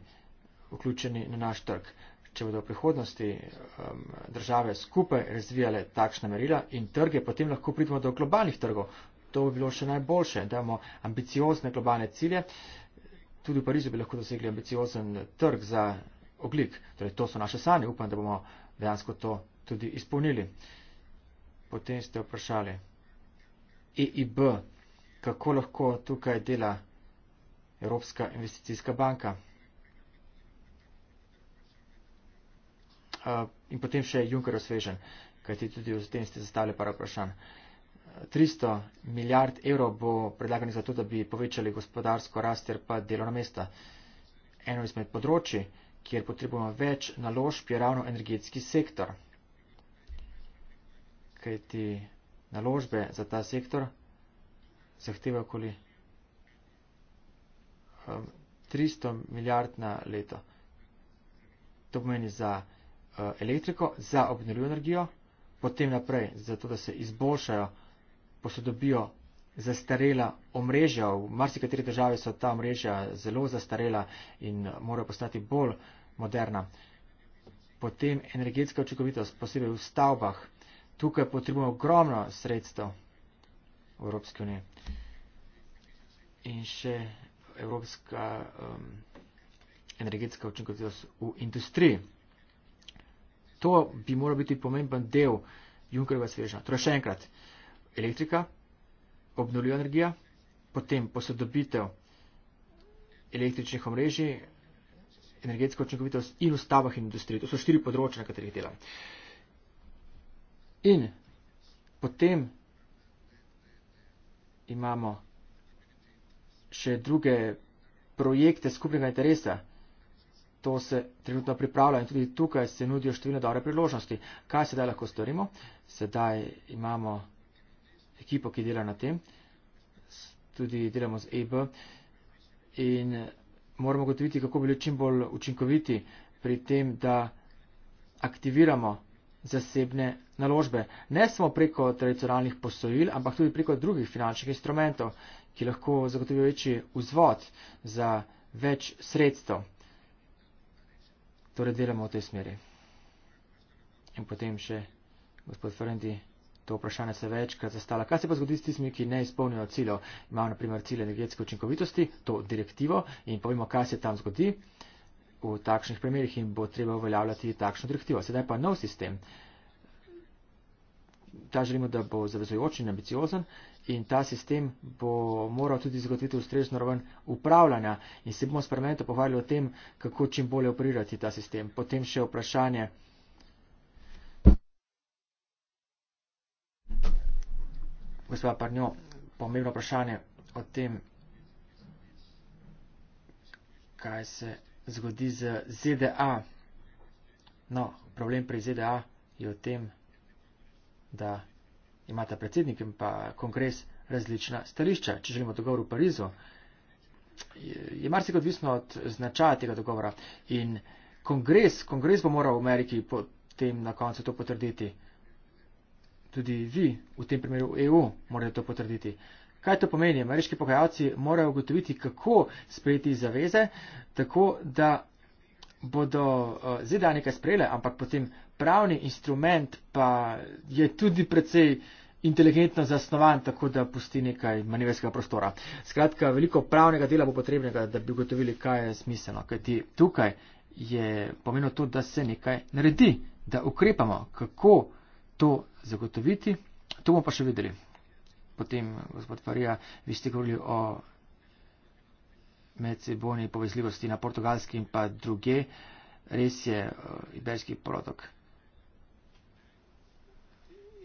vključeni na naš trg. Če bodo v prihodnosti um, države skupaj razvijale takšne merila in trge, potem lahko pridemo do globalnih trgov to bi bilo še najboljše, da imamo ambiciozne globalne cilje. Tudi v Parizu bi lahko dosegli ambiciozen trg za oglik. Torej, to so naše sanje. Upam, da bomo dejansko to tudi izpolnili. Potem ste vprašali EIB, kako lahko tukaj dela Evropska investicijska banka. Uh, in potem še Junkerov svežen, kajti tudi o tem ste zastavili par vprašanj. 300 milijard evrov bo predlagani za to, da bi povečali gospodarsko rast ter pa delovna mesta. Eno izmed področji, kjer potrebujemo več naložb, je ravno energetski sektor. Kaj ti naložbe za ta sektor zahteva okoli 300 um, milijard na leto. To pomeni za uh, elektriko, za obnovljivo energijo, potem naprej, zato da se izboljšajo ko se dobijo zastarela omrežja, v marsikateri državi so ta omrežja zelo zastarela in morajo postati bolj moderna. Potem energetska očekovitost, posebej v stavbah, tukaj potrebujemo ogromno sredstev v Evropski uniji. In še evropska um, energetska očekovitost v industriji. To bi moral biti pomemben del Junkerjeva sveža. Torej še enkrat. Uh, elektrika, obnovljiva energija, potem posodobitev električnih omrežij, energetska učinkovitost in ustavah in industrije. To so štiri področja, na katerih delam. In potem imamo še druge projekte skupnega interesa. To se trenutno pripravlja in tudi tukaj se nudijo številne dobre priložnosti. Kaj sedaj lahko storimo? Sedaj imamo ekipo, ki dela na tem, tudi delamo z EB in moramo gotoviti, kako bili čim bolj učinkoviti pri tem, da aktiviramo zasebne naložbe. Ne samo preko tradicionalnih posojil, ampak tudi preko drugih finančnih instrumentov, ki lahko zagotovijo večji vzvod za več sredstev. Torej delamo v tej smeri. In potem še gospod Ferendi to vprašanje se večkrat zastala. Kaj se pa zgodi s tistimi, ki ne izpolnijo ciljev? Imamo naprimer cilje energetske učinkovitosti, to direktivo in povemo, kaj se tam zgodi v takšnih primerjih in bo treba uveljavljati takšno direktivo. Sedaj pa nov sistem. Ta želimo, da bo zavezujoč in ambiciozen in ta sistem bo moral tudi zagotoviti ustrezno raven upravljanja in se bomo s parlamentom pogovarjali o tem, kako čim bolje operirati ta sistem. Potem še vprašanje. gospod Parnjo, pomembno vprašanje o tem, kaj se zgodi z ZDA. No, problem pri ZDA je v tem, da imata predsednik in pa kongres različna stališča. Če želimo dogovor v Parizu, je marsikaj odvisno od značaja tega dogovora. In kongres, kongres bo moral v Ameriki potem na koncu to potrditi tudi vi, v tem primeru EU, morajo to potrditi. Kaj to pomeni? Ameriški pogajalci morajo ugotoviti, kako sprejeti zaveze, tako da bodo uh, ZDA nekaj sprejele, ampak potem pravni instrument pa je tudi precej inteligentno zasnovan, tako da pusti nekaj manjverskega prostora. Skratka, veliko pravnega dela bo potrebnega, da bi ugotovili, kaj je smiselno. Kajti tukaj je pomeno to, da se nekaj naredi, da ukrepamo, kako to zagotoviti. To bomo pa še videli. Potem, gospod Farija, vi ste govorili o medsebojni povezljivosti na portugalski in pa druge. Res je, eh, iberski protok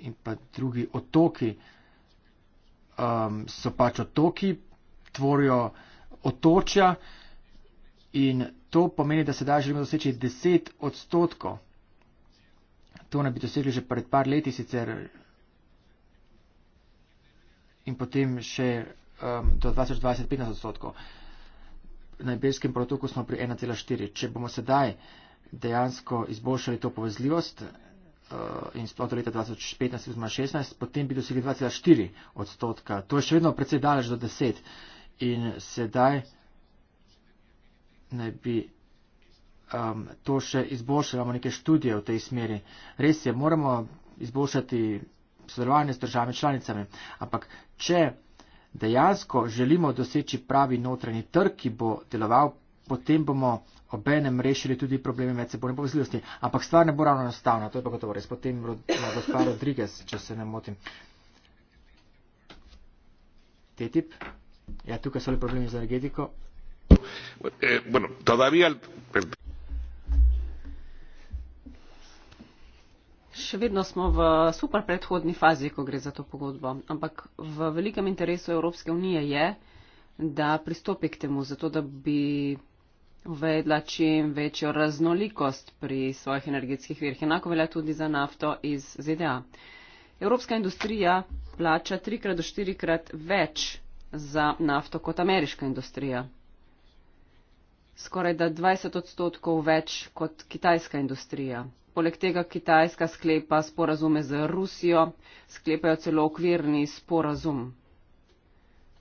in pa drugi otoki um, so pač otoki, tvorijo otočja in to pomeni, da se da želimo doseči 10 odstotkov. To naj bi dosegli že pred par leti sicer in potem še um, do 2025 odstotkov. Na iberskem protoku smo pri 1,4. Če bomo sedaj dejansko izboljšali to povezljivost uh, in sploh do leta 2015 oziroma 2016, potem bi dosegli 2,4 odstotka. To je še vedno precej daleč do 10 in sedaj naj bi um, to še izboljšali, imamo neke študije v tej smeri. Res je, moramo izboljšati sodelovanje s državami članicami, ampak če dejansko želimo doseči pravi notranji trg, ki bo deloval, potem bomo obenem rešili tudi probleme medsebojne povezljivosti. Ampak stvar ne bo ravno enostavna, to je pa gotovo res. Potem ima gospa Rodriguez, če se ne motim. TTIP. Ja, tukaj so le problemi z energetiko. Eh, bueno, todavía el, el... še vedno smo v super predhodni fazi, ko gre za to pogodbo. Ampak v velikem interesu Evropske unije je, da pristopi k temu, zato da bi uvedla čim večjo raznolikost pri svojih energetskih virih. Enako velja tudi za nafto iz ZDA. Evropska industrija plača trikrat do štirikrat več za nafto kot ameriška industrija. Skoraj da 20 odstotkov več kot kitajska industrija. Poleg tega Kitajska sklepa sporazume z Rusijo, sklepajo celo okvirni sporazum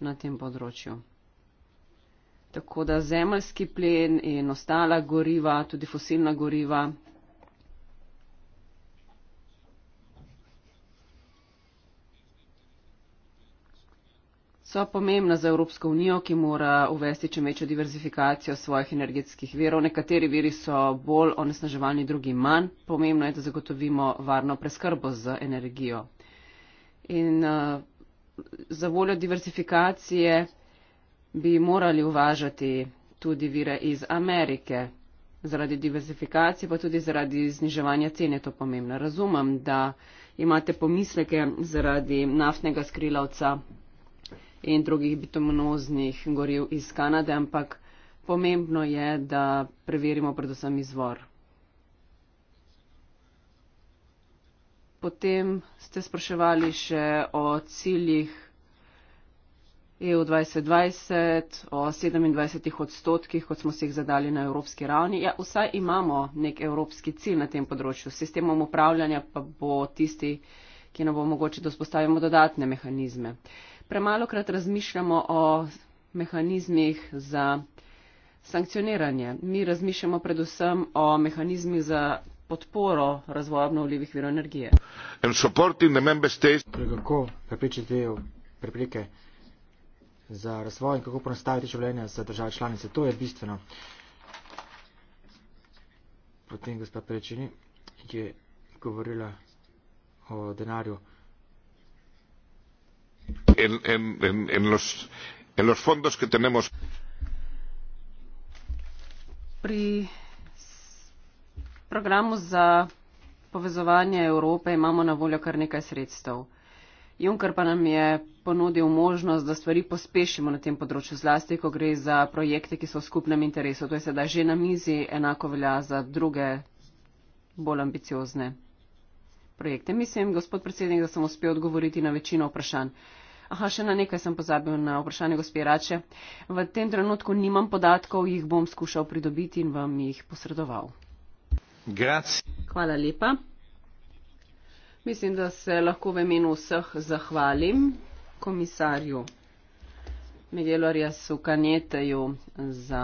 na tem področju. Tako da zemljski plen in ostala goriva, tudi fosilna goriva, so pomembna za Evropsko unijo, ki mora uvesti čim večjo diverzifikacijo svojih energetskih verov. Nekateri viri so bolj onesnaževalni, drugi manj. Pomembno je, da zagotovimo varno preskrbo z energijo. In uh, za voljo diversifikacije bi morali uvažati tudi vire iz Amerike. Zaradi diversifikacije, pa tudi zaradi zniževanja cene je to pomembno. Razumem, da imate pomisleke zaradi naftnega skrilavca in drugih bitumnoznih goril iz Kanade, ampak pomembno je, da preverimo predvsem izvor. Potem ste spraševali še o ciljih EU 2020, o 27 odstotkih, kot smo si jih zadali na evropski ravni. Ja, vsaj imamo nek evropski cilj na tem področju. S sistemom upravljanja pa bo tisti, ki nam bo mogoče, da vzpostavimo dodatne mehanizme. Uh, premalokrat razmišljamo o mehanizmih za sankcioniranje. Mi razmišljamo predvsem o mehanizmih za podporo razvoja obnovljivih virov energije. Torej, kako prepričati preprike za razvoj in kako ponastaviti življenje za države članice? To je bistveno. Potem gospa Prečini je govorila o denarju en los fondos que tenemos. pri programu za povezovanje evrope imamo na voljo kar nekaj sredstev. Juncker pa nam je ponudil možnost, da stvari pospešimo na tem področju, zlasti ko gre za projekte, ki so v skupnem interesu. To je sedaj že na mizi, enako velja za druge bolj ambiciozne projekte. Mislim, gospod predsednik, da sem uspel odgovoriti na večino vprašanj. Aha, še na nekaj sem pozabil na vprašanje gospe Rače. V tem trenutku nimam podatkov, jih bom skušal pridobiti in vam jih posredoval. Grazie. Hvala lepa. Mislim, da se lahko v imenu vseh zahvalim komisarju Miguelu Ariasu Kaneteju za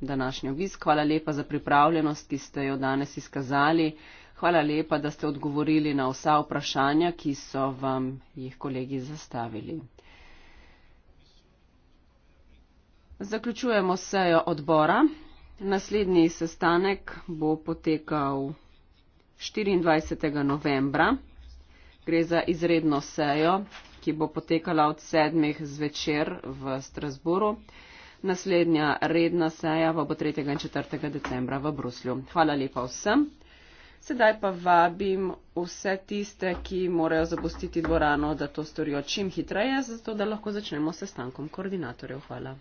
današnjo obisk. Hvala lepa za pripravljenost, ki ste jo danes izkazali. Hvala lepa, da ste odgovorili na vsa vprašanja, ki so vam jih kolegi zastavili. Zaključujemo sejo odbora. Naslednji sestanek bo potekal 24. novembra. Gre za izredno sejo, ki bo potekala od sedmih zvečer v Strasburu. Naslednja redna seja bo 3. in 4. decembra v Bruslju. Hvala lepa vsem. Sedaj pa vabim vse tiste, ki morajo zapustiti dvorano, da to storijo čim hitreje, zato da lahko začnemo sestankom koordinatorjev. Hvala.